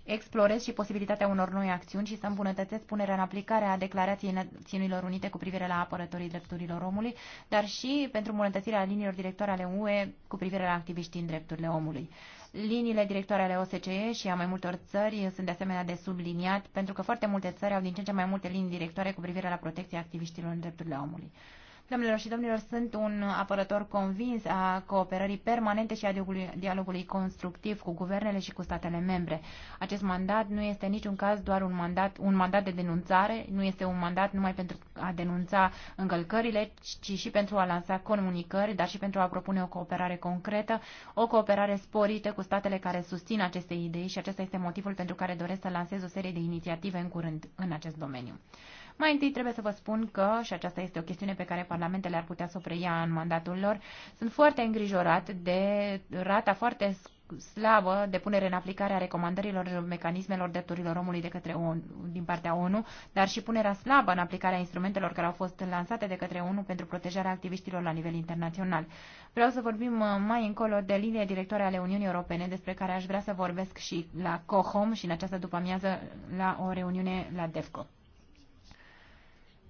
S3: explorez și posibilitatea unor noi acțiuni și să îmbunătățesc punerea în aplicare a Declarației Națiunilor Unite cu privire la apărătorii drepturilor omului, dar și pentru îmbunătățirea liniilor directoare ale UE cu privire la activiștii în drepturile omului. Liniile directoare ale OSCE și a mai multor țări sunt de asemenea de subliniat, pentru că foarte multe țări au din ce în ce mai multe linii directoare cu privire la protecția activiștilor în drepturile omului. Domnilor și domnilor, sunt un apărător convins a cooperării permanente și a dialogului, constructiv cu guvernele și cu statele membre. Acest mandat nu este niciun caz doar un mandat, un mandat de denunțare, nu este un mandat numai pentru a denunța încălcările, ci și pentru a lansa comunicări, dar și pentru a propune o cooperare concretă, o cooperare sporită cu statele care susțin aceste idei și acesta este motivul pentru care doresc să lansez o serie de inițiative în curând în acest domeniu. Mai întâi trebuie să vă spun că, și aceasta este o chestiune pe care parlamentele ar putea să o preia în mandatul lor, sunt foarte îngrijorat de rata foarte slabă de punere în aplicare a recomandărilor mecanismelor drepturilor omului de către ONU, din partea ONU, dar și punerea slabă în aplicarea instrumentelor care au fost lansate de către ONU pentru protejarea activiștilor la nivel internațional. Vreau să vorbim uh, mai încolo de linie directoare ale Uniunii Europene, despre care aș vrea să vorbesc și la COHOM și în această după-amiază la o reuniune la DEFCO.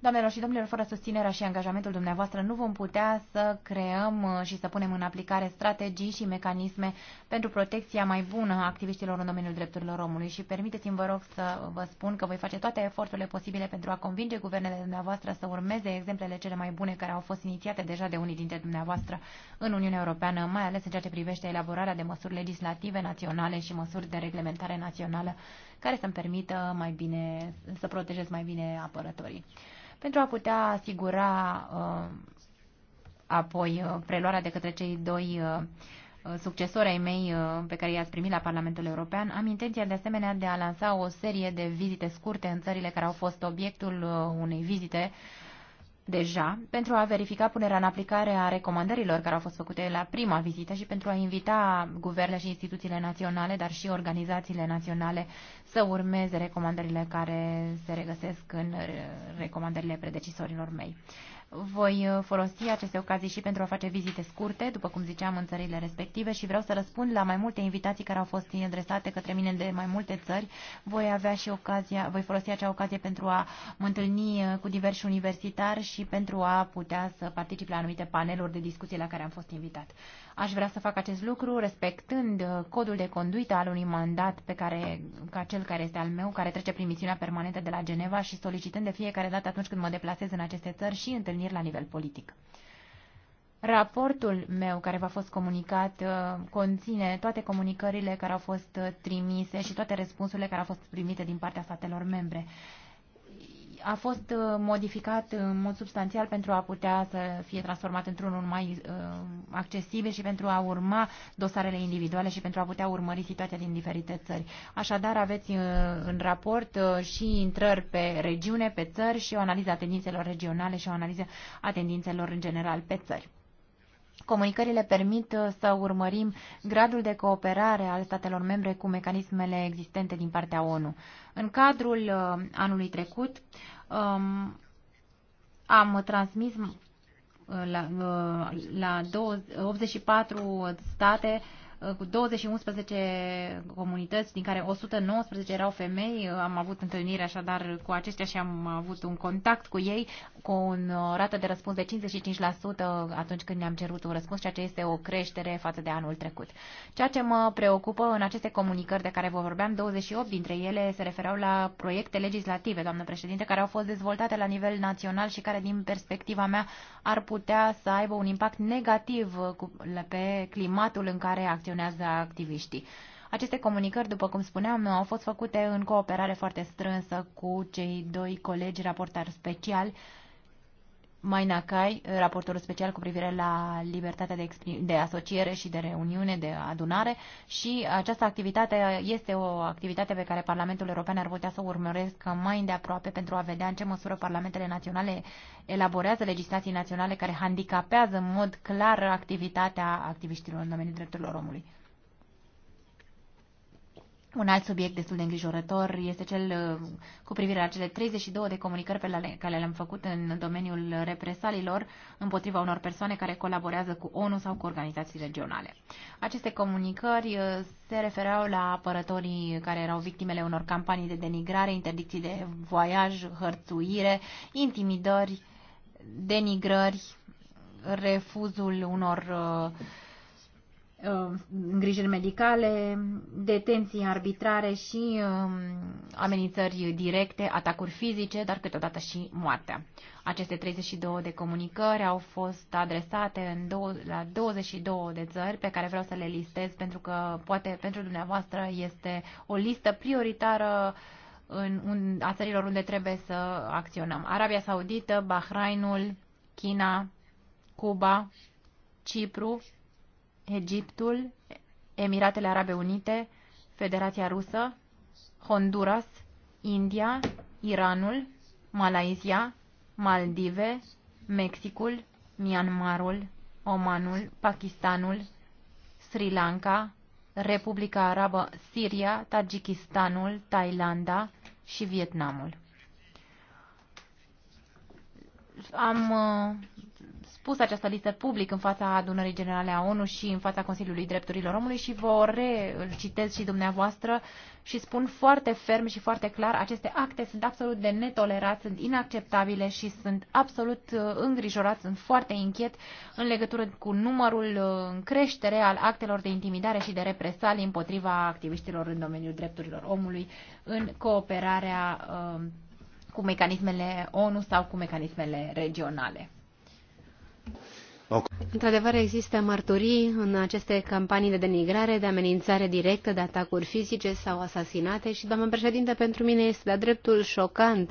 S3: Doamnelor și domnilor, fără susținerea și angajamentul dumneavoastră nu vom putea să creăm uh, și să punem în aplicare strategii și mecanisme pentru protecția mai bună a activiștilor în domeniul drepturilor omului și permiteți-mi, vă rog, să vă spun că voi face toate eforturile posibile pentru a convinge guvernele dumneavoastră să urmeze exemplele cele mai bune care au fost inițiate deja de unii dintre dumneavoastră în Uniunea Europeană, mai ales în ceea ce privește elaborarea de măsuri legislative naționale și măsuri de reglementare națională care să-mi permită mai bine, să protejez mai bine apărătorii. Pentru a putea asigura uh, apoi uh, preluarea de către cei doi uh, succesori ai mei pe care i-ați primit la Parlamentul European, am intenția de asemenea de a lansa o serie de vizite scurte în țările care au fost obiectul unei vizite deja pentru a verifica punerea în aplicare a recomandărilor care au fost făcute la prima vizită și pentru a invita guvernele și instituțiile naționale, dar și organizațiile naționale să urmeze recomandările care se regăsesc în recomandările predecesorilor mei. Voi uh, folosi aceste ocazii și pentru a face vizite scurte, după cum ziceam, în țările respective și vreau să răspund la mai multe invitații care au fost adresate către mine de mai multe țări. Voi avea și ocazia, voi folosi acea ocazie pentru a mă întâlni uh, cu diversi universitari și pentru a putea să particip la anumite paneluri de discuții la care am fost invitat. Aș vrea să fac acest lucru respectând uh, codul de conduită al unui mandat pe care, ca cel care este al meu, care trece prin misiunea permanentă de la Geneva și solicitând de fiecare dată atunci când mă deplasez în aceste țări și întâlniri întâlniri la nivel politic. Raportul meu care v-a fost comunicat uh, conține toate comunicările care au fost uh, trimise și toate răspunsurile care au fost primite din partea statelor membre a fost uh, modificat uh, în mod substanțial pentru a putea să fie transformat într-unul mai uh, accesibil și pentru a urma dosarele individuale și pentru a putea urmări situația din diferite țări. Așadar, aveți în raport și intrări pe regiune, pe țări și o analiză a tendințelor regionale și o analiză a tendințelor în general pe țări. Comunicările permit uh, să urmărim gradul de cooperare al statelor membre cu mecanismele existente din partea ONU. În cadrul uh, anului trecut um, am transmis uh, la, la 84 state cu 211 comunități, din care 119 erau femei. Am avut întâlnire așadar cu aceștia și am avut un contact cu ei cu o uh, rată de răspuns de 55% atunci când ne-am cerut un răspuns, ceea ce este o creștere față de anul trecut. Ceea ce mă preocupă în aceste comunicări de care vă vorbeam, 28 dintre ele se refereau la proiecte legislative, doamnă președinte, care au fost dezvoltate la nivel național și care, din perspectiva mea, ar putea să aibă un impact negativ uh, pe climatul în care acționează acționează activiștii. Aceste comunicări, după cum spuneam, au fost făcute în cooperare foarte strânsă cu cei doi colegi raportari speciali mai Nakai, raportorul special cu privire la libertatea de, de asociere și de reuniune, de adunare și această activitate este o activitate pe care Parlamentul European ar putea să o urmăresc mai îndeaproape pentru a vedea în ce măsură parlamentele naționale elaborează legislații naționale care handicapează în mod clar activitatea activiștilor în domeniul drepturilor omului. Un alt subiect destul de îngrijorător este cel uh, cu privire la cele 32 de comunicări pe care le-am făcut în domeniul represalilor împotriva unor persoane care colaborează cu ONU sau cu organizații regionale. Aceste comunicări uh, se refereau la apărătorii care erau victimele unor campanii de denigrare, interdicții de voiaj, hărțuire, intimidări, denigrări, refuzul unor uh, Uh, îngrijiri medicale, detenții arbitrare și um, amenințări directe, atacuri fizice, dar câteodată și moartea. Aceste 32 de comunicări au fost adresate în două, la 22 de țări pe care vreau să le listez pentru că poate pentru dumneavoastră este o listă prioritară în, în, a țărilor unde trebuie să acționăm. Arabia Saudită, Bahrainul, China, Cuba, Cipru, Egiptul, Emiratele Arabe Unite, Federația Rusă, Honduras, India, Iranul, Malaysia, Maldive, Mexicul, Myanmarul, Omanul, Pakistanul, Sri Lanka, Republica Arabă Siria, Tajikistanul, Thailanda și Vietnamul. Am uh, expus această listă public în fața adunării generale a ONU și în fața Consiliului Drepturilor Omului și vă recitez și dumneavoastră și spun foarte ferm și foarte clar, aceste acte sunt absolut de netolerat, sunt inacceptabile și sunt absolut uh, îngrijorat, sunt foarte inchiet în legătură cu numărul uh, în creștere al actelor de intimidare și de represalii împotriva activiștilor în domeniul drepturilor omului în cooperarea uh, cu mecanismele ONU sau cu mecanismele regionale. Într-adevăr,
S2: există mărturii în aceste campanii de denigrare, de amenințare directă, de atacuri fizice sau asasinate și, doamnă președinte, pentru mine este de-a dreptul șocant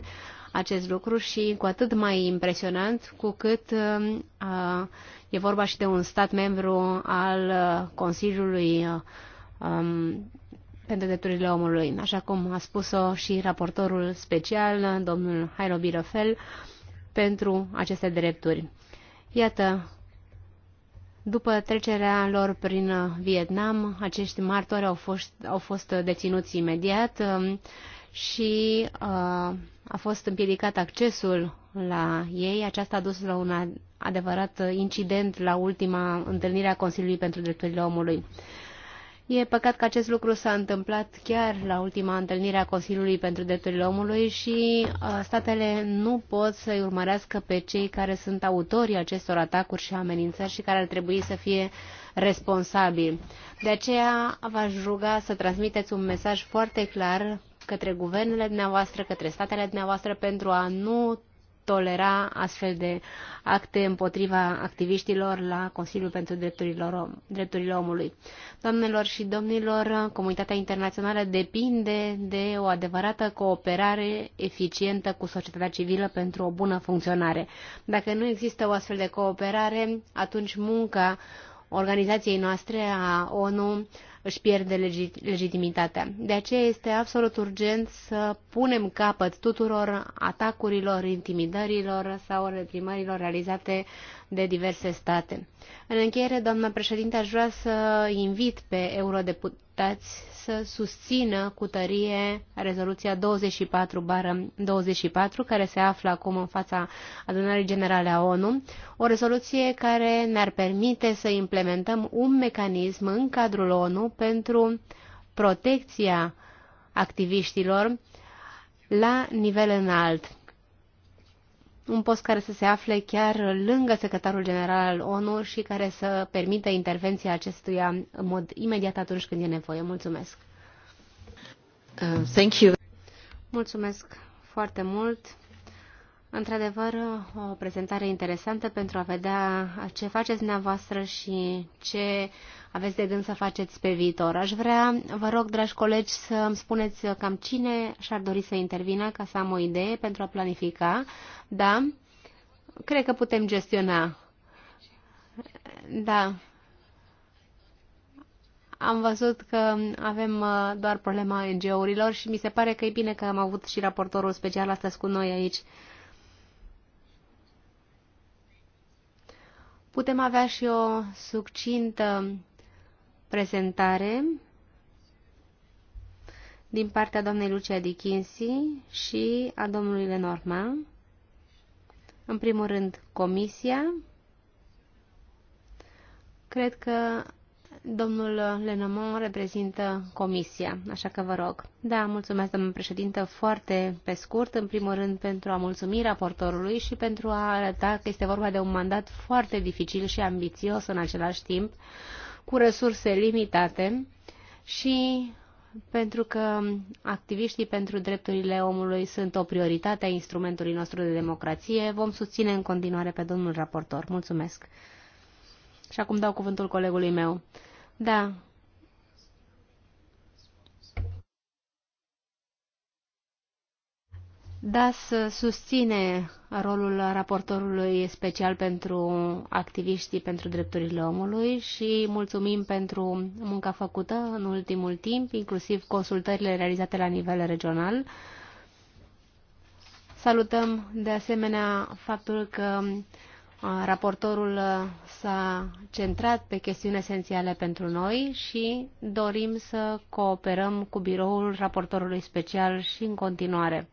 S2: acest lucru și cu atât mai impresionant cu cât uh, e vorba și de un stat membru al uh, Consiliului a, uh, um, pentru drepturile omului. Așa cum a spus-o și raportorul special, domnul Hairo Birofel, pentru aceste drepturi. Iată după trecerea lor prin uh, Vietnam, acești martori au fost, au fost deținuți imediat um, și uh, a fost împiedicat accesul la ei. Aceasta a dus la un adevărat incident la ultima întâlnire a Consiliului pentru Drepturile Omului. E păcat că acest lucru s-a întâmplat chiar la ultima întâlnire a Consiliului pentru Drepturile Omului și uh, statele nu pot să-i urmărească pe cei care sunt autorii acestor atacuri și amenințări și care ar trebui să fie responsabili. De aceea v-aș ruga să transmiteți un mesaj foarte clar către guvernele dumneavoastră, către statele dumneavoastră, pentru a nu tolera astfel de acte împotriva activiștilor la Consiliul pentru Drepturile Omului. Doamnelor și domnilor, comunitatea internațională depinde de o adevărată cooperare eficientă cu societatea civilă pentru o bună funcționare. Dacă nu există o astfel de cooperare, atunci munca organizației noastre a ONU își pierde legitimitatea. De aceea este absolut urgent să punem capăt tuturor atacurilor, intimidărilor sau reprimărilor realizate de diverse state. În încheiere, doamna președinte, aș vrea să invit pe eurodeputați să susțină cu tărie rezoluția 24-24, care se află acum în fața adunării generale a ONU, o rezoluție care ne-ar permite să implementăm un mecanism în cadrul ONU pentru protecția activiștilor la nivel înalt un post care să se afle chiar lângă secretarul general al ONU și care să permită intervenția acestuia în mod imediat atunci când e nevoie. Mulțumesc! Uh, thank you. Mulțumesc foarte mult! Într-adevăr, o prezentare interesantă pentru a vedea ce faceți dumneavoastră și ce aveți de gând să faceți pe viitor. Aș vrea, vă rog, dragi colegi, să îmi spuneți cam cine și-ar dori să intervină ca să am o idee pentru a planifica. Da, cred că putem gestiona. Da. Am văzut că avem uh, doar problema NGO-urilor și mi se pare că e bine că am avut și raportorul special astăzi cu noi aici. putem avea și o succintă prezentare din partea doamnei Lucia Dichinsi și a domnului Lenormand. În primul rând, comisia. Cred că Domnul Lenormand reprezintă Comisia, așa că vă rog. Da, mulțumesc, domnul președinte, foarte pe scurt, în primul rând pentru a mulțumi raportorului și pentru a arăta că este vorba de un mandat foarte dificil și ambițios în același timp, cu resurse limitate și pentru că activiștii pentru drepturile omului sunt o prioritate a instrumentului nostru de democrație, vom susține în continuare pe domnul raportor. Mulțumesc! Și acum dau cuvântul colegului meu. Da. DAS susține rolul raportorului special pentru activiștii pentru drepturile omului și mulțumim pentru munca făcută în ultimul timp, inclusiv consultările realizate la nivel regional. Salutăm de asemenea faptul că Raportorul s-a centrat pe chestiuni esențiale pentru noi și dorim să cooperăm cu biroul raportorului special și în continuare.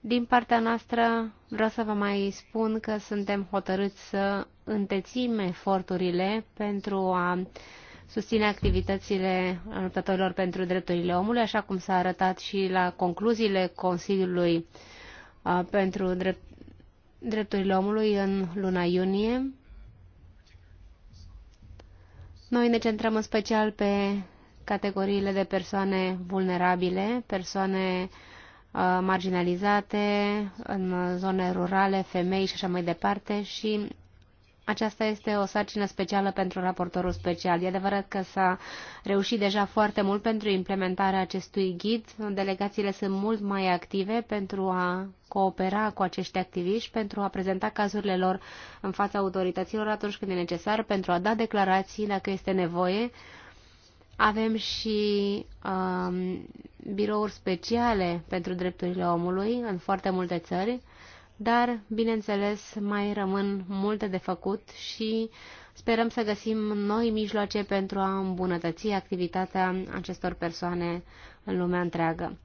S2: Din partea noastră, vreau să vă mai spun că suntem hotărâți să întețim eforturile pentru a susține activitățile luptătorilor pentru drepturile omului, așa cum s-a arătat și la concluziile Consiliului pentru drept, drepturile omului în luna iunie. Noi ne centrăm în special pe categoriile de persoane vulnerabile, persoane uh, marginalizate, în zone rurale, femei și așa mai departe și aceasta este o sarcină specială pentru raportorul special. E adevărat că s-a reușit deja foarte mult pentru implementarea acestui ghid. Delegațiile sunt mult mai active pentru a coopera cu acești activiști, pentru a prezenta cazurile lor în fața autorităților atunci când e necesar, pentru a da declarații dacă este nevoie. Avem și um, birouri speciale pentru drepturile omului în foarte multe țări dar, bineînțeles, mai rămân multe de făcut și sperăm să găsim noi mijloace pentru a îmbunătăți activitatea acestor persoane în lumea întreagă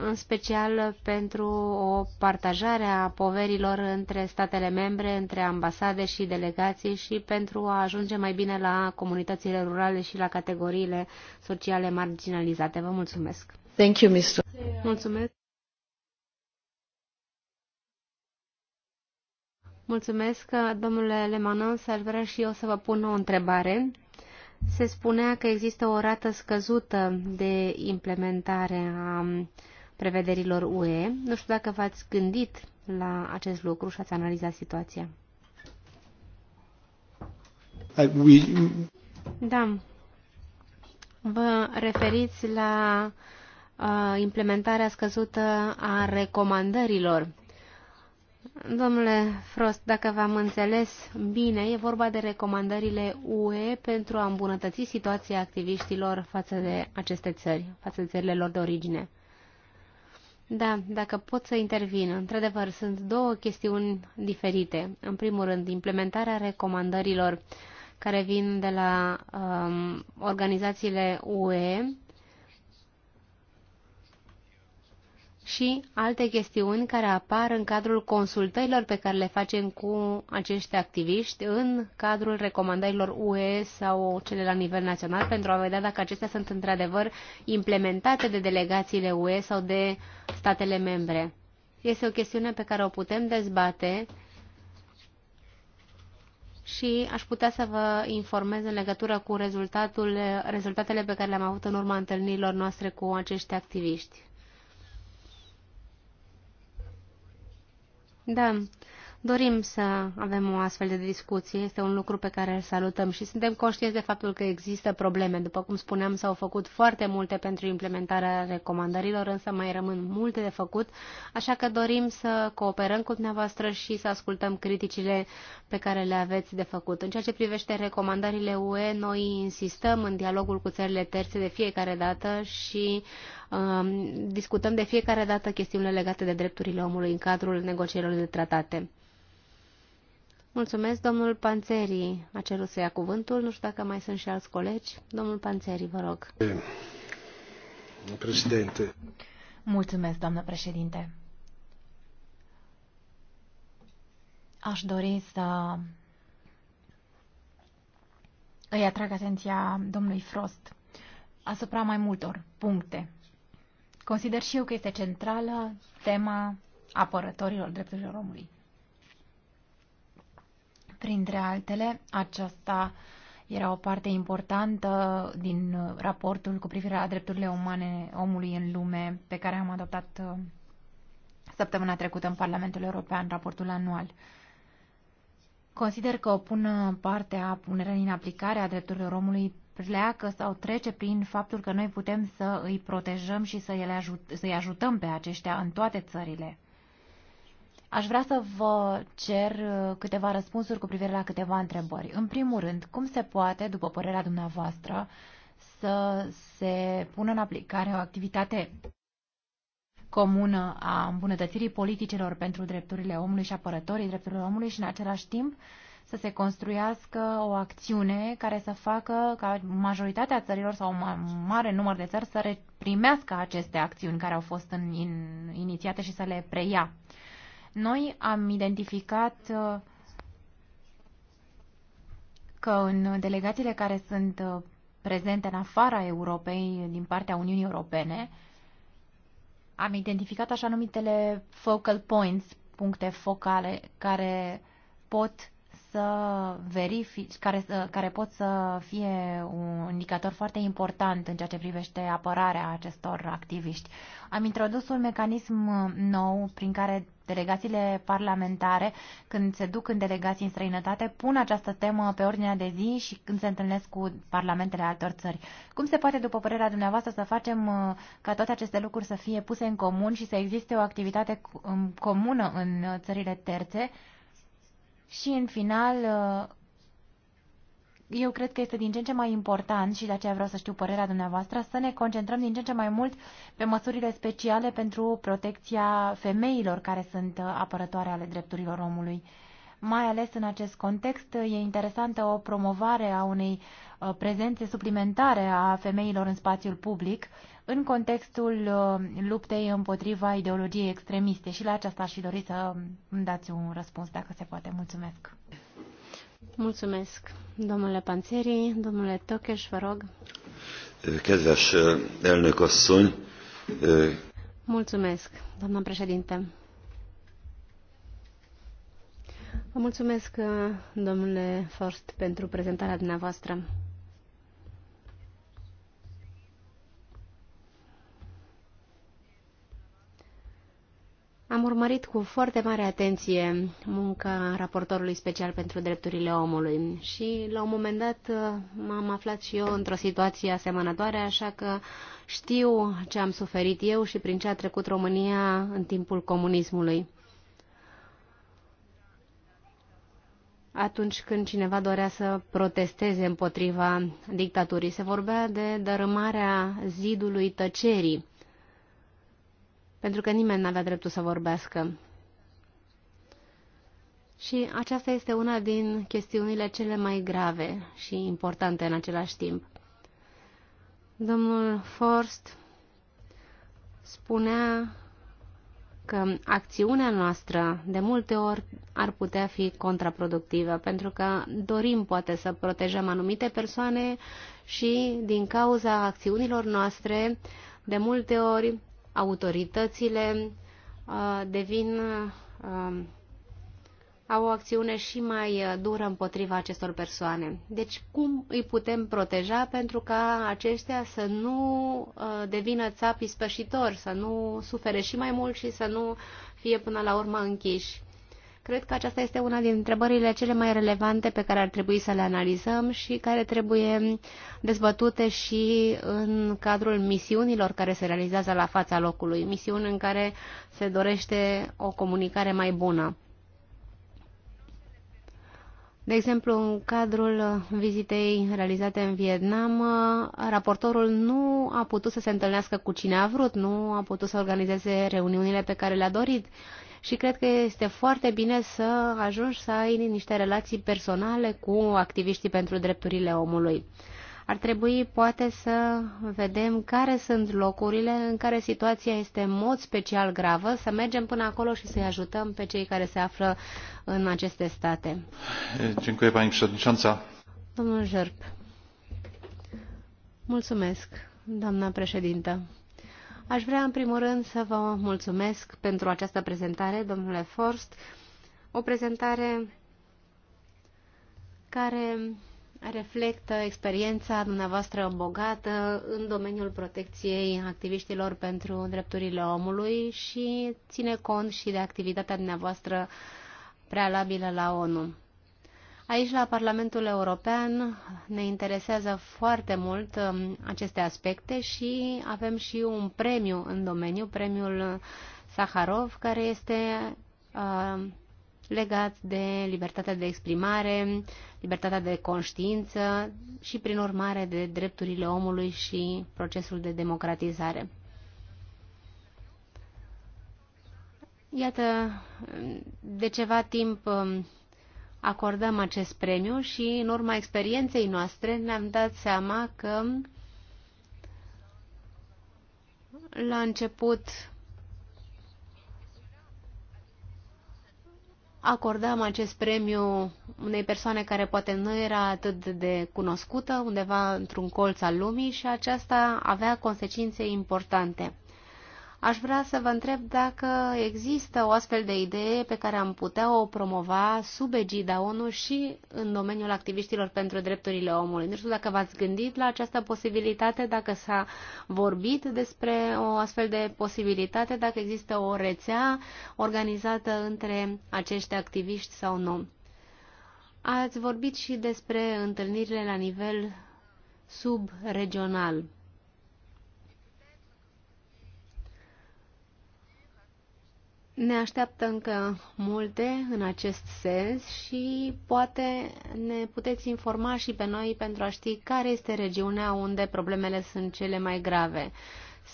S2: în special pentru o partajare a poverilor între statele membre, între ambasade și delegații și pentru a ajunge mai bine la comunitățile rurale și la categoriile sociale marginalizate. Vă mulțumesc!
S1: Thank you, Mr. Mulțumesc!
S2: Mulțumesc, domnule Lemanon vrea și eu să vă pun o întrebare. Se spunea că există o rată scăzută de implementare a prevederilor UE. Nu știu dacă v-ați gândit la acest lucru și ați analizat situația. Uh, da. Vă referiți la uh, implementarea scăzută a recomandărilor Domnule Frost, dacă v-am înțeles bine, e vorba de recomandările UE pentru a îmbunătăți situația activiștilor față de aceste țări, față de țările lor de origine. Da, dacă pot să intervin, într-adevăr, sunt două chestiuni diferite. În primul rând, implementarea recomandărilor care vin de la um, organizațiile UE și alte chestiuni care apar în cadrul consultărilor pe care le facem cu acești activiști în cadrul recomandărilor UE sau cele la nivel național pentru a vedea dacă acestea sunt într-adevăr implementate de delegațiile UE sau de statele membre. Este o chestiune pe care o putem dezbate și aș putea să vă informez în legătură cu rezultatul, rezultatele pe care le-am avut în urma întâlnirilor noastre cu acești activiști. Da, dorim să avem o astfel de discuție. Este un lucru pe care îl salutăm și suntem conștienți de faptul că există probleme. După cum spuneam, s-au făcut foarte multe pentru implementarea recomandărilor, însă mai rămân multe de făcut, așa că dorim să cooperăm cu dumneavoastră și să ascultăm criticile pe care le aveți de făcut. În ceea ce privește recomandările UE, noi insistăm în dialogul cu țările terțe de fiecare dată și uh, Um, discutăm de fiecare dată chestiunile legate de drepturile omului în cadrul negocierilor de tratate. Mulțumesc, domnul Panțeri a cerut să ia cuvântul. Nu știu dacă mai sunt și alți colegi. Domnul Panțeri, vă rog.
S1: Președinte.
S3: Mulțumesc, doamnă președinte. Aș dori să îi atrag atenția domnului Frost asupra mai multor puncte. Consider și eu că este centrală tema apărătorilor drepturilor omului. Printre altele, aceasta era o parte importantă din raportul cu privire la drepturile umane omului în lume pe care am adoptat uh, săptămâna trecută în Parlamentul European, raportul anual. Consider că o bună parte a punerii în aplicare a drepturilor omului pleacă sau trece prin faptul că noi putem să îi protejăm și să îi, ajut, să ajutăm pe aceștia în toate țările. Aș vrea să vă cer câteva răspunsuri cu privire la câteva întrebări. În primul rând, cum se poate, după părerea dumneavoastră, să se pună în aplicare o activitate comună a îmbunătățirii politicilor pentru drepturile omului și apărătorii drepturilor omului și, în același timp, uh, să se construiască o acțiune care să facă ca majoritatea țărilor sau un mare număr de țări să reprimească aceste acțiuni care au fost în, in, inițiate și să le preia. Noi am identificat uh, că în delegațiile care sunt uh, prezente în afara Europei, din partea Uniunii Europene, am identificat așa numitele focal points, puncte focale, care pot să verifici, care, care pot să fie un indicator foarte important în ceea ce privește apărarea acestor activiști. Am introdus un mecanism nou prin care delegațiile parlamentare, când se duc în delegații în străinătate, pun această temă pe ordinea de zi și când se întâlnesc cu parlamentele altor țări. Cum se poate, după părerea dumneavoastră, să facem uh, ca toate aceste lucruri să fie puse în comun și să existe o activitate comună în uh, țările terțe și în final, uh, eu cred că este din ce în ce mai important și de aceea vreau să știu părerea dumneavoastră să ne concentrăm din ce în ce mai mult pe măsurile speciale pentru protecția femeilor care sunt uh, apărătoare ale drepturilor omului. Mai ales în acest context uh, e interesantă o promovare a unei prezențe suplimentare a femeilor în spațiul public în contextul uh, luptei împotriva ideologiei extremiste și la aceasta aș fi dori să îmi dați un răspuns, dacă se poate. Mulțumesc!
S2: Mulțumesc, domnule Panțeri, domnule Tokes, vă rog. Kedves uh, elnök asszony. Uh, mulțumesc, doamna președinte. Vă mulțumesc, domnule Forst, pentru prezentarea dumneavoastră. Am urmărit cu foarte mare atenție munca raportorului special pentru drepturile omului și la un moment dat m-am aflat și eu într-o situație asemănătoare, așa că știu ce am suferit eu și prin ce a trecut România în timpul comunismului. atunci când cineva dorea să protesteze împotriva dictaturii. Se vorbea de dărâmarea zidului tăcerii pentru că nimeni nu avea dreptul să vorbească. Și aceasta este una din chestiunile cele mai grave și importante în același timp. Domnul Forst spunea că acțiunea noastră de multe ori ar putea fi contraproductivă, pentru că dorim poate să protejăm anumite persoane și din cauza acțiunilor noastre de multe ori autoritățile uh, devin uh, au o acțiune și mai uh, dură împotriva acestor persoane. Deci cum îi putem proteja pentru ca aceștia să nu devină țapi spășitori, să nu sufere și mai mult și să nu fie până la urmă închiși? Cred că aceasta este una din întrebările cele mai relevante pe care ar trebui să le analizăm și care trebuie dezbătute și în cadrul misiunilor care se realizează la fața locului, misiuni în care se dorește o comunicare mai bună. De exemplu, în cadrul vizitei realizate în Vietnam, raportorul nu a putut să se întâlnească cu cine a vrut, nu a putut să organizeze reuniunile pe care le-a dorit și cred că este foarte bine să ajungi să ai niște relații personale cu activiștii pentru drepturile omului. Ar trebui poate să vedem care sunt locurile în care situația este în mod special gravă, să mergem până acolo și să-i ajutăm pe cei care se află în aceste state.
S1: Dziękuję pani przewodnicząca.
S2: Domnul Jerp. Mulțumesc, doamna președintă. Aș vrea în primul rând să vă mulțumesc pentru această prezentare, domnule Forst, o prezentare care reflectă experiența dumneavoastră bogată în domeniul protecției activiștilor pentru drepturile omului și ține cont și de activitatea dumneavoastră prealabilă la ONU. Aici, la Parlamentul European, ne interesează foarte mult um, aceste aspecte și avem și un premiu în domeniu, premiul Saharov, care este uh, legat de libertatea de exprimare, libertatea de conștiință și, prin urmare, de drepturile omului și procesul de democratizare. Iată, de ceva timp um, acordăm acest premiu și în urma experienței noastre ne-am dat seama că la început acordam acest premiu unei persoane care poate nu era atât de cunoscută, undeva într-un colț al lumii și aceasta avea consecințe importante. Aș vrea să vă întreb dacă există o astfel de idee pe care am putea o promova sub egida ONU și în domeniul activiștilor pentru drepturile omului. Nu știu dacă v-ați gândit la această posibilitate, dacă s-a vorbit despre o astfel de posibilitate, dacă există o rețea organizată între acești activiști sau nu. Ați vorbit și despre întâlnirile la nivel subregional. Ne așteaptă încă multe în acest sens și poate ne puteți informa și pe noi pentru a ști care este regiunea unde problemele sunt cele mai grave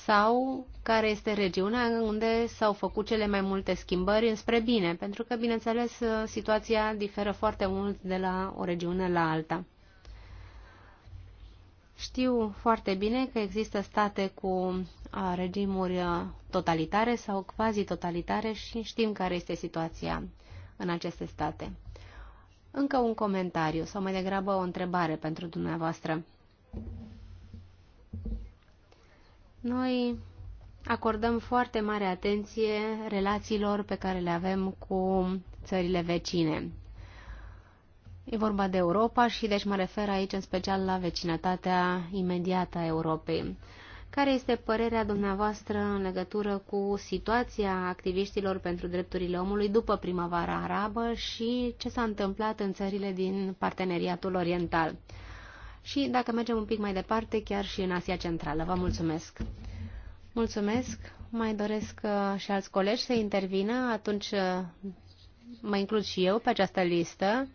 S2: sau care este regiunea unde s-au făcut cele mai multe schimbări înspre bine, pentru că, bineînțeles, situația diferă foarte mult de la o regiune la alta. Știu foarte bine că există state cu regimuri totalitare sau quasi-totalitare și știm care este situația în aceste state. Încă un comentariu sau mai degrabă o întrebare pentru dumneavoastră. Noi acordăm foarte mare atenție relațiilor pe care le avem cu țările vecine, E vorba de Europa și deci mă refer aici în special la vecinătatea imediată a Europei. Care este părerea dumneavoastră în legătură cu situația activiștilor pentru drepturile omului după primăvara arabă și ce s-a întâmplat în țările din parteneriatul oriental? Și dacă mergem un pic mai departe, chiar și în Asia Centrală. Vă mulțumesc! Mulțumesc! Mai doresc uh, și alți colegi să intervină, atunci uh, mă includ și eu pe această listă.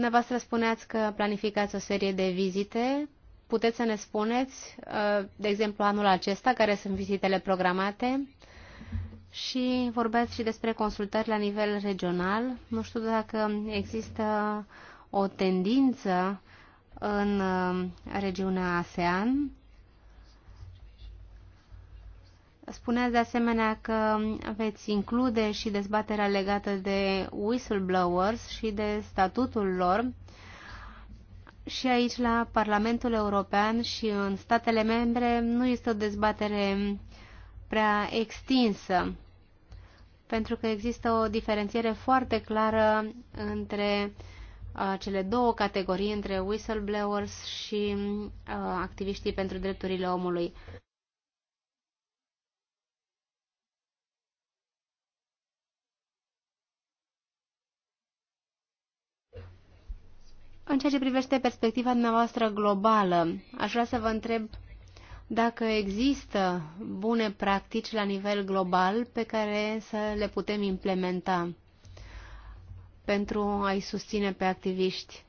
S2: Dumneavoastră spuneați că planificați o serie de vizite. Puteți să ne spuneți, uh, de exemplu, anul acesta, care sunt vizitele programate? Și vorbeați și despre consultări la nivel regional. Nu știu dacă există o tendință în uh, regiunea ASEAN Spuneați de asemenea că veți include și dezbaterea legată de whistleblowers și de statutul lor și aici la Parlamentul European și în statele membre nu este o dezbatere prea extinsă, pentru că există o diferențiere foarte clară între uh, cele două categorii, între whistleblowers și uh, activiștii pentru drepturile omului. În ceea ce privește perspectiva dumneavoastră globală, aș vrea să vă întreb dacă există bune practici la nivel global pe care să le putem implementa pentru a-i susține pe activiști.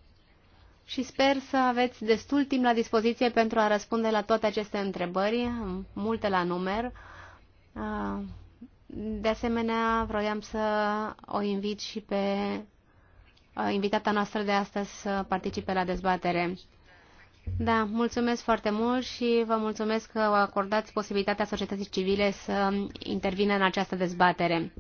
S2: Și sper să aveți destul timp la dispoziție pentru a răspunde la toate aceste întrebări, multe la număr. Ah, de asemenea, vroiam să o invit și pe Uh, invitata noastră de astăzi să participe la dezbatere. Da, mulțumesc foarte mult și vă mulțumesc că acordați posibilitatea societății civile să intervină în această dezbatere.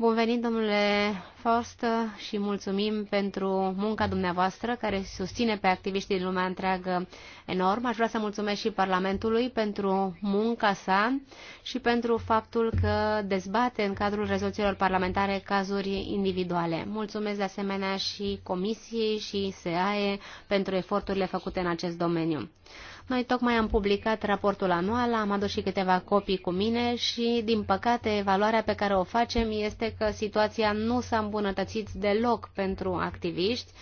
S2: Bun venit, domnule Faust, și mulțumim pentru munca dumneavoastră care susține pe activiștii din lumea întreagă enorm. Aș vrea să mulțumesc și Parlamentului pentru munca sa și pentru faptul că dezbate în cadrul rezoluțiilor parlamentare cazuri individuale. Mulțumesc de asemenea și Comisiei și SEAE pentru eforturile făcute în acest domeniu. Noi tocmai am publicat raportul anual, am adus și câteva copii cu mine și, din păcate, evaluarea pe care o facem este că situația nu s-a îmbunătățit deloc pentru activiști.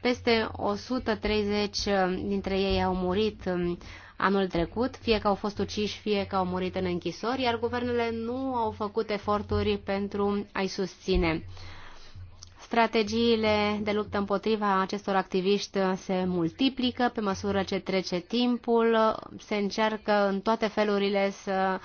S2: Peste 130 dintre ei au murit um, anul trecut, fie că au fost uciși, fie că au murit în închisori, iar guvernele nu au făcut eforturi pentru a-i susține. Strategiile de luptă împotriva acestor activiști se multiplică pe măsură ce trece timpul, se încearcă în toate felurile să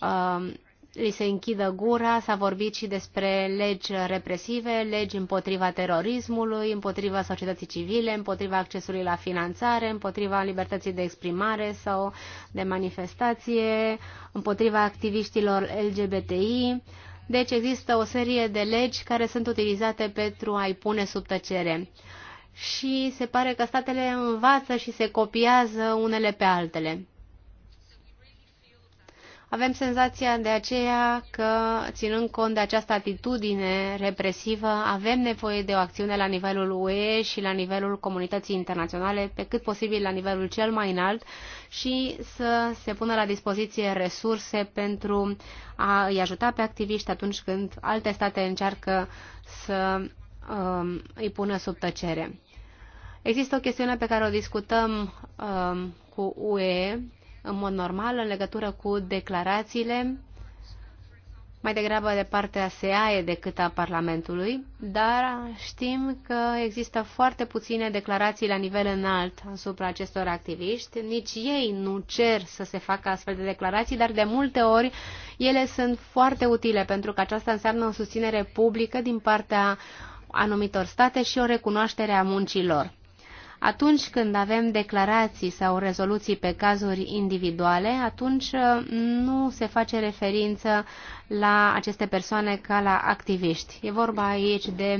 S2: uh, um, li se închidă gura, s-a vorbit și despre legi represive, legi împotriva terorismului, împotriva societății civile, împotriva accesului la finanțare, împotriva libertății de exprimare sau de manifestație, împotriva activiștilor LGBTI, deci există o serie de legi care sunt utilizate pentru a-i pune sub tăcere. Și se pare că statele învață și se copiază unele pe altele. Avem senzația de aceea că, ținând cont de această atitudine represivă, avem nevoie de o acțiune la nivelul UE și la nivelul comunității internaționale, pe cât posibil la nivelul cel mai înalt, și să se pună la dispoziție resurse pentru a îi ajuta pe activiști atunci când alte state încearcă să um, îi pună sub tăcere. Există o chestiune pe care o discutăm um, cu UE în mod normal în legătură cu declarațiile mai degrabă de partea SEAE decât a Parlamentului, dar știm că există foarte puține declarații la nivel înalt asupra acestor activiști. Nici ei nu cer să se facă astfel de declarații, dar de multe ori ele sunt foarte utile, pentru că aceasta înseamnă o susținere publică din partea anumitor state și o recunoaștere a muncilor. Atunci când avem declarații sau rezoluții pe cazuri individuale, atunci uh, nu se face referință la aceste persoane ca la activiști. E vorba aici de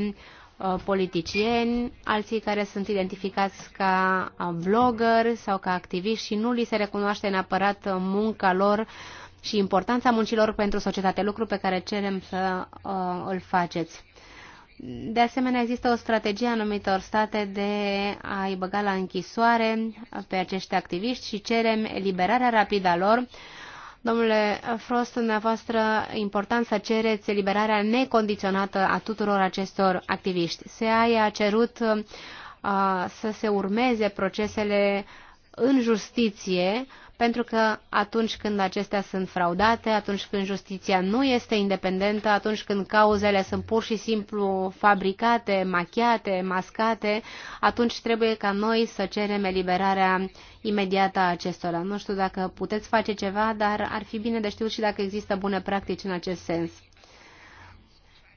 S2: uh, politicieni, alții care sunt identificați ca vlogger uh, sau ca activiști și nu li se recunoaște neapărat munca lor și importanța muncilor pentru societate, lucru pe care cerem să uh, îl faceți. De asemenea, există o strategie a anumitor state de a-i băga la închisoare pe acești activiști și cerem eliberarea rapidă a lor. Domnule Frost, dumneavoastră, important să cereți eliberarea necondiționată a tuturor acestor activiști. Se a cerut uh, să se urmeze procesele în justiție uh, pentru că atunci când acestea sunt fraudate, atunci când justiția nu este independentă, atunci când cauzele sunt pur și simplu fabricate, machiate, mascate, atunci trebuie ca noi să cerem eliberarea imediată a acestora. Nu știu dacă puteți face ceva, dar ar fi bine de știut și dacă există bune practici în acest sens.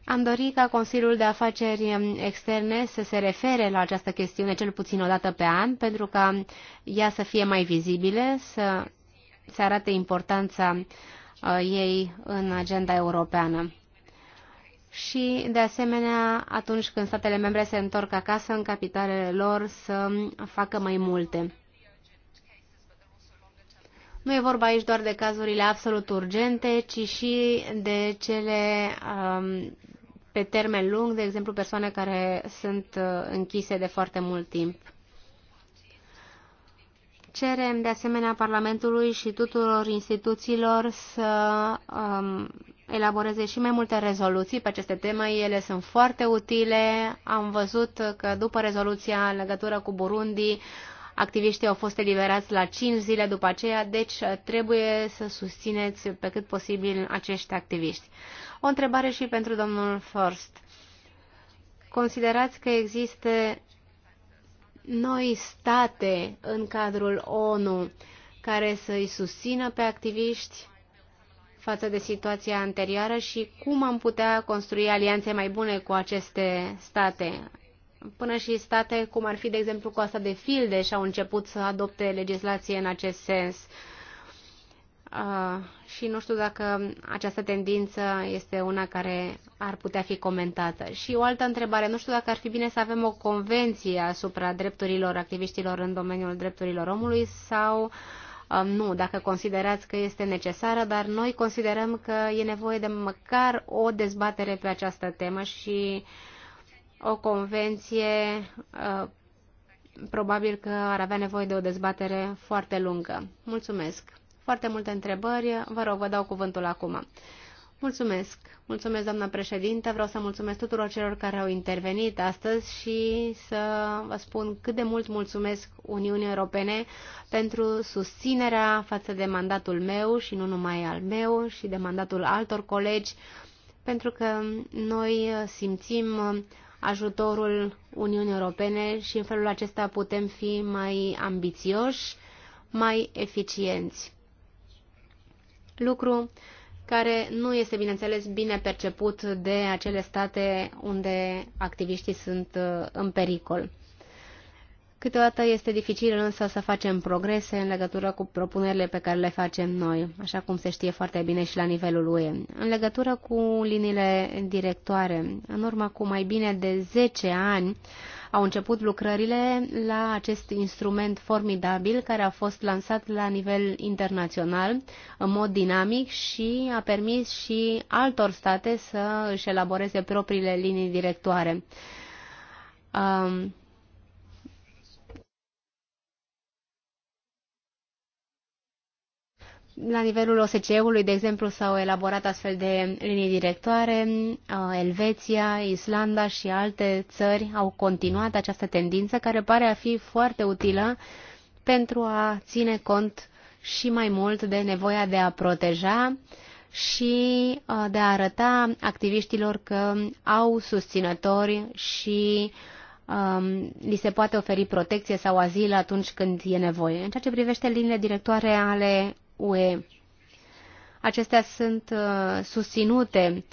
S2: Am dorit ca Consiliul de Afaceri Externe să se refere la această chestiune cel puțin o dată pe an, pentru ca ea să fie mai vizibile, să se arate importanța uh, ei în agenda europeană. Și, de asemenea, atunci când statele membre se întorc acasă, în capitalele lor, să facă mai multe. Nu e vorba aici doar de cazurile absolut urgente, ci și de cele um, pe termen lung, de exemplu persoane care sunt uh, închise de foarte mult timp. Cerem de asemenea Parlamentului și tuturor instituțiilor să um, elaboreze și mai multe rezoluții pe aceste teme. Ele sunt foarte utile. Am văzut că după rezoluția în legătură cu Burundi, activiștii au fost eliberați la 5 zile după aceea, deci trebuie să susțineți pe cât posibil acești activiști. O întrebare și pentru domnul Forst. Considerați că există noi state în cadrul ONU care să-i susțină pe activiști față de situația anterioară și cum am putea construi alianțe mai bune cu aceste state. Până și state cum ar fi, de exemplu, Coasta de Filde și-au început să adopte legislație în acest sens. Ah, și nu știu dacă această tendință este una care ar putea fi comentată. Și o altă întrebare, nu știu dacă ar fi bine să avem o convenție asupra drepturilor activiștilor în domeniul drepturilor omului sau um, nu, dacă considerați că este necesară, dar noi considerăm că e nevoie de măcar o dezbatere pe această temă și o convenție uh, probabil că ar avea nevoie de o dezbatere foarte lungă. Mulțumesc! foarte multe întrebări. Vă rog, vă dau cuvântul acum. Mulțumesc. Mulțumesc, doamna președinte. Vreau să mulțumesc tuturor celor care au intervenit astăzi și să vă spun cât de mult mulțumesc Uniunii Europene pentru susținerea față de mandatul meu și nu numai al meu și de mandatul altor colegi, pentru că noi simțim ajutorul Uniunii Europene și în felul acesta putem fi mai ambițioși, mai eficienți lucru care nu este, bineînțeles, bine perceput de acele state unde activiștii sunt uh, în pericol. Câteodată este dificil însă să facem progrese în legătură cu propunerile pe care le facem noi, așa cum se știe foarte bine și la nivelul UE. În legătură cu liniile directoare, în urmă cu mai bine de 10 ani, au început lucrările la acest instrument formidabil care a fost lansat la nivel internațional în mod dinamic și a permis și altor state să își elaboreze propriile linii directoare. Um, La nivelul OSCE-ului, de exemplu, s-au elaborat astfel de linii directoare. Uh, Elveția, Islanda și alte țări au continuat această tendință care pare a fi foarte utilă pentru a ține cont și mai mult de nevoia de a proteja și uh, de a arăta activiștilor că au susținători și um, li se poate oferi protecție sau azil atunci când e nevoie. În ceea ce privește liniile directoare ale UE. Acestea sunt uh, susținute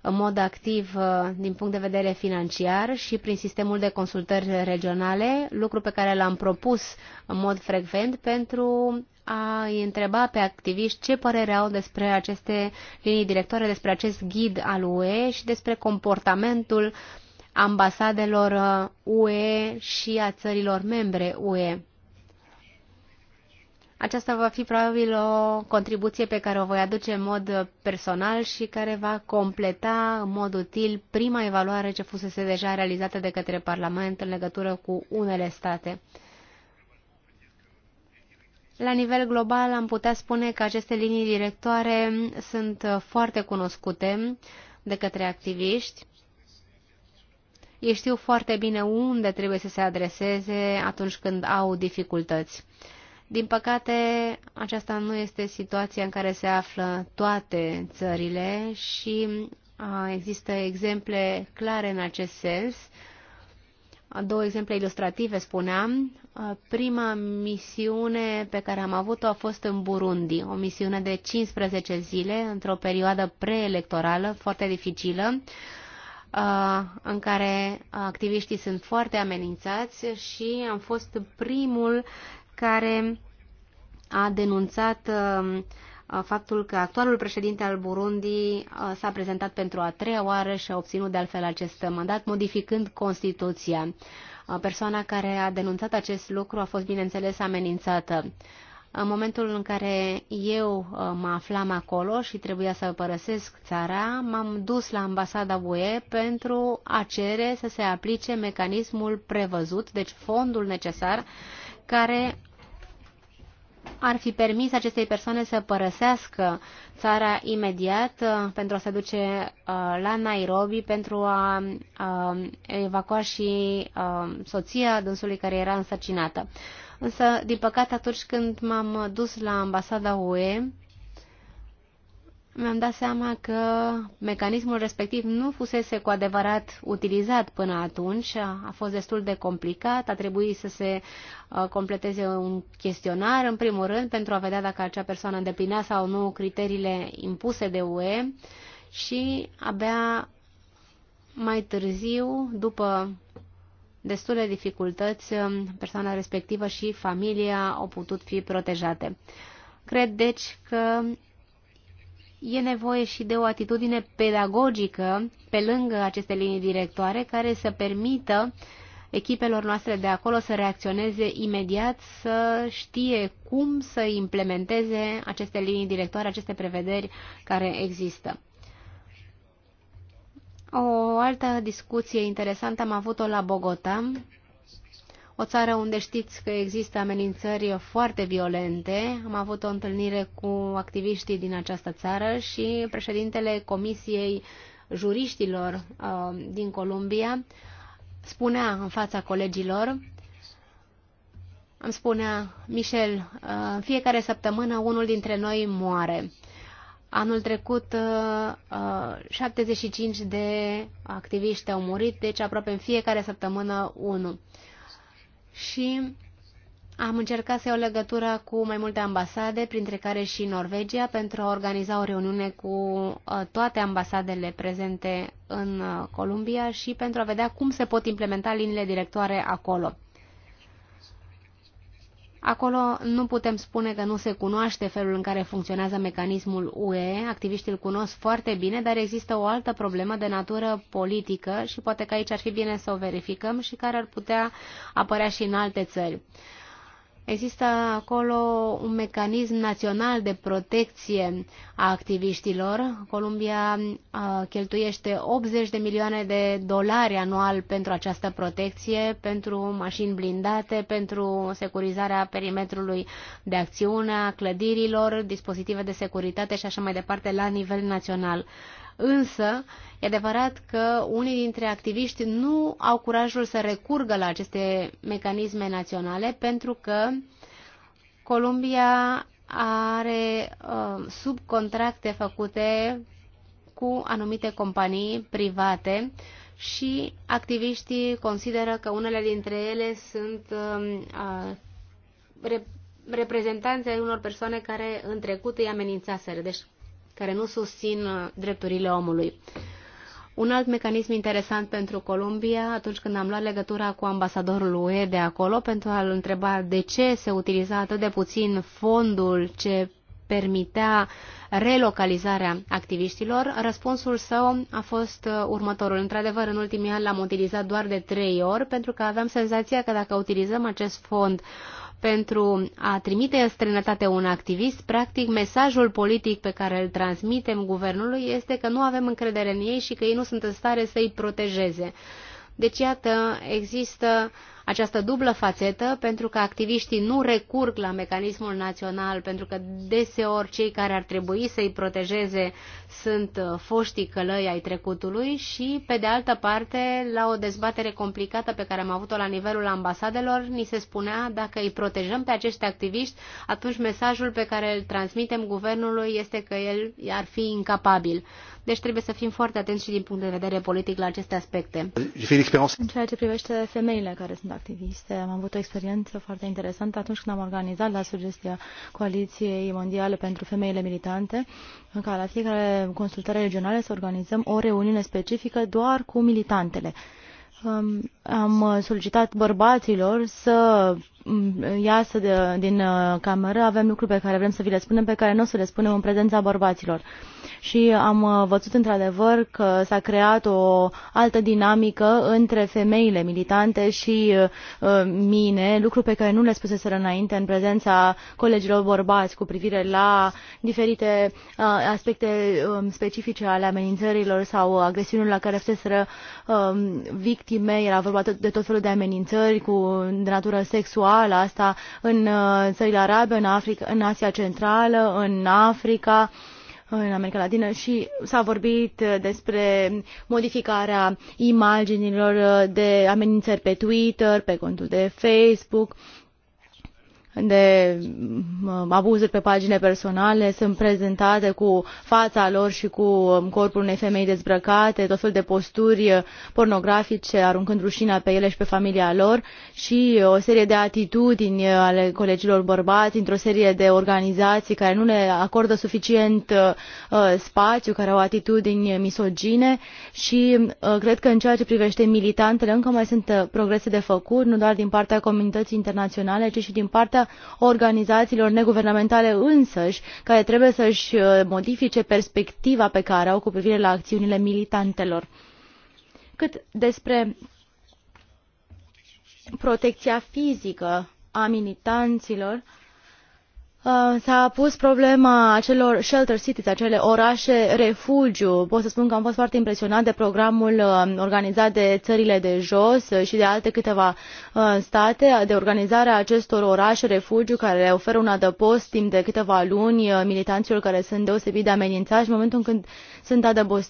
S2: în mod activ uh, din punct de vedere financiar și prin sistemul de consultări regionale, lucru pe care l-am propus în mod frecvent pentru a întreba pe activiști ce părere au despre aceste linii directoare, despre acest ghid al UE și despre comportamentul ambasadelor UE uh, și a țărilor membre UE. Aceasta va fi probabil o contribuție pe care o voi aduce în mod personal și care va completa în mod util prima evaluare ce fusese deja realizată de către Parlament în legătură cu unele state. La nivel global am putea spune că aceste linii directoare sunt foarte cunoscute de către activiști. Ei știu foarte bine unde trebuie să se adreseze atunci când au dificultăți. Din păcate, aceasta nu este situația în care se află toate țările și există exemple clare în acest sens. Două exemple ilustrative spuneam. Prima misiune pe care am avut-o a fost în Burundi, o misiune de 15 zile într-o perioadă preelectorală foarte dificilă, în care activiștii sunt foarte amenințați și am fost primul care a denunțat uh, faptul că actualul președinte al Burundi uh, s-a prezentat pentru a treia oară și a obținut de altfel acest mandat, modificând Constituția. Uh, persoana care a denunțat acest lucru a fost, bineînțeles, amenințată. În momentul în care eu mă aflam acolo și trebuia să părăsesc țara, m-am dus la ambasada UE pentru a cere să se aplice mecanismul prevăzut, deci fondul necesar, care ar fi permis acestei persoane să părăsească țara imediat uh, pentru a se duce uh, la Nairobi, pentru a uh, evacua și soția dânsului care era însărcinată. Însă, din păcate, atunci când m-am dus la ambasada UE, mi-am dat seama că mecanismul respectiv nu fusese cu adevărat utilizat până atunci, a fost destul de complicat, a trebuit să se uh, completeze un chestionar, în primul rând, pentru a vedea dacă acea persoană îndeplinea sau nu criteriile impuse de UE și abia mai târziu, după destule dificultăți, um, persoana respectivă și familia au putut fi protejate. Cred, deci, că e nevoie și de o atitudine pedagogică pe lângă aceste linii directoare care să permită echipelor noastre de acolo să reacționeze imediat, să știe cum să implementeze aceste linii directoare, aceste prevederi care există. O altă discuție interesantă am avut-o la Bogota o țară unde știți că există amenințări foarte violente. Am avut o întâlnire cu activiștii din această țară și președintele Comisiei Juriștilor uh, din Columbia spunea în fața colegilor, îmi spunea, Michel, uh, în fiecare săptămână unul dintre noi moare. Anul trecut 75 uh, uh, de activiști au murit, deci aproape în fiecare săptămână unul și am încercat să iau legătura cu mai multe ambasade, printre care și Norvegia, pentru a organiza o reuniune cu uh, toate ambasadele prezente în uh, Columbia și pentru a vedea cum se pot implementa liniile directoare acolo. Acolo nu putem spune că nu se cunoaște felul în care funcționează mecanismul UE, activiștii îl cunosc foarte bine, dar există o altă problemă de natură politică și poate că aici ar fi bine să o verificăm și care ar putea apărea și în alte țări. Există acolo un mecanism național de protecție a activiștilor. Columbia uh, cheltuiește 80 de milioane de dolari anual pentru această protecție, pentru mașini blindate, pentru securizarea perimetrului de acțiune, a clădirilor, dispozitive de securitate și așa mai departe la nivel național. Însă, e adevărat că unii dintre activiști nu au curajul să recurgă la aceste mecanisme naționale pentru că Columbia are uh, subcontracte făcute cu anumite companii private și activiștii consideră că unele dintre ele sunt um, uh, re reprezentanții unor persoane care în trecut îi amenințaseră. Deci care nu susțin uh, drepturile omului. Un alt mecanism interesant pentru Columbia, atunci când am luat legătura cu ambasadorul UE de acolo pentru a-l întreba de ce se utiliza atât de puțin fondul ce permitea relocalizarea activiștilor, răspunsul său a fost uh, următorul. Într-adevăr, în ultimii ani l-am utilizat doar de trei ori, pentru că aveam senzația că dacă utilizăm acest fond pentru a trimite în străinătate un activist, practic mesajul politic pe care îl transmitem guvernului este că nu avem încredere în ei și că ei nu sunt în stare să îi protejeze. Deci, iată, există această dublă fațetă pentru că activiștii nu recurg la mecanismul național, pentru că deseori cei care ar trebui să-i protejeze sunt uh, foștii călăi ai trecutului și, pe de altă parte, la o dezbatere complicată pe care am avut-o la nivelul ambasadelor, ni se spunea dacă îi protejăm pe acești activiști, atunci mesajul pe care îl transmitem guvernului este că el ar fi incapabil. Deci trebuie să fim foarte atenți și din punct de vedere politic la aceste aspecte. În
S1: ceea ce privește femeile care sunt activiste. Am avut o experiență foarte interesantă atunci când am organizat la sugestia Coaliției Mondiale pentru Femeile Militante, în care la fiecare consultare regională să organizăm o reuniune specifică doar cu militantele. Am solicitat bărbaților să Mm, iasă de, din uh, cameră, avem lucruri pe care vrem să vi le spunem, pe care nu o să le spunem în prezența bărbaților. Și am uh, văzut într-adevăr că s-a creat o altă dinamică între femeile militante și uh, mine, lucruri pe care nu le spuseseră înainte în prezența colegilor bărbați cu privire la diferite uh, aspecte um, specifice ale amenințărilor sau agresiunilor la care fuseseră um, victime. Era vorba de tot felul de amenințări cu, de natură sexuală globală, asta în uh, țările arabe, în, Africa, în Asia Centrală, în Africa, în America Latină și s-a vorbit despre modificarea imaginilor de amenințări pe Twitter, pe contul de Facebook de abuzuri pe pagine personale sunt prezentate cu fața lor și cu um, corpul unei femei dezbrăcate, tot fel de posturi uh, pornografice, aruncând rușina pe ele și pe familia lor și uh, o serie de atitudini uh, ale colegilor bărbați într-o serie de organizații care nu le acordă suficient spațiu, care au atitudini misogine și cred că în ceea ce privește militantele încă mai sunt progrese de făcut, nu doar din partea comunității internaționale, ci și din partea partea organizațiilor neguvernamentale însăși, care trebuie să își uh, modifice perspectiva pe care au cu privire la acțiunile militantelor. Cât despre protecția fizică a militanților, Uh, s-a pus problema acelor shelter cities, acele orașe refugiu. Pot să spun că am fost foarte impresionat de programul um, organizat de țările de jos uh, și de alte câteva uh, state, de organizarea acestor orașe refugiu care oferă un adăpost timp de câteva luni militanților care sunt deosebit de amenințați. În momentul în când sunt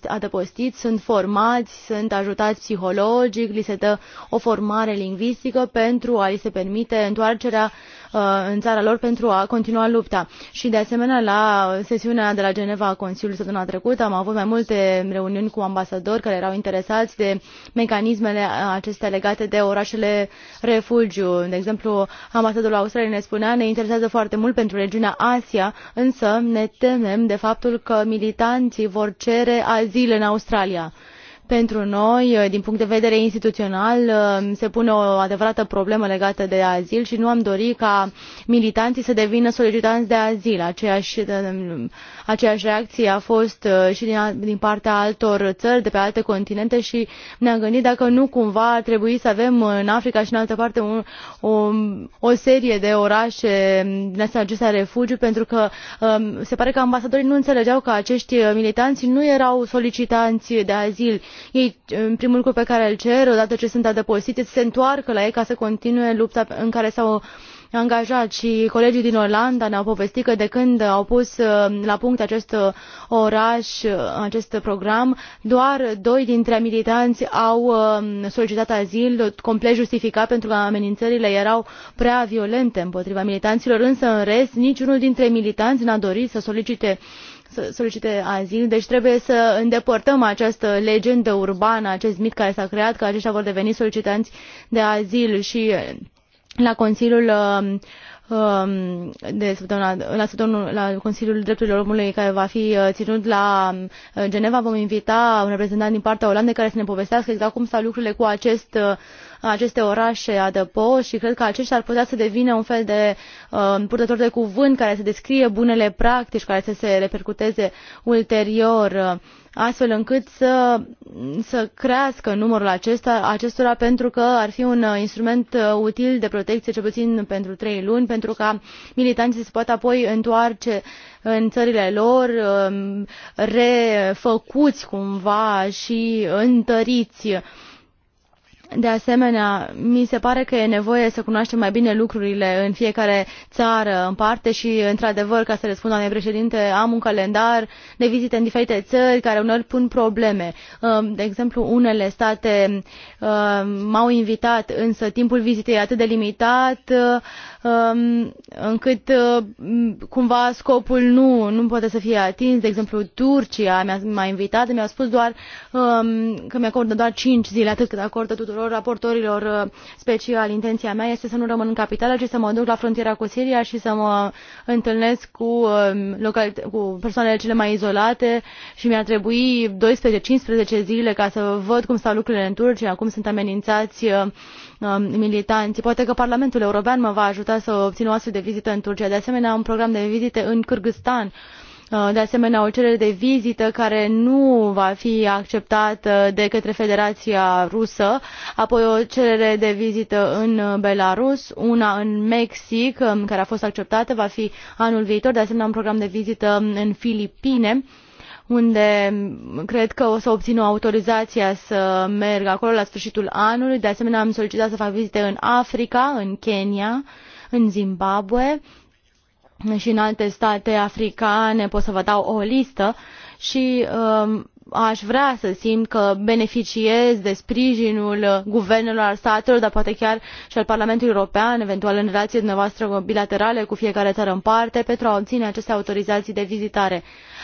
S1: adăpostiți, sunt formați, sunt ajutați psihologic, li se dă o formare lingvistică pentru a li se permite întoarcerea Uh, în țara lor pentru a continua lupta. Și de asemenea, la sesiunea de la Geneva a Consiliului săptămâna trecută am avut mai multe reuniuni cu ambasadori care erau interesați de mecanismele acestea legate de orașele refugiu. De exemplu, ambasadorul Australiei ne spunea, ne interesează foarte mult pentru regiunea Asia, însă ne temem de faptul că militanții vor cere azil în Australia pentru noi uh, din punct de vedere instituțional uh, se pune o adevărată problemă legată de azil și nu am dori ca militanții să devină solicitanți de azil. Aceeași, uh, aceeași reacție a fost și din, din partea altor țări de pe alte continente și ne-am gândit dacă nu cumva ar trebui să avem în Africa și în altă parte un, o, o serie de orașe din acestea refugiu pentru că um, se pare că ambasadorii nu înțelegeau că acești militanți nu erau solicitanți de azil ei, primul lucru pe care îl cer, odată ce sunt adăpostiți, este să se întoarcă la ei ca să continue lupta în care s-au angajat și colegii din Olanda ne-au povestit că de când au pus uh, la punct acest uh, oraș, uh, acest program, doar doi dintre militanți au um, solicitat azil complet justificat pentru că amenințările erau prea violente împotriva militanților, însă în rest niciunul dintre militanți nu a dorit să solicite să solicite azil. Deci trebuie să îndepărtăm această legendă urbană, acest mit care s-a creat că aceștia vor deveni solicitanți de azil și la Consiliul um, um, de săptămâna, la, săptămâna, la Consiliul Drepturilor Omului care va fi uh, ținut la uh, Geneva. Vom invita un reprezentant din partea Olandei care să ne povestească exact cum stau lucrurile cu acest uh, aceste orașe adăpost și cred că aceștia ar putea să devină un fel de uh, purtător de cuvânt care să descrie bunele practici, care să se repercuteze ulterior uh, astfel încât să, să crească numărul acesta, acestora pentru că ar fi un uh, instrument uh, util de protecție cel puțin pentru trei luni pentru ca militanții să poată apoi întoarce în țările lor um, refăcuți cumva și întăriți de asemenea, mi se pare că e nevoie să cunoaștem mai bine lucrurile în fiecare țară în parte și, într-adevăr, ca să răspund, doamnei președinte, am un calendar de vizite în diferite țări care uneori pun probleme. Um, de exemplu, unele state um, m-au invitat, însă timpul vizitei e atât de limitat um, încât cumva scopul nu, nu poate să fie atins. De exemplu, Turcia m-a invitat, mi-a spus doar că mi acordă doar 5 zile, atât cât acordă tuturor tuturor raportorilor uh, speciali. Intenția mea este să nu rămân în capitală, ci să mă duc la frontiera cu Siria și să mă întâlnesc cu, um, cu persoanele cele mai izolate și mi-ar trebui 12-15 zile ca să văd cum stau lucrurile în Turcia, cum sunt amenințați uh, um, militanții. Poate că Parlamentul European mă va ajuta să obțin o astfel de vizită în Turcia. De asemenea, am un program de vizite în Kyrgyzstan Uh, de asemenea o cerere de vizită care nu va fi acceptată de către federația rusă apoi o cerere de vizită în belarus una în mexic um, care a fost acceptată va fi anul viitor de asemenea un program de vizită în filipine unde cred că o să obțin o autorizație să merg acolo la sfârșitul anului. De asemenea, am solicitat să fac vizite în Africa, în Kenya, în Zimbabwe și în alte state africane, pot să vă dau o listă și um, aș vrea să simt că beneficiez de sprijinul guvernelor al statelor, dar poate chiar și al Parlamentului European, eventual în relație dumneavoastră bilaterale cu fiecare țară în parte, pentru a obține aceste autorizații de vizitare.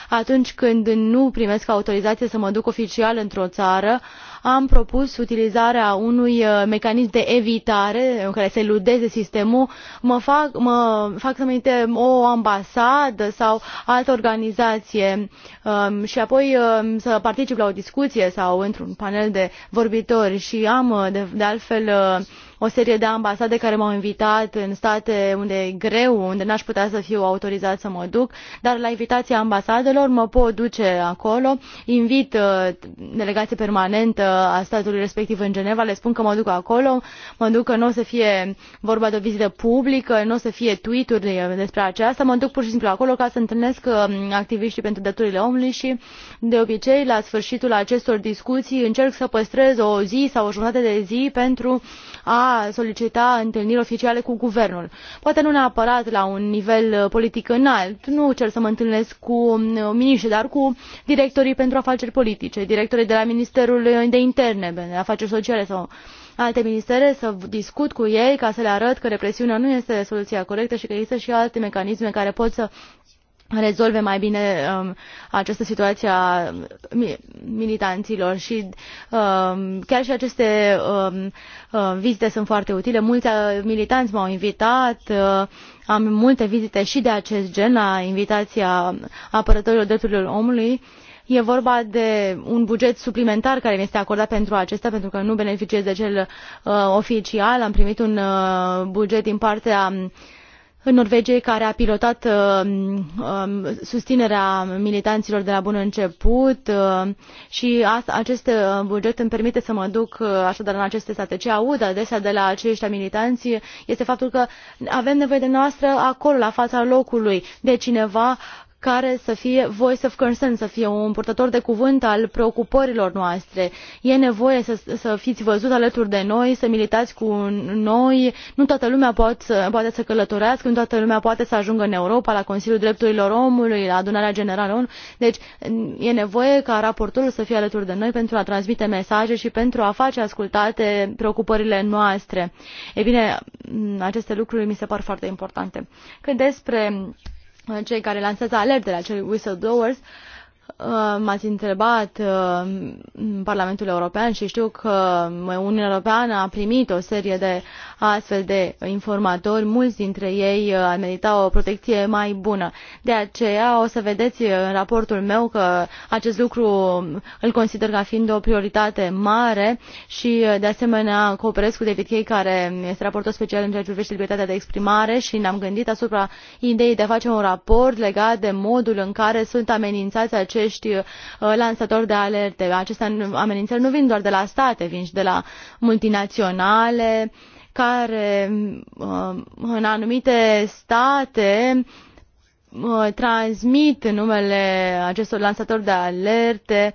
S1: Atunci când nu primesc autorizație să mă duc oficial într-o țară, am propus utilizarea unui uh, mecanism de evitare în care să eludeze sistemul mă fac, mă fac să minte o ambasadă sau altă organizație um, și apoi um, să particip la o discuție sau într un panel de vorbitori și am uh, de altfel uh, o serie de ambasade care m-au invitat în state unde e greu, unde n-aș putea să fiu autorizat să mă duc, dar la invitația ambasadelor mă pot duce acolo, invit uh, delegație permanentă a statului respectiv în Geneva, le spun că mă duc acolo, mă duc că nu o să fie vorba de o vizită publică, nu o să fie tweet-uri despre aceasta, mă duc pur și simplu acolo ca să întâlnesc uh, activiștii pentru drepturile omului și de obicei la sfârșitul acestor discuții încerc să păstrez o zi sau o jumătate de zi pentru a solicita întâlniri oficiale cu guvernul. Poate nu neapărat la un nivel uh, politic înalt, nu cer să mă întâlnesc cu um, miniștri, dar cu directorii pentru afaceri politice, directorii de la Ministerul de Interne, de afaceri sociale sau alte ministere să discut cu ei ca să le arăt că represiunea nu este soluția corectă și că există și alte mecanisme care pot să rezolve mai bine um, această situație a militanților și um, chiar și aceste um, uh, vizite sunt foarte utile. Mulți uh, militanți m-au invitat, uh, am multe vizite și de acest gen la invitația apărătorilor drepturilor omului. E vorba de un buget suplimentar care mi este acordat pentru acesta, pentru că nu beneficiez de cel uh, oficial. Am primit un uh, buget din partea uh, norvegiei care a pilotat um, um, susținerea militanților de la bun început um, și acest uh, buget îmi permite să mă duc uh, așadar în aceste state. ce aud adesea de la acești militanți este faptul că avem nevoie de noastră acolo la fața locului de cineva care să fie voice of concern, să fie un purtător de cuvânt al preocupărilor noastre. E nevoie să, să fiți văzut alături de noi, să militați cu noi. Nu toată lumea poate să, poate să călătorească, nu toată lumea poate să ajungă în Europa, la Consiliul Drepturilor Omului, la Adunarea Generală ONU. Deci e nevoie ca raportorul să fie alături de noi pentru a transmite mesaje și pentru a face ascultate preocupările noastre. E bine, aceste lucruri mi se par foarte importante. Cât despre cei care lansează alertele acelui whistleblowers, uh, m-ați întrebat în uh, Parlamentul European și știu că Uniunea Europeană a primit o serie de astfel de informatori, mulți dintre ei uh, ar merita o protecție mai bună. De aceea o să vedeți în raportul meu că acest lucru um, îl consider ca fiind o prioritate mare și uh, de asemenea cooperez cu David Kay care este raportor special în ceea ce privește libertatea de exprimare și ne-am gândit asupra ideii de a face un raport legat de modul în care sunt amenințați acești uh, lansatori de alerte. Aceste amenințări nu vin doar de la state, vin și de la multinaționale, care uh, în anumite state uh, transmit în numele acestor lansatori de alerte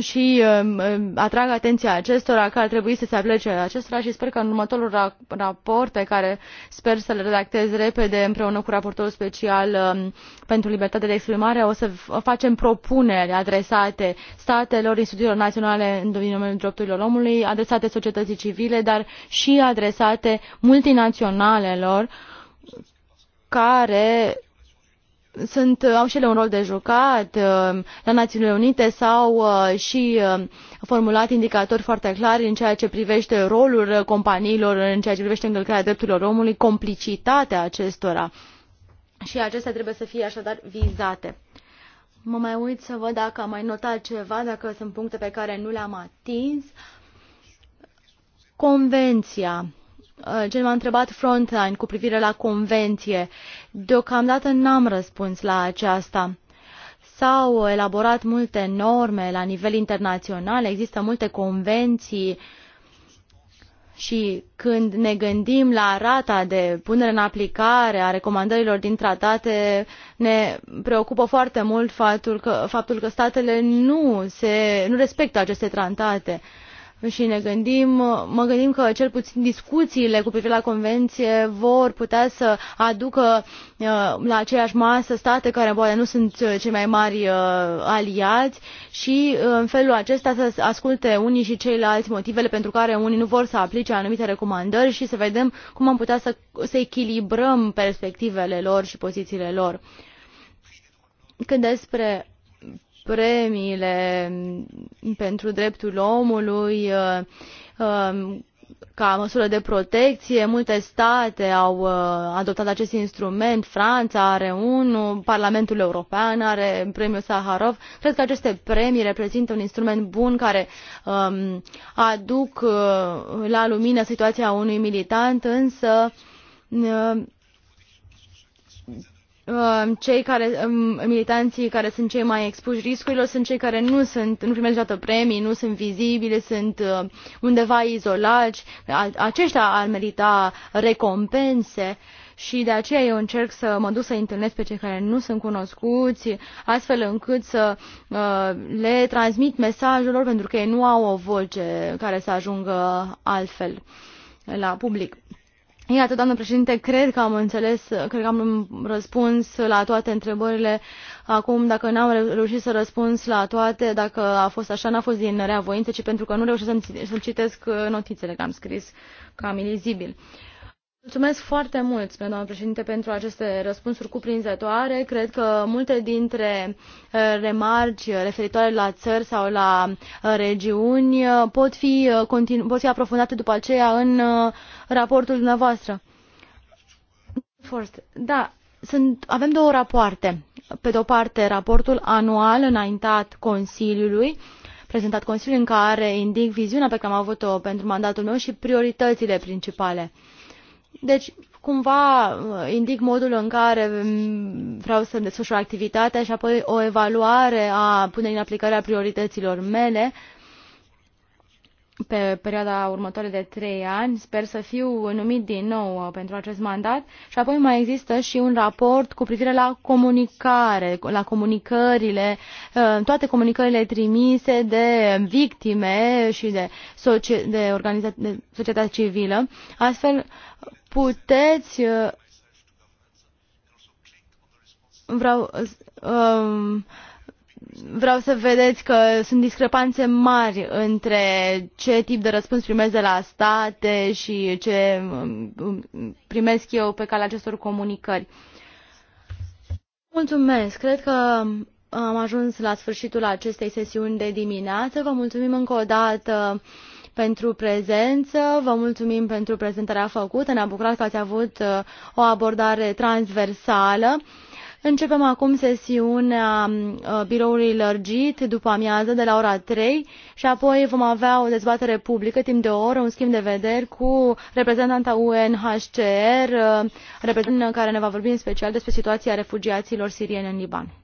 S1: și um, um, atrag atenția acestora că ar trebui să se aplece acestora și sper că în următorul raport pe care sper să l redactez repede împreună cu raportorul special um, pentru libertate de exprimare o să facem propuneri adresate statelor instituțiilor naționale în domeniul drepturilor omului adresate societății civile dar și adresate multinaționalelor care sunt, au și ele un rol de jucat uh, la Națiunile Unite sau uh, și uh, formulat indicatori foarte clari în ceea ce privește rolul companiilor, în ceea ce privește încălcarea drepturilor omului, complicitatea acestora. Și acestea trebuie să fie așadar vizate. Mă mai uit să văd dacă am mai notat ceva, dacă sunt puncte pe care nu le-am atins. Convenția Uh, ce m-a întrebat Frontline cu privire la convenție. Deocamdată n-am răspuns la aceasta. S-au elaborat multe norme la nivel internațional, există multe convenții și când ne gândim la rata de punere în aplicare a recomandărilor din tratate, ne preocupă foarte mult faptul că, faptul că statele nu, se, nu respectă aceste tratate. Uh, și ne gândim, mă gândim că cel puțin discuțiile cu privire la convenție vor putea să aducă uh, la aceeași masă state care poate nu sunt cei mai mari uh, aliați și uh, în felul acesta să asculte unii și ceilalți motivele pentru care unii nu vor să aplice anumite recomandări și să vedem cum am putea să, să echilibrăm perspectivele lor și pozițiile lor. Când despre premiile pentru dreptul omului uh, um, ca măsură de protecție. Multe state au uh, adoptat acest instrument. Franța are unul, Parlamentul European are premiul Saharov. Cred că aceste premii reprezintă un instrument bun care um, aduc uh, la lumină situația unui militant, însă Ehm, cei care, ehm, militanții care sunt cei mai expuși riscurilor sunt cei care nu, sunt, nu primesc niciodată premii, nu sunt vizibili, sunt ehm, undeva izolați. Aceștia ar merita recompense și de aceea eu încerc să mă duc să întâlnesc pe cei care nu sunt cunoscuți, astfel încât să le transmit mesajul lor, pentru că ei nu au o voce care să ajungă altfel la public. Iată, doamnă președinte, cred că am înțeles, cred că am răspuns la toate întrebările. Acum, dacă n-am reușit să răspuns la toate, dacă a fost așa, n-a fost din rea voință, ci pentru că nu reușesc să-mi citesc uh, notițele, că am scris cam ilizibil. Uh, Mulțumesc foarte mult, doamnă președinte, pentru aceste răspunsuri cuprinzătoare. Cred că multe dintre uh, remarci referitoare la țări sau la uh, regiuni uh, pot fi, pot fi aprofundate după aceea în raportul dumneavoastră. da, sunt, avem două rapoarte. Pe de o parte, raportul anual înaintat Consiliului, prezentat Consiliului, în care indic viziunea pe care am avut-o pentru mandatul meu și prioritățile principale. Deci, cumva uh, indic modul în care mm, vreau să-mi desfășur activitatea și apoi o evaluare a punerii în aplicare a priorităților mele pe perioada următoare de trei ani. Sper să fiu numit din nou uh, pentru acest mandat și apoi mai există și un raport cu privire la comunicare, la comunicările, uh, toate comunicările trimise de victime și de, socie- de, organiza- de societatea civilă. Astfel, puteți uh, vreau um, vreau să vedeți că sunt discrepanțe mari între ce tip de răspuns primesc de la state și ce um, um, primesc eu pe calea acestor comunicări. Mulțumesc. Cred că am ajuns la sfârșitul acestei sesiuni de dimineață. Vă mulțumim încă o dată pentru prezență, vă mulțumim pentru prezentarea făcută, ne-am bucurat că ați avut uh, o abordare transversală. Începem acum sesiunea uh, biroului lărgit după amiază de la ora 3 și apoi vom avea o dezbatere publică timp de o oră, un schimb de vederi cu reprezentanta UNHCR, uh, reprezentantă care ne va vorbi în special despre situația refugiaților sirieni în Liban.